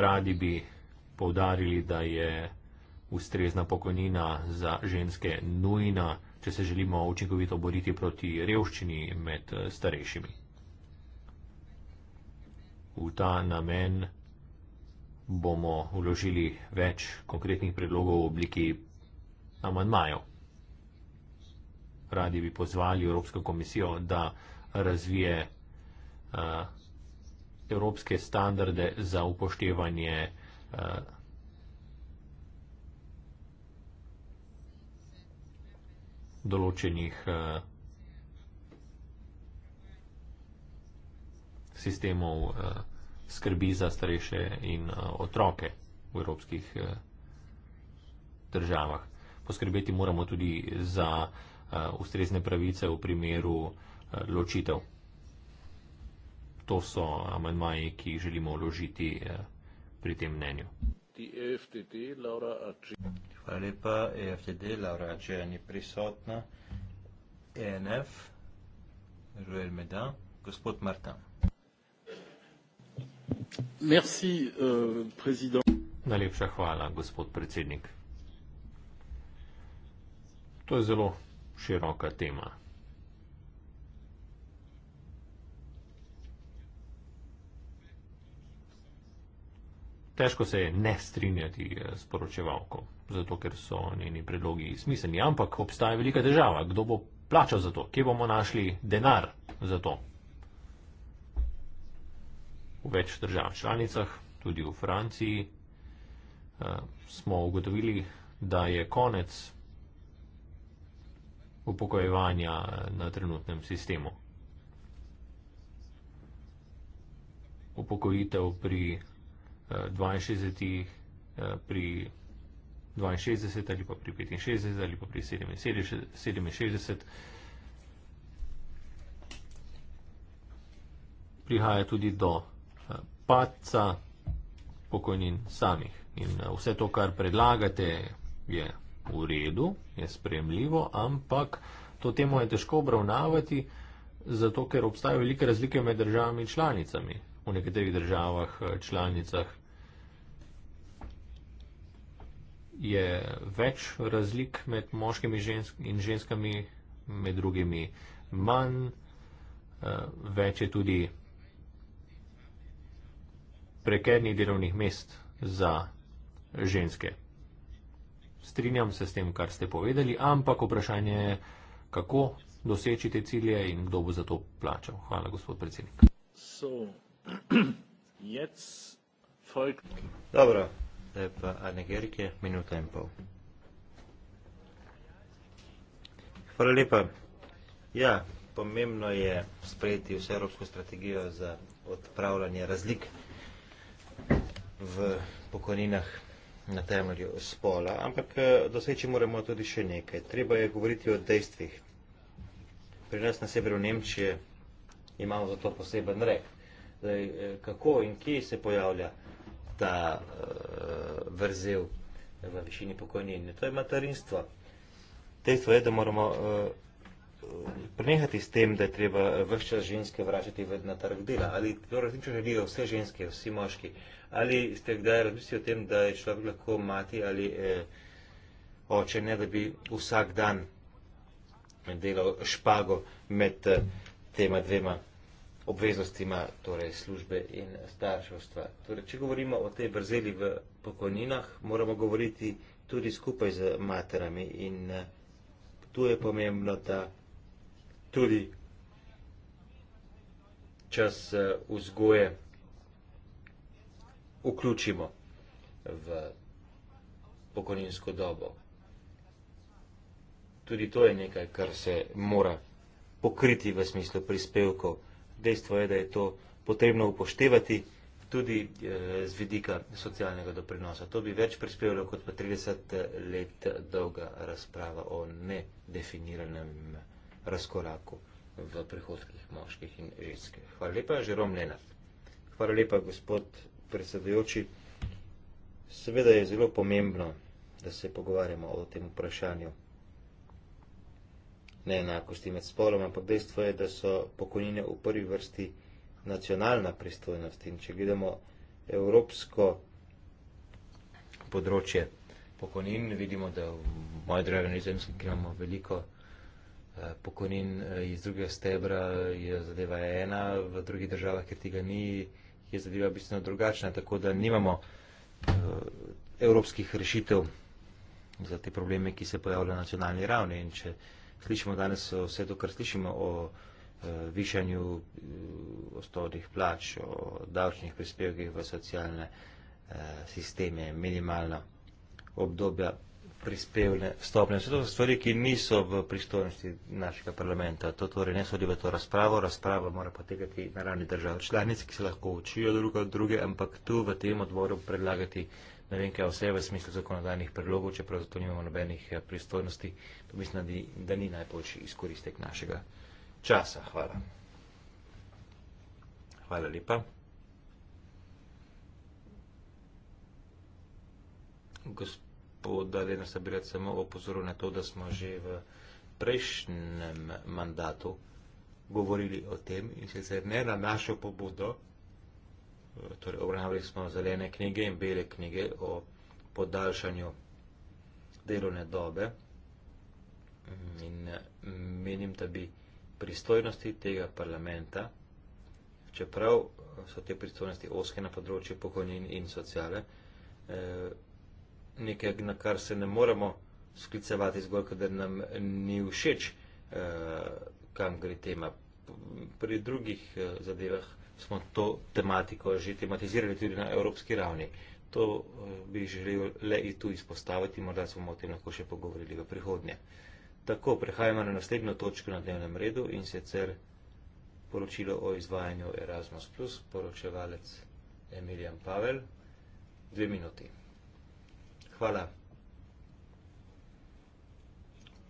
radi bi povdarili, da je ustrezna pokojnina za ženske nujna, če se želimo učinkovito boriti proti revščini med starejšimi. V ta namen bomo uložili več konkretnih predlogov v obliki amandmajev. Radi bi pozvali Evropsko komisijo, da razvije uh, evropske standarde za upoštevanje uh, določenih uh, sistemov uh, skrbi za starejše in uh, otroke v evropskih uh, državah. Poskrbeti moramo tudi za uh, ustrezne pravice v primeru uh, ločitev to so amenmaji, ki jih želimo uložiti eh, pri tem mnenju. E hvala lepa, EFTD, Laura Ače, ni prisotna. ENF, Ruel Meda, gospod Marta. Merci, uh, Najlepša hvala, gospod predsednik. To je zelo široka tema. težko se je ne strinjati eh, s poročevalko, zato ker so njeni predlogi smiselni, ampak obstaja velika država. Kdo bo plačal za to? Kje bomo našli denar za to? V več držav članicah, tudi v Franciji, eh, smo ugotovili, da je konec upokojevanja eh, na trenutnem sistemu. Upokojitev pri 62 eh, pri 62 ali pa pri 65 ali pa pri 67. Prihaja tudi do eh, paca pokojnin samih. In eh, vse to, kar predlagate, je v redu, je spremljivo, ampak to temo je težko obravnavati, zato ker obstajajo velike razlike med državami in članicami v nekaterih državah, eh, članicah je več razlik med moškimi in ženskami, med drugimi manj, eh, več je tudi prekernih delovnih mest za ženske. Strinjam se s tem, kar ste povedali, ampak vprašanje je, kako doseči te cilje in kdo bo za to plačal. Hvala, gospod predsednik. So. Dobro, zdaj pa Anegerike, minuta in pol. Hvala lepa. Ja, pomembno je sprejeti vse evropsko strategijo za odpravljanje razlik v pokojninah na temelju spola, ampak eh, doseči moramo tudi še nekaj. Treba je govoriti o dejstvih. Pri nas na severu Nemčije imamo za to poseben rek. Zdaj, eh, kako in kje se pojavlja ta uh, vrzel v višini pokojnine? To je materinstvo. Dejstvo je, da moramo uh, prenehati s tem, da je treba vse čas ženske vračati na trg dela. Ali to resnično želijo vse ženske, vsi moški? Ali ste kdaj razmislili o tem, da je človek lahko mati ali eh, oče, ne da bi vsak dan delal špago med eh, tema dvema? obveznostima torej službe in starševstva. Torej, če govorimo o tej brzeli v pokojninah, moramo govoriti tudi skupaj z materami in eh, tu je pomembno, da tudi čas eh, vzgoje vključimo v pokojninsko dobo. Tudi to je nekaj, kar se mora pokriti v smislu prispevkov dejstvo je, da je to potrebno upoštevati tudi eh, z vidika socialnega doprinosa. To bi več prispevalo kot pa 30 eh, let dolga razprava o nedefiniranem razkoraku v prihodkih moških in ženske. Hvala lepa, Žerom Lenar. Hvala lepa, gospod predsedujoči. Seveda je zelo pomembno, da se pogovarjamo o tem vprašanju neenakosti med spoloma, ampak dejstvo je, da so pokojnine v prvi vrsti nacionalna pristojnost. In če gledamo evropsko področje pokojnin, vidimo, da v moji državi nizemski, ki imamo veliko eh, pokojnin eh, iz drugega stebra, je zadeva ena, v drugih državah, ker tega ni, je zadeva bistveno drugačna, tako da nimamo eh, evropskih rešitev za te probleme, ki se pojavljajo na nacionalni ravni. In če slišimo danes vse to, kar slišimo o eh, višanju eh, osnovnih plač, o davčnih prispevkih v socialne eh, sisteme, minimalna obdobja prispevne stopne. Vse to so stvari, ki niso v pristojnosti našega parlamenta. To torej ne sodi v to razpravo. Razprava mora potekati na ravni držav članic, ki se lahko učijo druga od druge, ampak tu v tem odboru predlagati ne vem, kaj vse v smislu zakonodajnih predlogov, čeprav za to nimamo nobenih eh, pristojnosti, to mislim, da, da ni najboljši izkoristek našega časa. Hvala. Hvala lepa. Gospoda Lena Sabirat samo opozoril na to, da smo že v prejšnjem mandatu govorili o tem in sicer ne na našo pobudo torej obravnavali smo zelene knjige in bele knjige o podaljšanju delovne dobe in menim, da bi pristojnosti tega parlamenta, čeprav so te pristojnosti oske na področju pokojnin in sociale, eh, nekaj, na kar se ne moremo sklicevati zgolj, kader nam ni všeč, eh, kam gre tema. Pri drugih eh, zadevah smo to tematiko že tematizirali tudi na evropski ravni. To eh, bi želel le in tu izpostaviti, morda smo o tem lahko še pogovorili v prihodnje. Tako, prehajamo na naslednjo točko na dnevnem redu in sicer poročilo o izvajanju Erasmus, poročevalec Emilijan Pavel. Dve minuti. Hvala.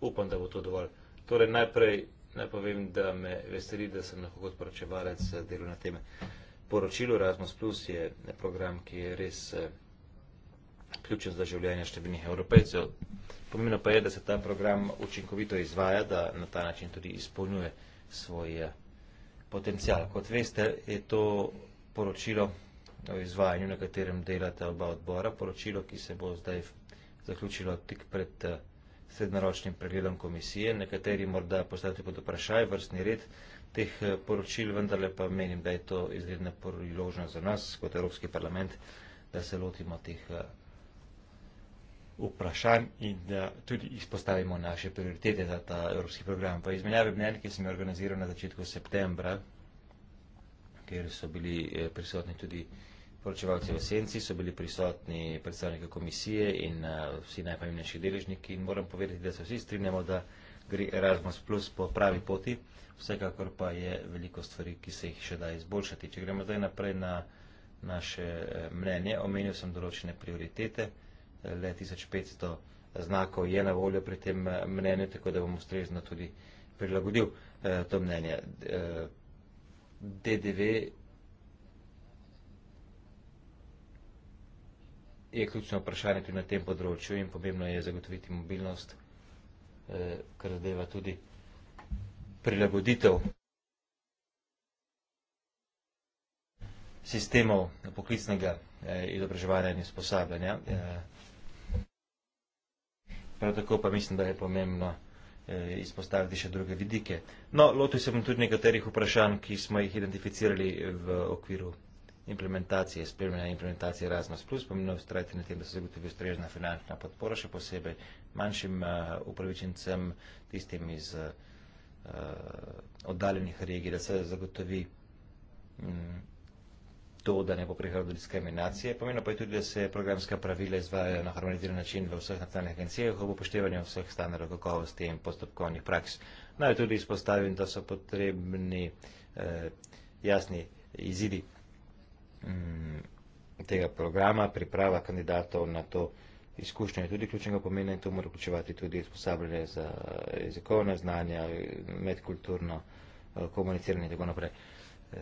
Upam, da bo to dovolj. Torej, najprej Naj povem, da me veseli, da sem lahko kot poročevalec delo na teme. Poročilo Erasmus Plus je program, ki je res eh, ključen za življenje številnih evropejcev. Pomembno pa je, da se ta program učinkovito izvaja, da na ta način tudi izpolnjuje svoj eh, potencial. Kot veste, je to poročilo o izvajanju, na katerem delata oba odbora, poročilo, ki se bo zdaj zaključilo tik pred eh, srednjeročnim pregledom komisije, nekateri morda postavljati pod vprašaj vrstni red teh eh, poročil, vendarle pa menim, da je to izredna priložnost za nas kot Evropski parlament, da se lotimo teh eh, vprašanj in da tudi izpostavimo naše prioritete za ta evropski program. Pa izmenjave mnenj, ki sem jo organiziral na začetku septembra, kjer so bili eh, prisotni tudi poročevalci v senci, so bili prisotni predstavniki komisije in uh, vsi najpomembnejši deležniki in moram povedati, da se vsi strinjamo, da gre Erasmus Plus po pravi poti, vsekakor pa je veliko stvari, ki se jih še da izboljšati. Če gremo zdaj naprej na naše eh, mnenje, omenil sem določene prioritete, eh, le 1500 znakov je na voljo pri tem mnenju, tako da bom ustrezno tudi prilagodil eh, to mnenje. Eh, DDV je ključno vprašanje tudi na tem področju in pomembno je zagotoviti mobilnost, eh, kar zadeva tudi prilagoditev sistemov poklicnega eh, izobraževanja in usposabljanja. Eh, prav tako pa mislim, da je pomembno eh, izpostaviti še druge vidike. No, lotil se bom tudi nekaterih vprašanj, ki smo jih identificirali v okviru implementacije, spremljanja implementacije Erasmus+, pomembno ustrajati na tem, da se zagotovi ustrežna finančna podpora, še posebej manjšim uh, upravičencem, tistim iz uh, oddaljenih regij, da se zagotovi um, to, da ne bo prihajalo do diskriminacije. Pomembno pa je tudi, da se programska pravila izvajajo na harmoniziran način v vseh nacionalnih agencijah ob upoštevanju vseh standardov kakovosti in postopkovnih praks. Naj tudi izpostavim, da so potrebni eh, jasni izidi Mm, tega programa, priprava kandidatov na to izkušnjo je tudi ključnega pomena in to mora vključevati tudi usposabljanje za jezikovne znanja, medkulturno eh, komuniciranje in tako naprej. Eh,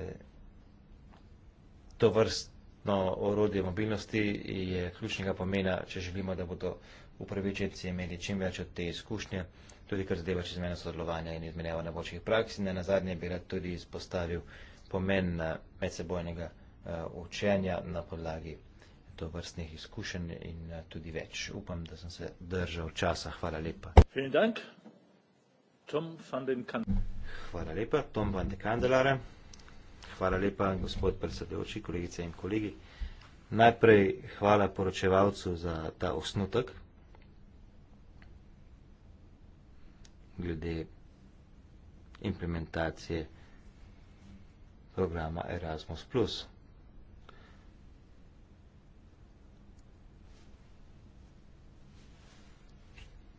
to vrstno orodje mobilnosti je ključnega pomena, če želimo, da bodo upravičenci imeli čim več od te izkušnje, tudi kar zadeva čezmena sodelovanja in izmenjava na boljših praks in na nazadnje bi rad tudi izpostavil pomen eh, medsebojnega vsega Eh, učenja na podlagi do vrstnih izkušenj in eh, tudi več. Upam, da sem se držal časa. Hvala lepa. Hvala lepa, Tom van de Kandelare. Hvala lepa, gospod predsedujoči, kolegice in kolegi. Najprej hvala poročevalcu za ta osnutek glede implementacije programa Erasmus.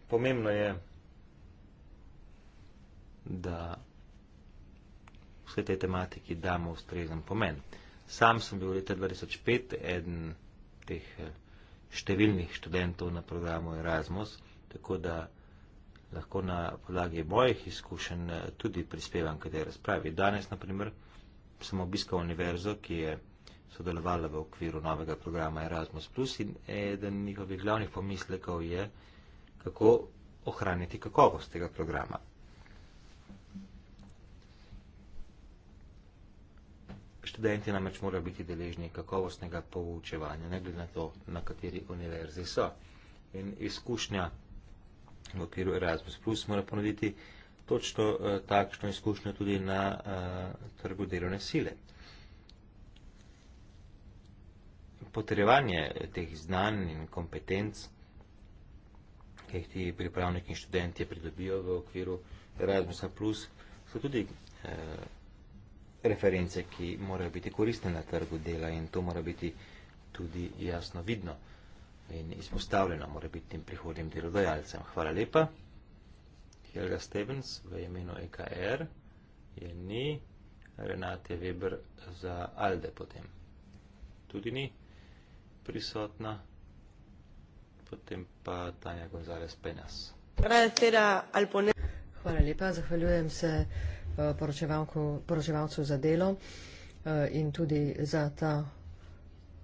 pomembno je, da vse te tematiki damo ustrezen pomen. Sam sem bil leta 2005 eden teh eh, številnih študentov na programu Erasmus, tako da lahko na podlagi mojih izkušenj eh, tudi prispevam k tej razpravi. Danes, na primer, sem obiskal univerzo, ki je sodelovala v okviru novega programa Erasmus+, in eden njihovih glavnih pomislekov je, kako ohraniti kakovost tega programa. Študenti namreč morajo biti deležni kakovostnega poučevanja, ne glede na to, na kateri univerzi so. In izkušnja v okviru Erasmus Plus mora ponuditi točno eh, takšno izkušnjo tudi na eh, trgu delovne sile. Potrebovanje teh znanj in kompetenc ki jih ti pripravniki in študenti pridobijo v okviru Erasmusa, so tudi eh, reference, ki morajo biti koristne na trgu dela in to mora biti tudi jasno vidno in izpostavljeno, mora biti tem prihodnjim delodajalcem. Hvala lepa. Helga Stevens v imenu EKR je ni, Renate Weber za Alde potem. Tudi ni prisotna potem pa Tanja Gonzalez Penjas. Hvala lepa, zahvaljujem se eh, poročevalcu za delo eh, in tudi za ta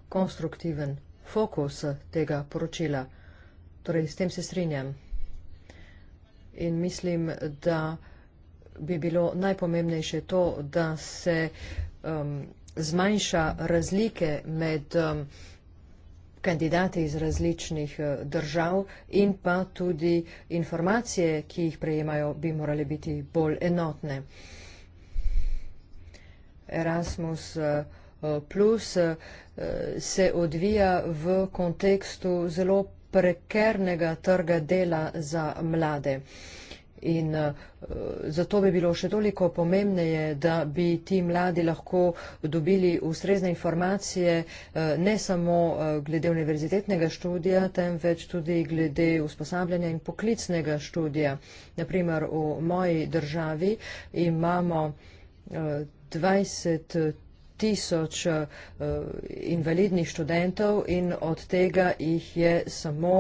konstruktiven fokus tega poročila. Torej, s tem se strinjam in mislim, da bi bilo najpomembnejše to, da se um, zmanjša razlike med um, kandidate iz različnih eh, držav in pa tudi informacije, ki jih prejemajo, bi morali biti bolj enotne. Erasmus eh, Plus eh, se odvija v kontekstu zelo prekernega trga dela za mlade. In eh, zato bi bilo še toliko pomembneje, da bi ti mladi lahko dobili ustrezne informacije eh, ne samo eh, glede univerzitetnega študija, temveč tudi glede usposabljanja in poklicnega študija. Naprimer, v moji državi imamo 20 tisoč invalidnih študentov in od tega jih je samo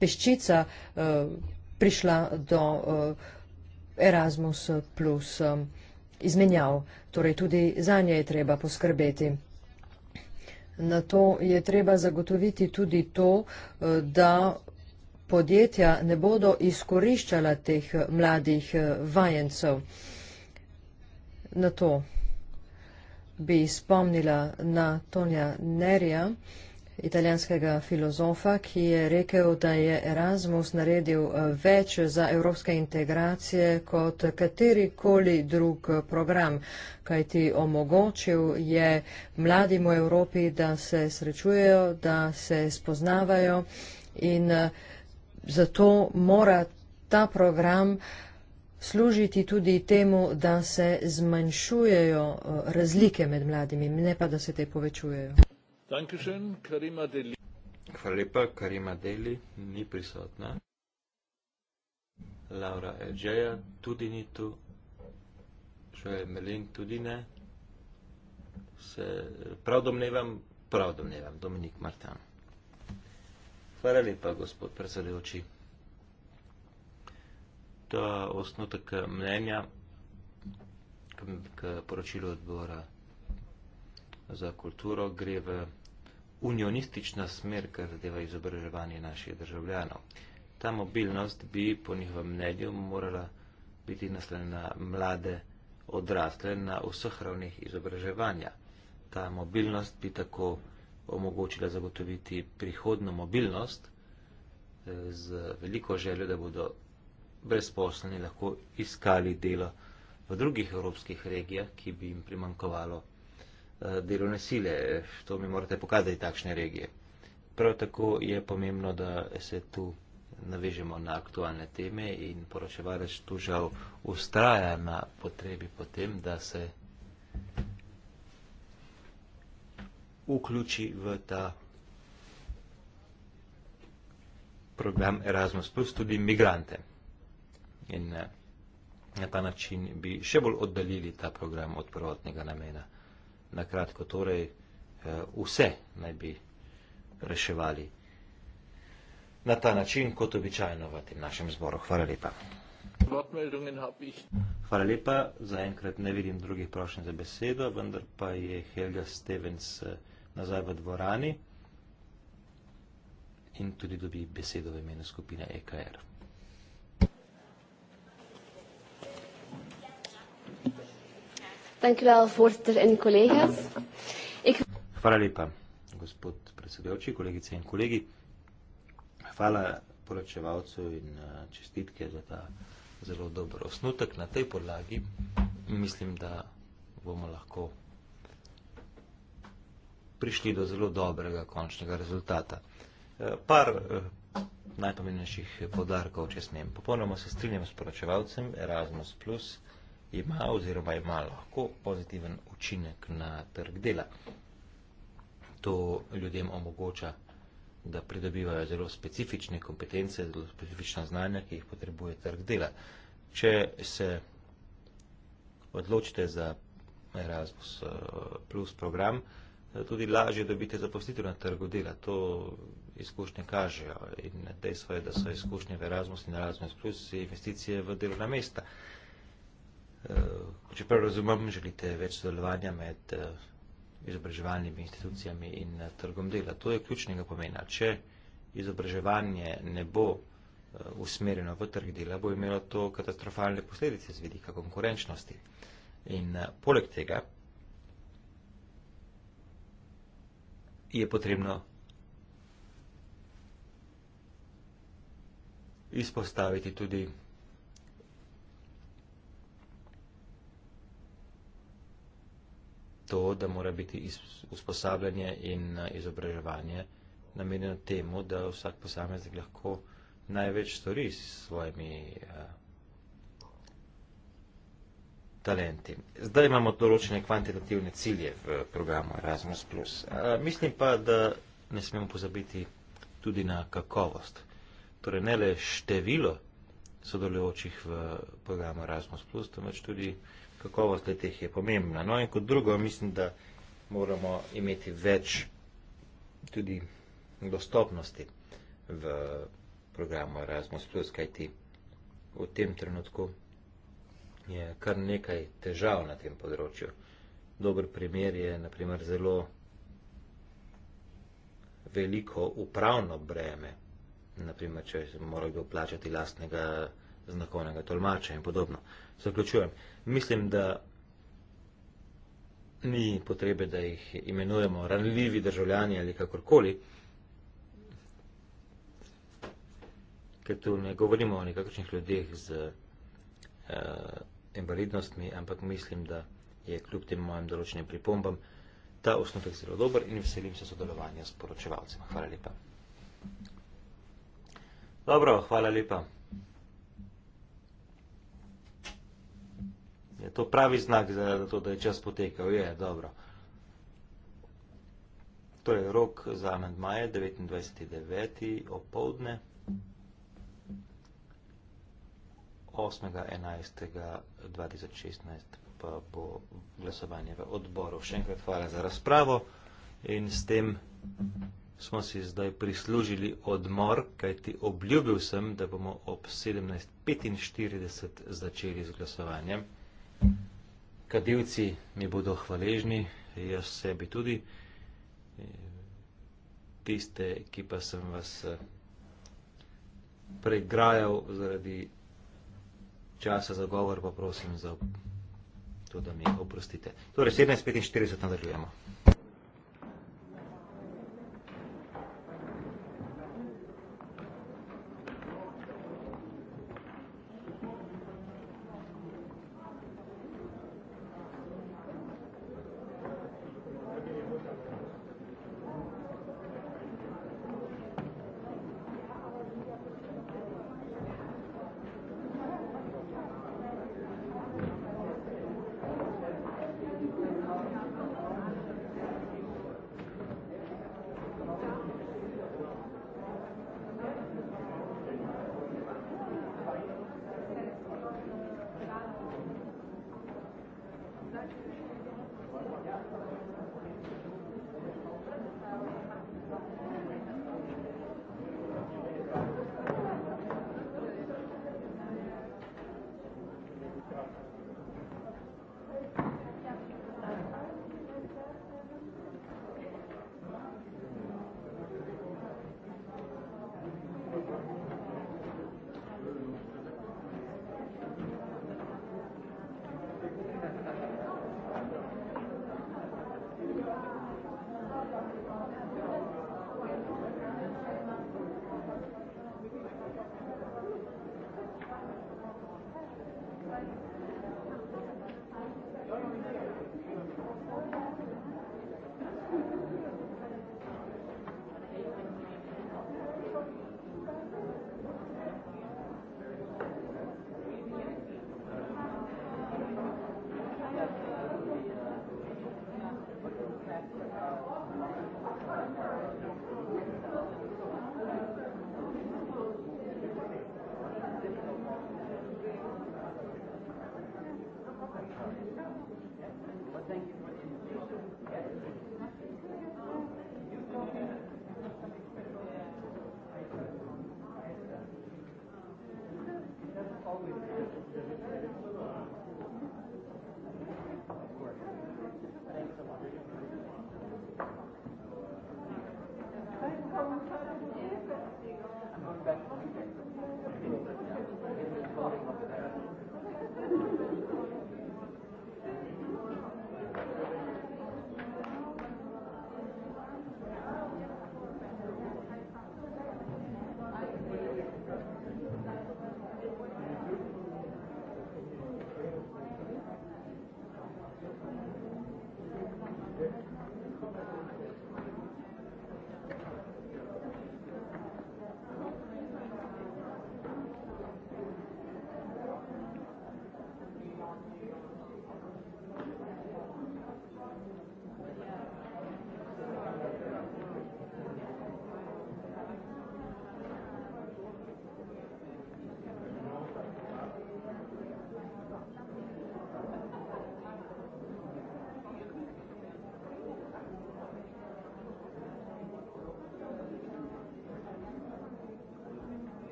peščica prišla do eh, Erasmus plus eh, izmenjav. Torej tudi za nje je treba poskrbeti. Na to je treba zagotoviti tudi to, eh, da podjetja ne bodo izkoriščala teh mladih vajencev. Na to bi spomnila na Tonja Nerija, ki je italijanskega filozofa, ki je rekel, da je Erasmus naredil eh, več za evropske integracije kot katerikoli drug eh, program, kaj ti omogočil je mladim v Evropi, da se srečujejo, da se spoznavajo in eh, zato mora ta program služiti tudi temu, da se zmanjšujejo razlike med mladimi, ne pa da se te povečujejo. Dankeschön, Karima Deli. Hvala lepa, Karima Deli ni prisotna. Laura Elžeja tudi ni tu. Žoel Melin tudi ne. Se prav domnevam, prav domnevam, Dominik Martan. Hvala lepa, gospod predsedujoči. Ta osnutek mnenja k poročilu odbora za kulturo gre v unionistična smer, kar zadeva izobraževanje naših državljanov. Ta mobilnost bi po njihovem mnenju morala biti naslednja mlade odrasle na vseh ravneh izobraževanja. Ta mobilnost bi tako omogočila zagotoviti prihodno mobilnost eh, z veliko željo, da bodo brezposleni lahko iskali delo v drugih evropskih regijah, ki bi jim primankovalo Eh, delovne sile. To mi morate pokazati, takšne regije. Prav tako je pomembno, da se tu navežemo na aktualne teme in poročevalec tu žal ustraja na potrebi potem, da se vključi v ta program Erasmus plus tudi migrante. In eh, na ta način bi še bolj oddaljili ta program od prvotnega namena na kratko, torej eh, vse naj bi reševali na ta način, kot običajno v tem našem zboru. Hvala lepa. Hvala lepa, zaenkrat ne vidim drugih prošenj za besedo, vendar pa je Helga Stevens eh, nazaj v dvorani in tudi dobi besedo v imenu skupine EKR. Dankjewel, voorzitter en collega's. Ik... Hvala lepa, gospod predsedujoči, kolegice in kolegi. Hvala poročevalcu in eh, čestitke za ta zelo dober osnutek. Na tej podlagi mislim, da bomo lahko prišli do zelo dobrega končnega rezultata. Eh, par eh, najpomembnejših podarkov, če smem. Popolnoma se strinjam s poročevalcem Erasmus+ ima oziroma ima lahko pozitiven učinek na trg dela. To ljudem omogoča, da pridobivajo zelo specifične kompetence, zelo specifična znanja, ki jih potrebuje trg dela. Če se odločite za Erasmus eh, Plus program, eh, tudi lažje dobite zaposlitev na trgu dela. To izkušnje kažejo in dejstvo je, da so izkušnje v Erasmus in Erasmus Plus investicije v delovna mesta. Uh, Eh, čeprav razumem, želite več sodelovanja med eh, izobraževalnimi institucijami in eh, trgom dela. To je ključnega pomena. Če izobraževanje ne bo usmerjeno v trg dela, bo imelo to katastrofalne posledice z vidika konkurenčnosti. In poleg tega je potrebno izpostaviti tudi to, da mora biti usposabljanje in eh, izobraževanje namenjeno temu, da vsak posameznik lahko največ stori s svojimi eh, talenti. Zdaj imamo določene kvantitativne cilje v programu Erasmus+. Eh, mislim pa, da ne smemo pozabiti tudi na kakovost. Torej ne le število sodelujočih v programu Erasmus+, temveč tudi nekaj, kakovost teh je pomembna. No in kot drugo, mislim, da moramo imeti več tudi dostopnosti v programu Erasmus Plus, kajti v tem trenutku je kar nekaj težav na tem področju. Dober primer je naprimer zelo veliko upravno breme, naprimer, če moral bi plačati lastnega znakovnega tolmača in podobno. Zaključujem mislim, da ni potrebe, da jih imenujemo ranljivi državljani ali kakorkoli, ker tu ne govorimo o nekakšnih ljudeh z uh, invalidnostmi, ampak mislim, da je kljub tem mojim določenim pripombam ta osnutek zelo dober in veselim se sodelovanja s poročevalcem. Hvala lepa. Dobro, hvala lepa. Je to pravi znak za to, da je čas potekal. Je, dobro. To torej, je rok za amendmaje 29.9. opoldne 8.11.2016 pa bo glasovanje v odboru. Še enkrat hvala za razpravo in s tem smo si zdaj prislužili odmor, kajti obljubil sem, da bomo ob 17.45 začeli z glasovanjem. Kadilci mi bodo hvaležni, jaz sebi tudi. Tiste, ki pa sem vas eh, pregrajal zaradi časa za govor, pa prosim za to, da mi oprostite. Torej, 17.45 nadaljujemo.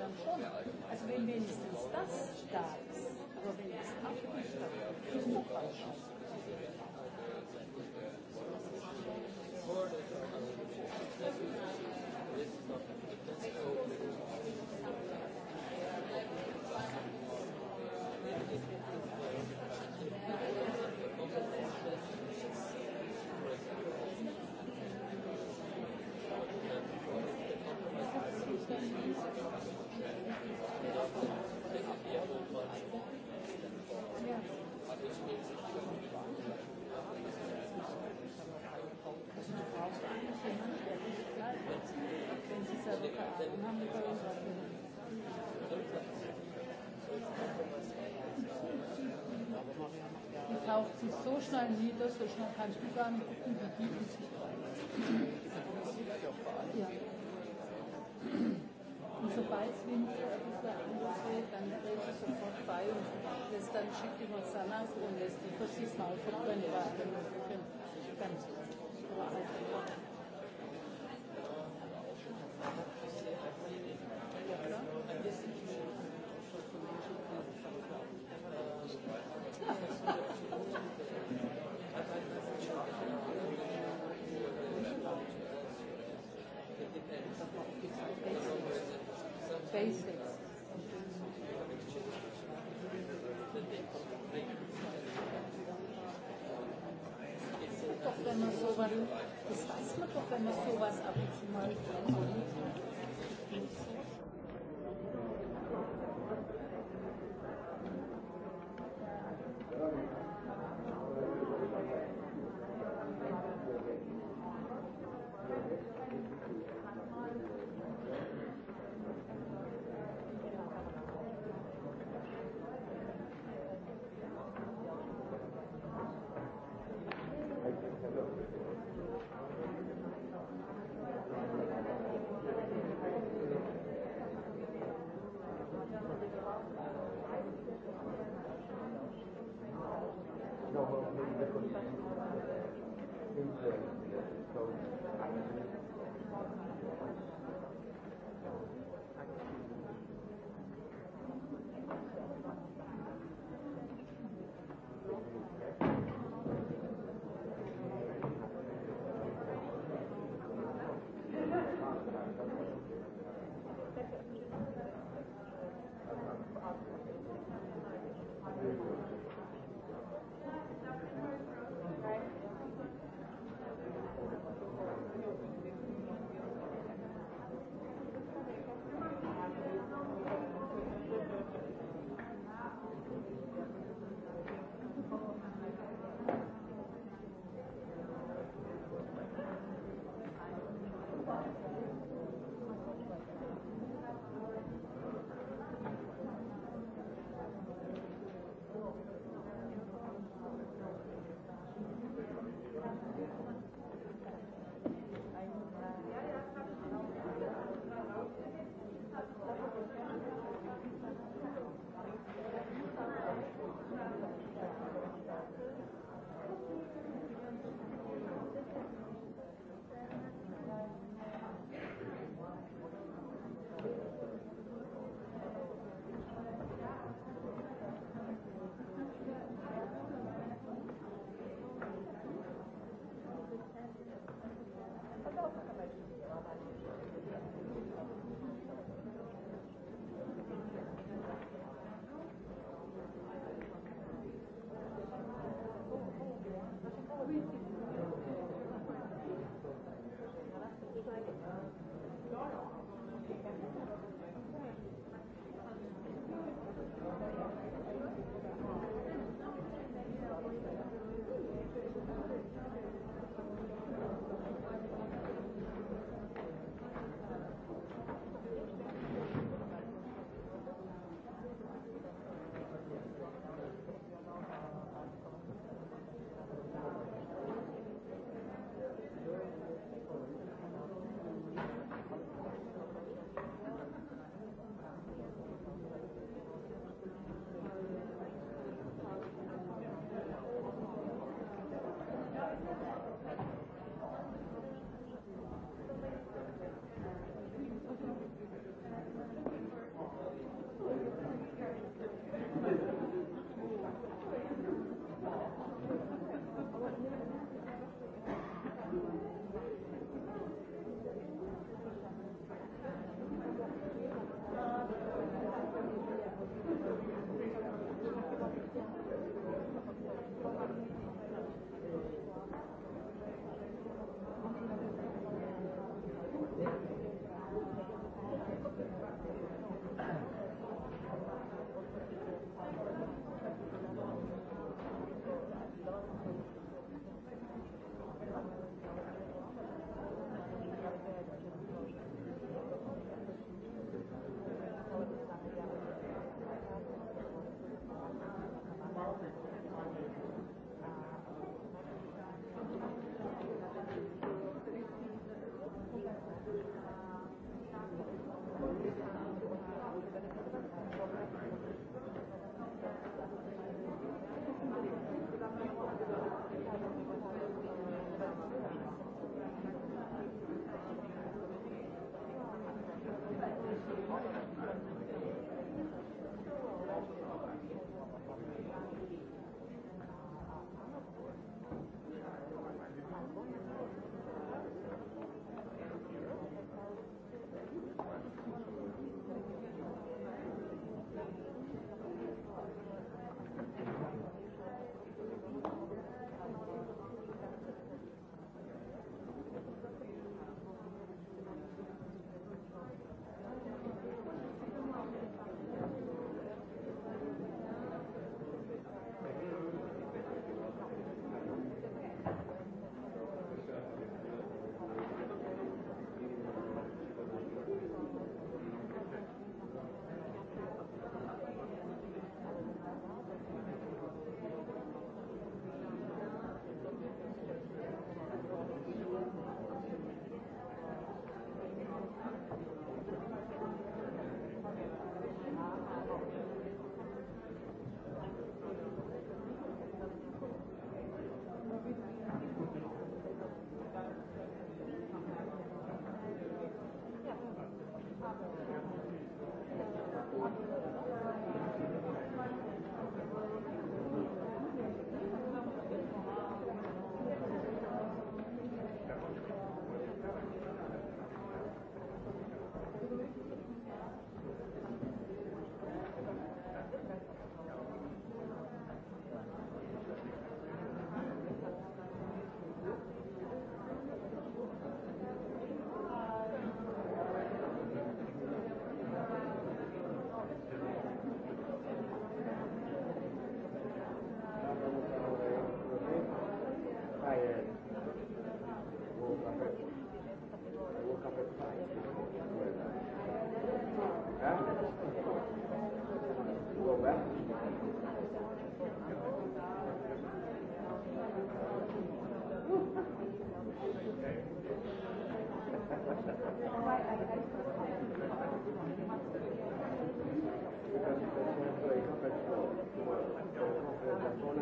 dann schon. Also wenn wenigstens das da ist, aber wenn es abgibt, dann ist es schon. Thank you.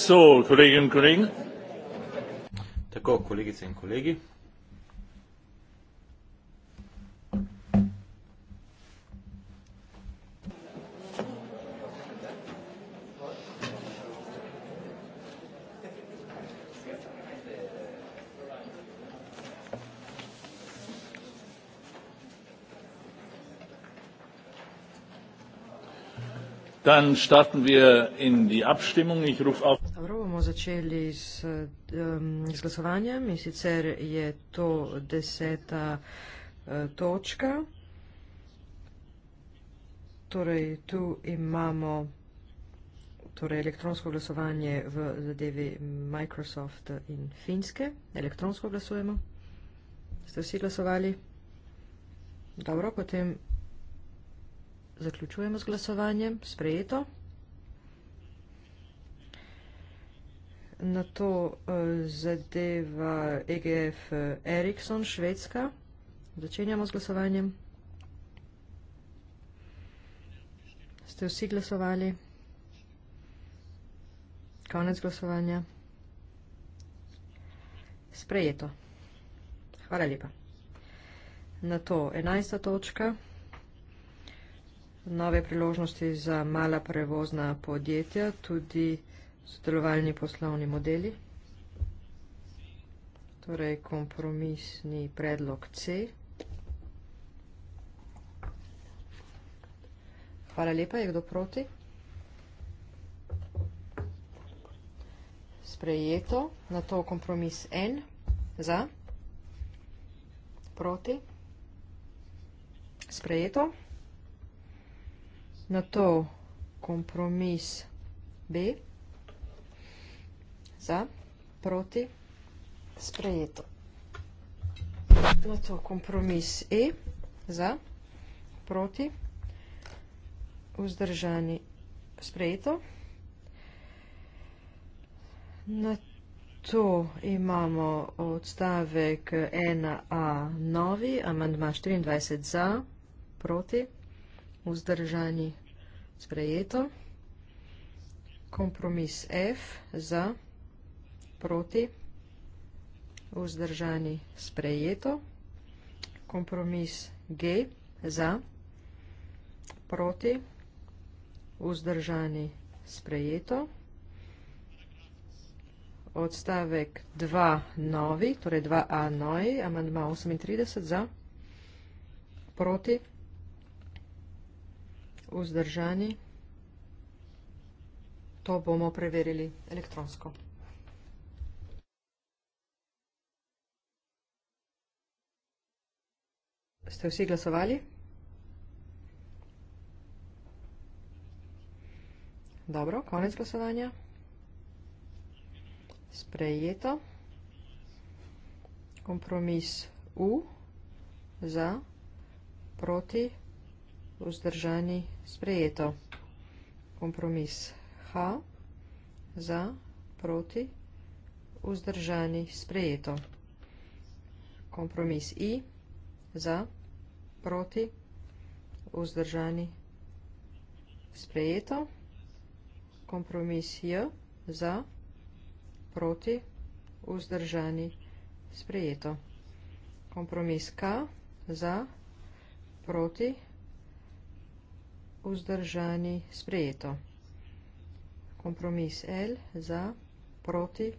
So, kolegi in kolegi. Tako, kolegice in kolegi. Dann starten wir in die Abstimmung. Ich rufe auf začeli s, um, s glasovanjem in sicer je to deseta uh, točka. Torej, tu imamo torej, elektronsko glasovanje v zadevi Microsoft in Finske. Elektronsko glasujemo. Ste vsi glasovali? Dobro, potem zaključujemo z glasovanjem. Sprejeto. na to eh, zadeva EGF eh, Ericsson, Švedska. Začenjamo z glasovanjem. Ste vsi glasovali? Konec glasovanja. Sprejeto. Hvala lepa. Na to enajsta točka. Nove priložnosti za mala prevozna podjetja, tudi vsega sodelovalni poslovni modeli. Torej, kompromisni predlog C. Hvala lepa, je kdo proti? Sprejeto, na to kompromis N, za, proti, sprejeto, na to kompromis B, proti, za, proti, sprejeto. Na to kompromis E, za, proti, vzdržani, sprejeto. Na to imamo odstavek 1a novi, amandma 24 za, proti, vzdržani, sprejeto. Kompromis F za, proti, vzdržani, sprejeto proti, vzdržani sprejeto, kompromis G za, proti, vzdržani sprejeto, odstavek 2 novi, torej 2a novi, amandma 38 za, proti, vzdržani, to bomo preverili elektronsko. Ste vsi glasovali? Dobro, konec glasovanja. Sprejeto. Kompromis U za proti vzdržani sprejeto. Kompromis H za proti vzdržani sprejeto. Kompromis I za proti vzdržani sprejeto proti, vzdržani, sprejeto, kompromis J, za, proti, vzdržani, sprejeto, kompromis K, za, proti, vzdržani, sprejeto, kompromis L, za, proti,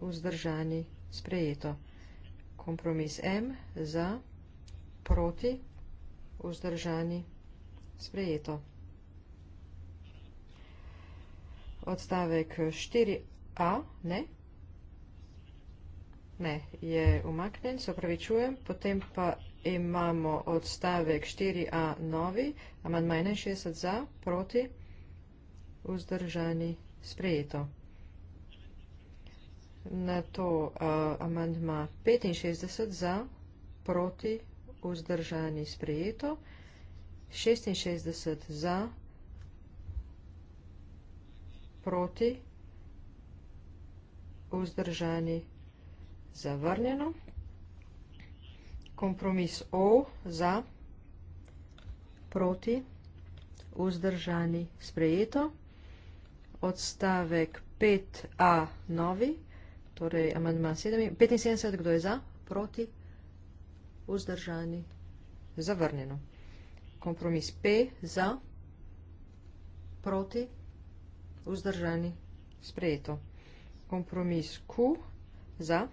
vzdržani, sprejeto, kompromis M, za, proti, vzdržani, sprejeto, kompromis M, za, proti, vzdržani, sprejeto, kompromis M, za, proti, vzdržani, sprejeto, kompromis M, za, proti, vzdržani, sprejeto, proti, vzdržani, sprejeto. Odstavek 4a, ne, ne, je umaknen, se opravičujem, potem pa imamo odstavek 4a novi, amandmaj 61 za, proti, vzdržani, sprejeto. Na to uh, eh, amandma 65 za, proti, vzdržani, sprejeto vzdržani sprejeto, 66 za, proti, vzdržani zavrnjeno, kompromis O za, proti, vzdržani sprejeto, odstavek 5a novi, torej amandma 75, kdo je za, proti, vzdržani sprejeto, vzdržani. Zavrnjeno. Kompromis P za, proti, vzdržani, sprejeto. Kompromis Q za,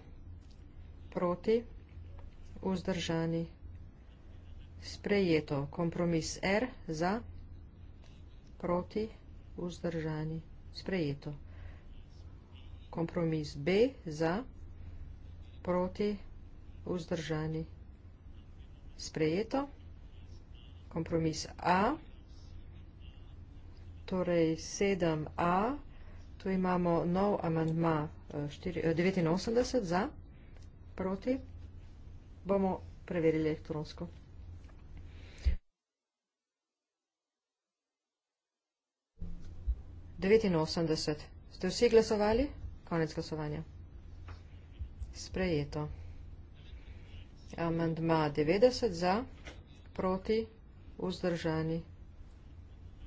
proti, vzdržani, sprejeto. Kompromis R za, proti, vzdržani, sprejeto. Kompromis B za, proti, vzdržani, sprejeto sprejeto. Kompromis A, torej 7A, tu imamo nov amandma 89 eh, eh, za, proti, bomo preverili elektronsko. Ste vsi glasovali? Konec glasovanja. Sprejeto amandma 90 za, proti, vzdržani,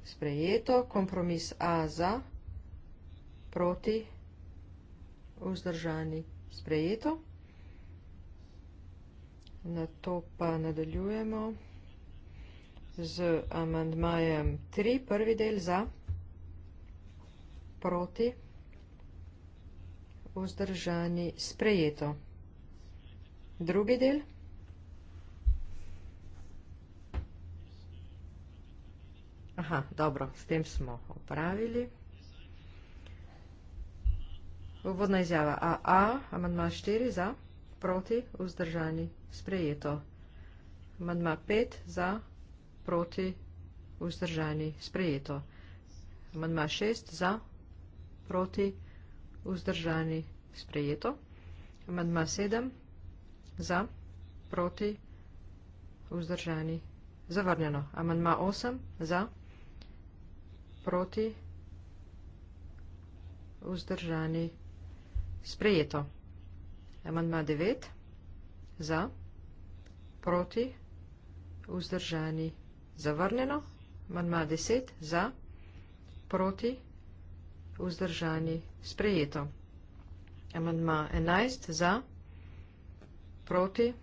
sprejeto, kompromis A za, proti, vzdržani, sprejeto. Na to pa nadaljujemo z amandmajem 3, prvi del za, proti, vzdržani, sprejeto. Drugi del. Aha, dobro, s tem smo opravili. Uvodna izjava AA, amandma 4 za, proti, vzdržani, sprejeto. Amandma 5 za, proti, vzdržani, sprejeto. Amandma 6 za, proti, vzdržani, sprejeto. Amandma 7 za, proti, vzdržani, zavrnjeno. Amandma 8 za, proti, vzdržani, sprejeto proti, vzdržani, sprejeto. Amandma 9, za, proti, vzdržani, zavrnjeno. Amandma 10, za, proti, vzdržani, sprejeto. Amandma 11, za, proti,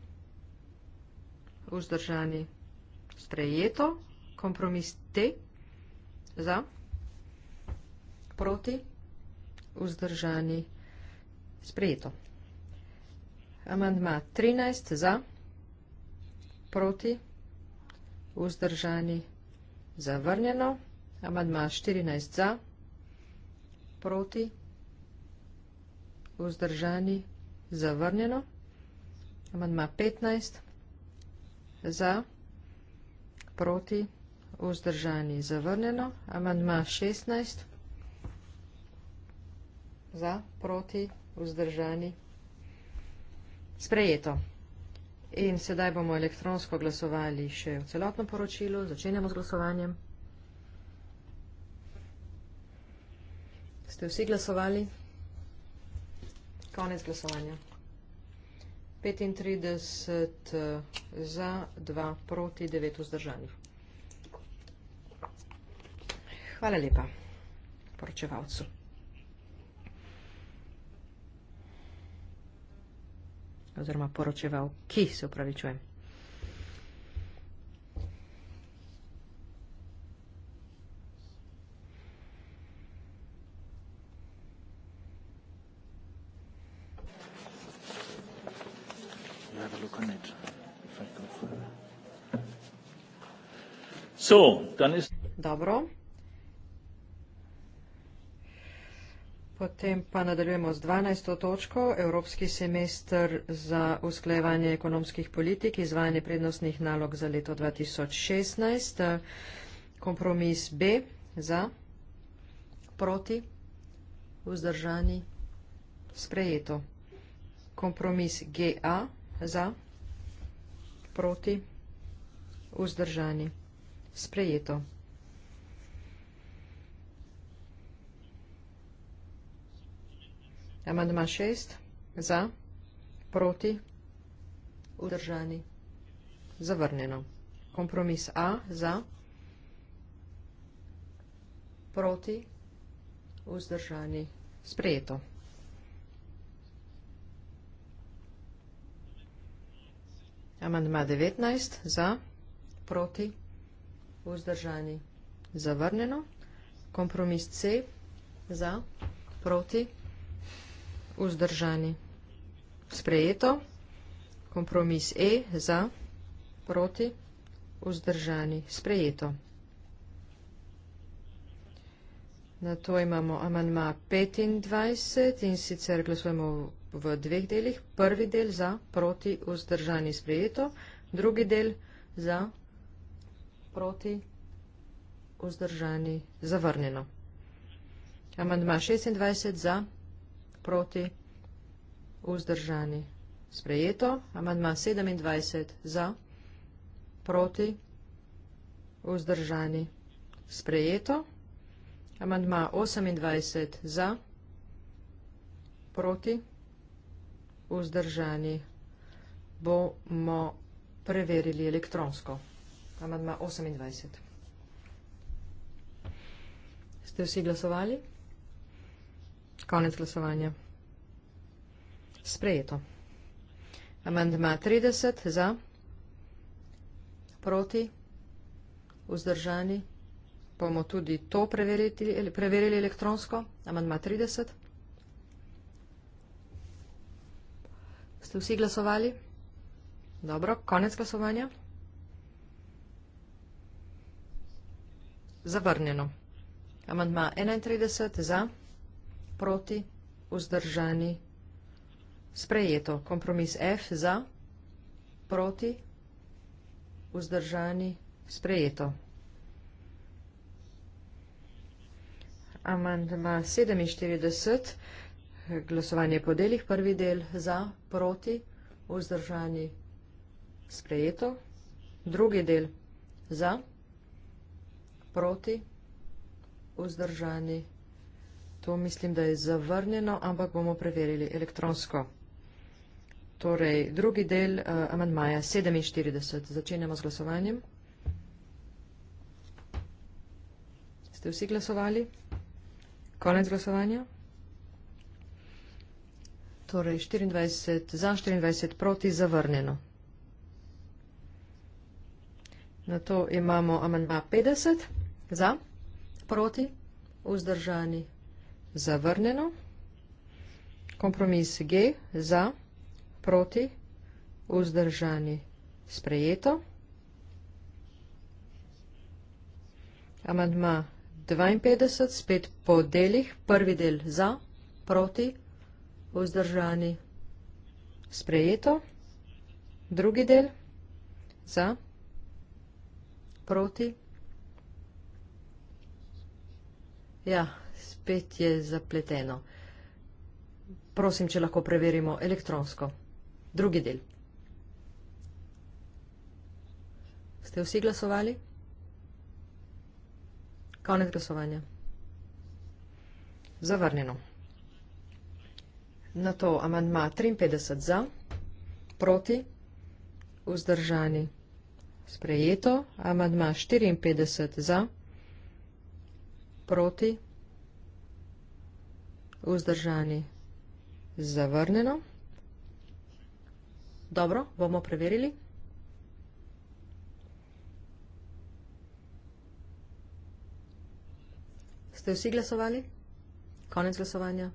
vzdržani, sprejeto. Kompromis te, Za? Proti? Vzdržani? Sprejeto. Amandma 13 za, proti, vzdržani, zavrnjeno. Amandma 14 za, proti, vzdržani, zavrnjeno. Amandma 15 za, proti, vzdržani vzdržani zavrnjeno. Amandma 16. Za, proti, vzdržani. Sprejeto. In sedaj bomo elektronsko glasovali še v celotno poročilo. Začenjamo z glasovanjem. Ste vsi glasovali? Konec glasovanja. 35 eh, za, 2 proti, 9 vzdržanih. Hvala lepa poročevalcu. Oziroma poročevalki, se upravičujem. Dobro, Potem pa nadaljujemo z 12. točko, Evropski semester za usklajevanje ekonomskih politik, izvajanje prednostnih nalog za leto 2016. Kompromis B za, proti, vzdržani, sprejeto. Kompromis GA za, proti, vzdržani, sprejeto. Amandma šest. Za. Proti. Udržani. Zavrnjeno. Kompromis A. Za. Proti. Vzdržani. Sprejeto. Amandma 19. Za. Proti. Vzdržani. Zavrnjeno. Kompromis C. Za. Proti. Vzdržani vzdržani. Sprejeto. Kompromis E za, proti, vzdržani. Sprejeto. Na to imamo amanma 25 in sicer glasujemo v dveh delih. Prvi del za, proti, vzdržani. Sprejeto. Drugi del za, proti, vzdržani. Zavrnjeno. Amandma 26 za, proti, vzdržani proti, vzdržani. Sprejeto, amandma 27 za, proti, vzdržani. Sprejeto, amandma 28 za, proti, vzdržani. Bomo preverili elektronsko. Amandma 28. Ste vsi glasovali? Konec glasovanja. Sprejeto. Amendma 30 za, proti, vzdržani. Bomo tudi to preverili, preverili elektronsko. Amendma 30. Ste vsi glasovali? Dobro, konec glasovanja. Zavrnjeno. Amendma 31 za proti, vzdržani, sprejeto. Kompromis F za, proti, vzdržani, sprejeto. Amandma 47, glasovanje po delih, prvi del za, proti, vzdržani, sprejeto. Drugi del za, proti, vzdržani, sprejeto. To mislim, da je zavrnjeno, ampak bomo preverili elektronsko. Torej, drugi del uh, amandmaja 47. Začenjamo z glasovanjem. Ste vsi glasovali? Konec glasovanja? Torej, 24 za, 24 proti, zavrnjeno. Na to imamo amandma 50 za, proti, vzdržani, zavrnjeno. Kompromis G za, proti, vzdržani, sprejeto. Amandma 52, spet po delih, prvi del za, proti, vzdržani, sprejeto. Drugi del za, proti. Ja, spet je zapleteno. Prosim, če lahko preverimo elektronsko. Drugi del. Ste vsi glasovali? Konec glasovanja. Zavrnjeno. Na to amandma 53 za, proti, vzdržani. Sprejeto. Amandma 54 za, proti, vzdržani vzdržani zavrnjeno. Dobro, bomo preverili. Ste vsi glasovali? Konec glasovanja.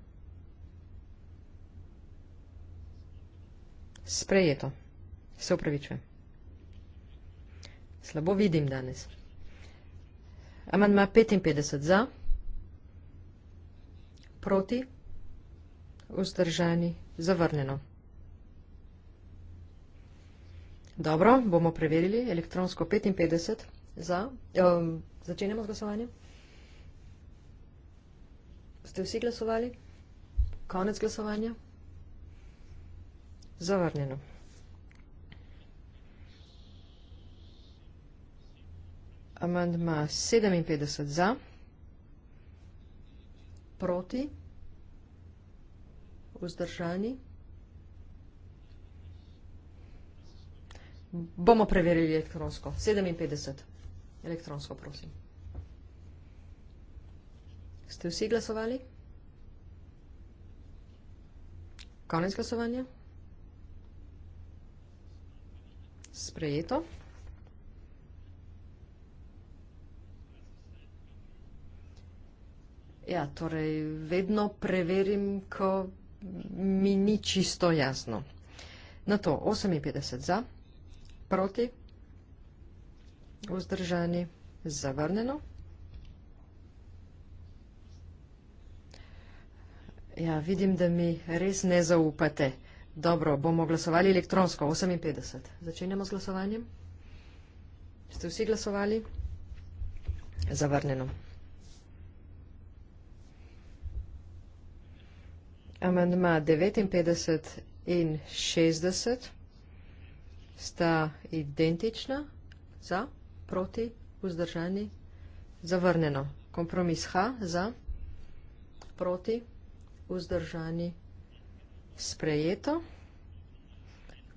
Sprejeto. Se upravičujem. Slabo vidim danes. Amandma 55 za. Proti? Vzdržani? Zavrnjeno. Dobro, bomo preverili elektronsko 55 za. Um, začenjamo z glasovanjem. Ste vsi glasovali? Konec glasovanja? Zavrnjeno. Amandma 57 za proti, vzdržani. Bomo preverili elektronsko. 57. Elektronsko, prosim. Ste vsi glasovali? Konec glasovanja? Sprejeto. Sprejeto. Ja, torej vedno preverim, ko mi ni čisto jasno. Na to 58 za, proti, vzdržani, zavrneno. Ja, vidim, da mi res ne zaupate. Dobro, bomo glasovali elektronsko, 58. Začenjamo z glasovanjem. Ste vsi glasovali? Zavrneno. amandma 59 in 60 sta identična, za, proti, vzdržani, zavrnjeno. Kompromis H, za, proti, vzdržani, sprejeto.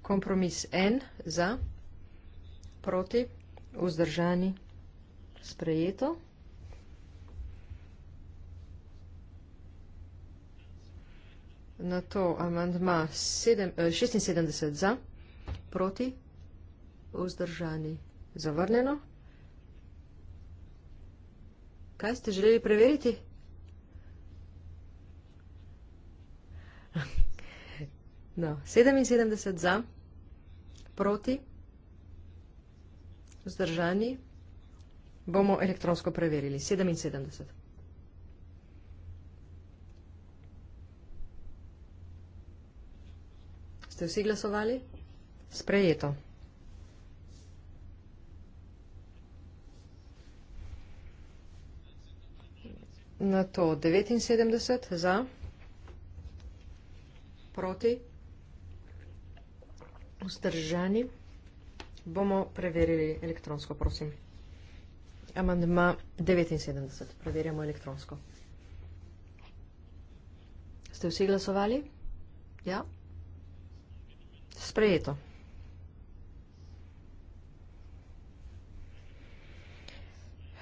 Kompromis N, za, proti, vzdržani, sprejeto. Sprejeto. na to amandma 76 eh, za, proti, vzdržani, zavrneno. Kaj ste želeli preveriti? No, 77 za, proti, vzdržani, bomo elektronsko preverili, 77. Ste vsi glasovali? Sprejeto. Na to 79 za, proti, vzdržani, bomo preverili elektronsko, prosim. Amandma 79, preverjamo elektronsko. Ste vsi glasovali? Ja. Ja sprejeto.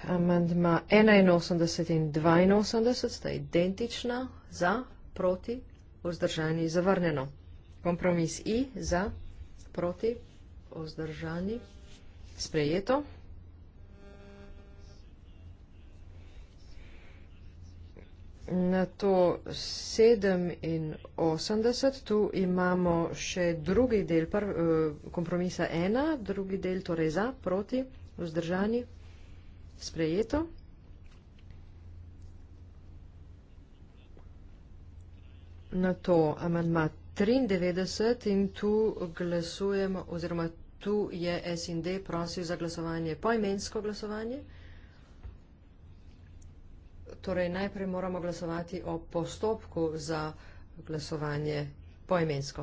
Amandma 81 in 82 sta identična za, proti, vzdržani, zavrneno. Kompromis I za, proti, vzdržani, sprejeto. Sprejeto. Na to 87, tu imamo še drugi del pr, eh, kompromisa 1, drugi del torej za, proti, vzdržani, sprejeto. Na to amandma 93 in tu glasujemo, oziroma tu je SND prosil za glasovanje, poimensko glasovanje. Torej, najprej moramo glasovati o postopku za glasovanje poimensko.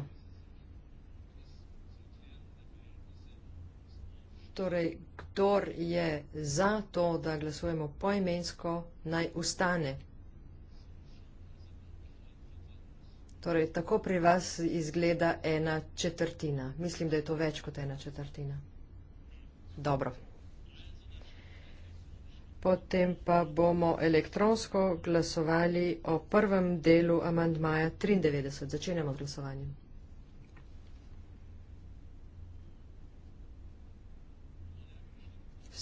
Torej, kdor je za to, da glasujemo poimensko, naj ustane. Torej, tako pri vas izgleda ena četrtina. Mislim, da je to več kot ena četrtina. Dobro potem pa bomo elektronsko glasovali o prvem delu amandmaja 93. Začenjamo z glasovanjem.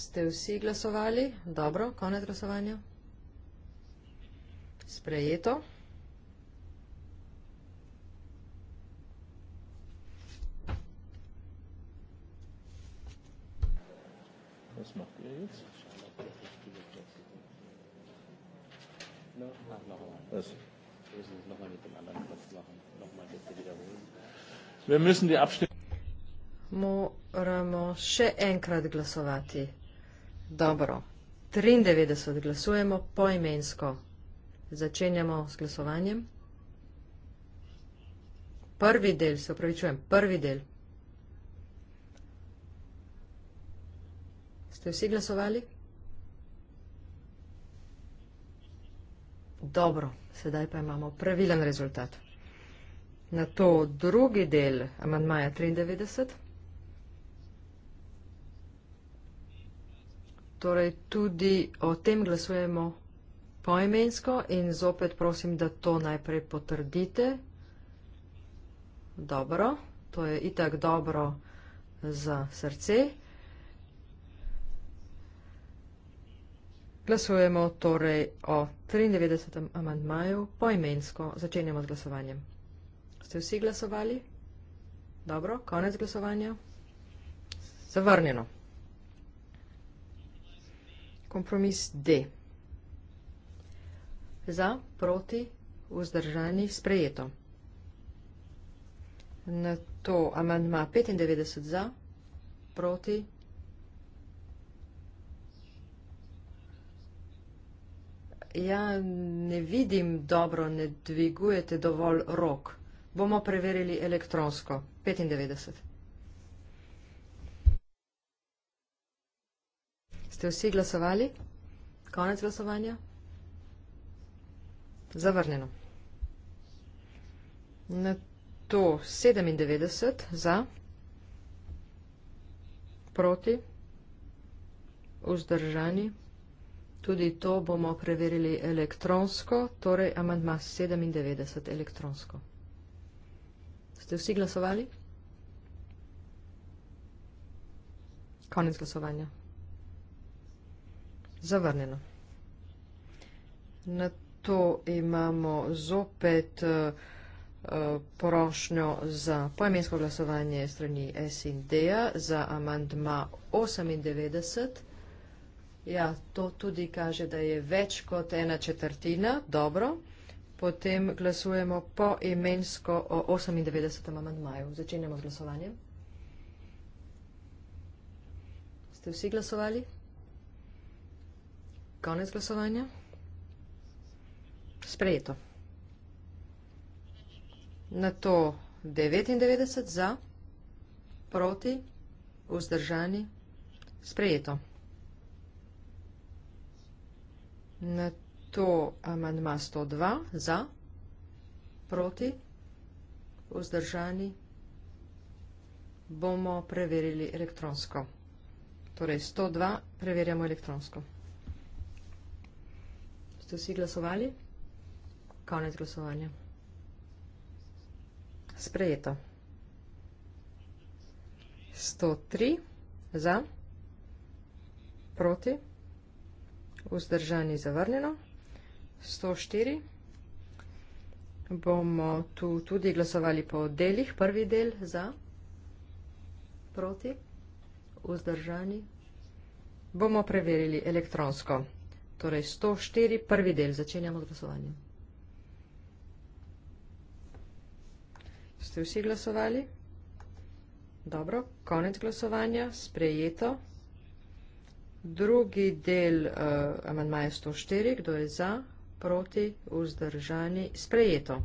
Ste vsi glasovali? Dobro, konec glasovanja. Sprejeto. Das macht ihr jetzt? Moramo še enkrat glasovati. Dobro. 93 glasujemo poimensko. Začenjamo s glasovanjem. Prvi del, se opravičujem, prvi del. Ste vsi glasovali? Dobro, sedaj pa imamo pravilen rezultat. Na to drugi del amantmaja 93. Torej tudi o tem glasujemo poimensko in zopet prosim, da to najprej potrdite. Dobro, to je itak dobro za srce. Glasujemo torej o 93. amantmaju poimensko. Začenjamo z glasovanjem. Ste vsi glasovali? Dobro, konec glasovanja. Zavrnjeno. Kompromis D. Za, proti, vzdržani, sprejeto. Na to amantma 95 za, proti, ja ne vidim dobro, ne dvigujete dovolj rok. Bomo preverili elektronsko. 95. Ste vsi glasovali? Konec glasovanja? Zavrnjeno. Na to 97 za, proti, vzdržani. Tudi to bomo preverili elektronsko, torej amandma 97 elektronsko. Ste vsi glasovali? Konec glasovanja. Zavrneno. Na to imamo zopet eh, eh, porošnjo za poemensko glasovanje strani S in D-a za amandma 98 elektronsko. Ja, to tudi kaže, da je več kot ena četrtina, dobro. Potem glasujemo po imensko o 98. amandmaju. Začenjamo z glasovanjem. Ste vsi glasovali? Konec glasovanja? Sprejeto. Na to 99 za, proti, vzdržani, sprejeto. Na to amandma 102 za, proti, vzdržani, bomo preverili elektronsko. Torej 102 preverjamo elektronsko. Ste vsi glasovali? Konec glasovanja. Sprejeto. 103 za, proti, vzdržani vzdržani zavrnjeno. 104. Bomo tu tudi glasovali po delih. Prvi del za, proti, vzdržani. Bomo preverili elektronsko. Torej 104, prvi del. Začenjamo z glasovanjem. Ste vsi glasovali? Dobro, konec glasovanja, sprejeto. Drugi del uh, amandmaja 104, kdo je za, proti, vzdržani, sprejeto.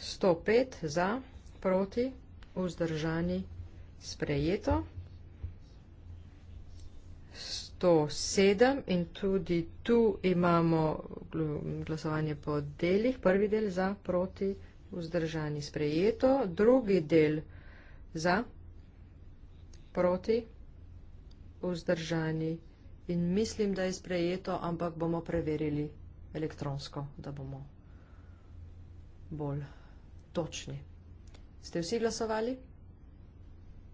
105 za, proti, vzdržani, sprejeto. 107 in tudi tu imamo glasovanje po delih. Prvi del za, proti, vzdržani, sprejeto. Drugi del za, proti, vzdržani vzdržani in mislim, da je sprejeto, ampak bomo preverili elektronsko, da bomo bolj točni. Ste vsi glasovali?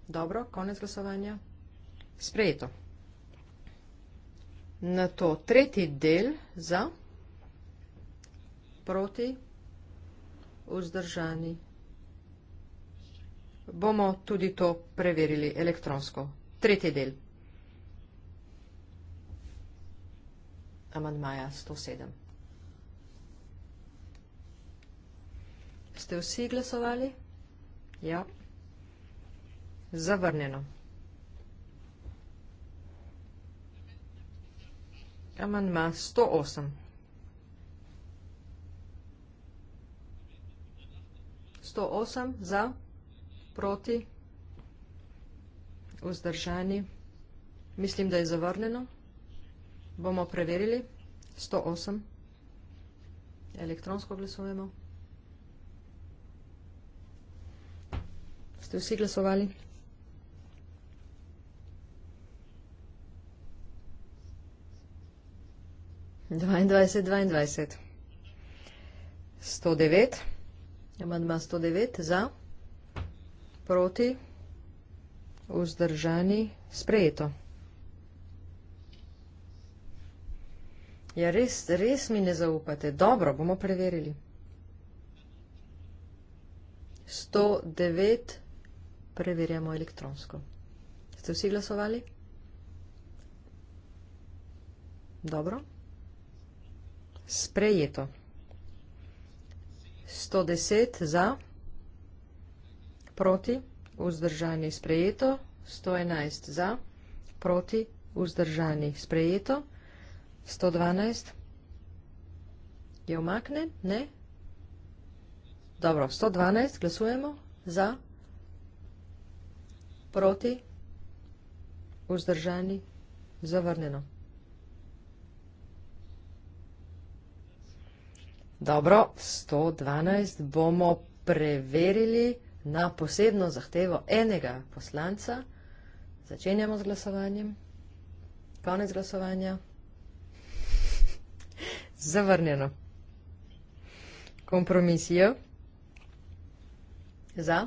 Dobro, konec glasovanja. Sprejeto. Na to tretji del za proti vzdržani. Bomo tudi to preverili elektronsko. Tretji del. amandmaja 107. Ste vsi glasovali? Ja. Zavrnjeno. Amandma 108. 108 za, proti, vzdržani. Mislim, da je zavrnjeno. Bomo preverili. 108. Elektronsko glasujemo. Ste vsi glasovali? Dvajset, dvajset, sto devet, amandma sto devet, za, proti, vzdržani, sprejeto. Ja, res, res mi ne zaupate. Dobro, bomo preverili. 109 preverjamo elektronsko. Ste vsi glasovali? Dobro. Sprejeto. 110 za, proti, vzdržani sprejeto, 111 za, proti, vzdržani sprejeto. 112. Je omaknen? Ne? Dobro, 112, glasujemo za, proti, vzdržani, zavrneno. Dobro, 112 bomo preverili na posebno zahtevo enega poslanca. Začenjamo z glasovanjem. Konec glasovanja. Konec glasovanja. Zavrnjeno. Kompromis je. Za,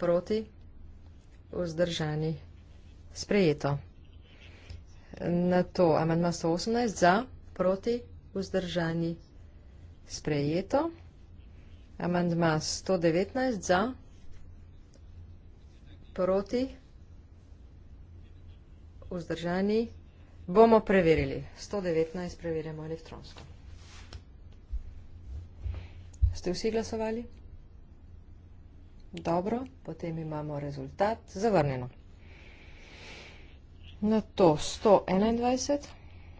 proti, vzdržani, sprejeto. Na to amandma 118, za, proti, vzdržani, sprejeto. Amandma 119, za, proti, vzdržani, sprejeto. Bomo preverili. 119 preverjamo elektronsko. Ste vsi glasovali? Dobro, potem imamo rezultat. Zavrnjeno. Na to 121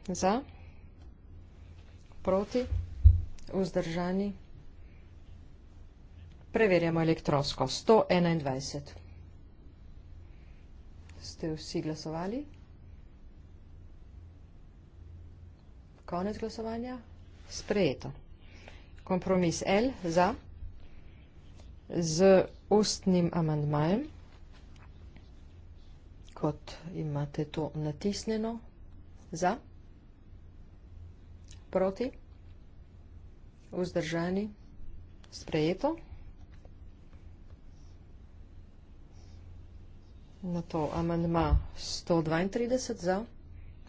za, proti, vzdržani. Preverjamo elektronsko. 121. Ste vsi glasovali? 121. Konec glasovanja. Sprejeto. Kompromis L za z ustnim amandmajem, kot imate to natisneno, za, proti, vzdržani, sprejeto. Na to amandma 132 za,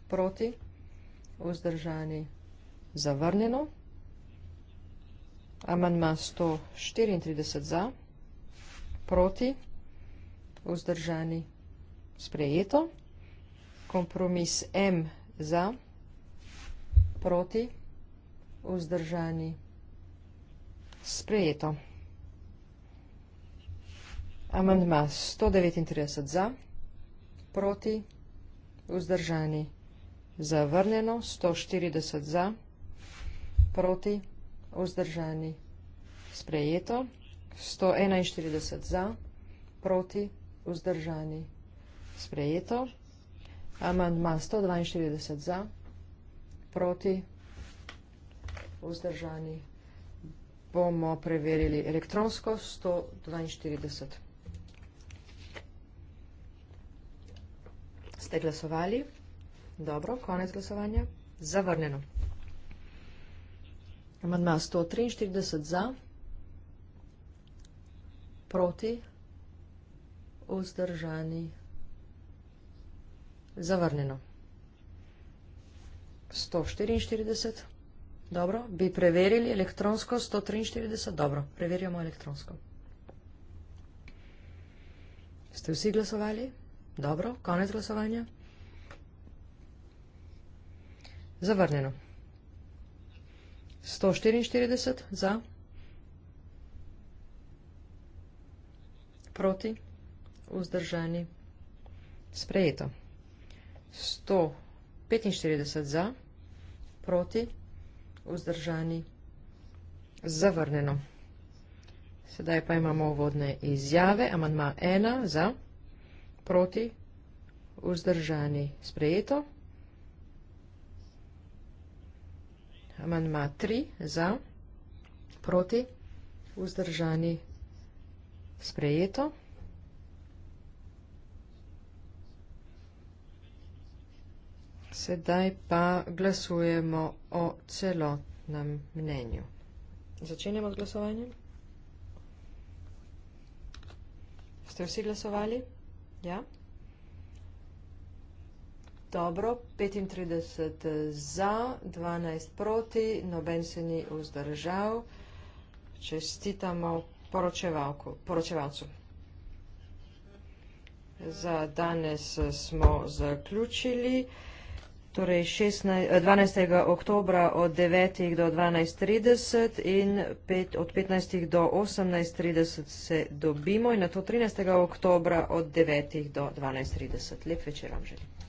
proti, vzdržani vzdržani, zavrnjeno. Amanjma 134 za, proti, vzdržani, sprejeto. Kompromis M za, proti, vzdržani, sprejeto. Amanjma 139 za, proti, vzdržani, sprejeto zavrnjeno, 140 za, proti, vzdržani, sprejeto, 141 za, proti, vzdržani, sprejeto, amandma 142 za, proti, vzdržani, bomo preverili elektronsko, 142. Ste glasovali? Dobro, konec glasovanja. Zavrnjeno. Amandma 143 za, proti, vzdržani. Zavrnjeno. 144. Dobro, bi preverili elektronsko 143? Dobro, preverjamo elektronsko. Ste vsi glasovali? Dobro, konec glasovanja. Zavrnjeno. 144 za. Proti. Vzdržani. Sprejeto. 145 za. Proti. Vzdržani. Zavrnjeno. Sedaj pa imamo uvodne izjave. Amandma 1 za. Proti. Vzdržani. Sprejeto. Sprejeto. amandma 3 za, proti, vzdržani, sprejeto. Sedaj pa glasujemo o celotnem mnenju. Začenjamo z glasovanjem. Ste vsi glasovali? Ja. Dobro, 35 za, 12 proti, noben se ni vzdržal. Čestitamo poročevalcu. Za danes smo zaključili. Torej 16, 12. oktobra od 9. do 12.30 in 5, od 15. do 18.30 se dobimo in na to 13. oktobra od 9. do 12.30. Lep večer vam želim.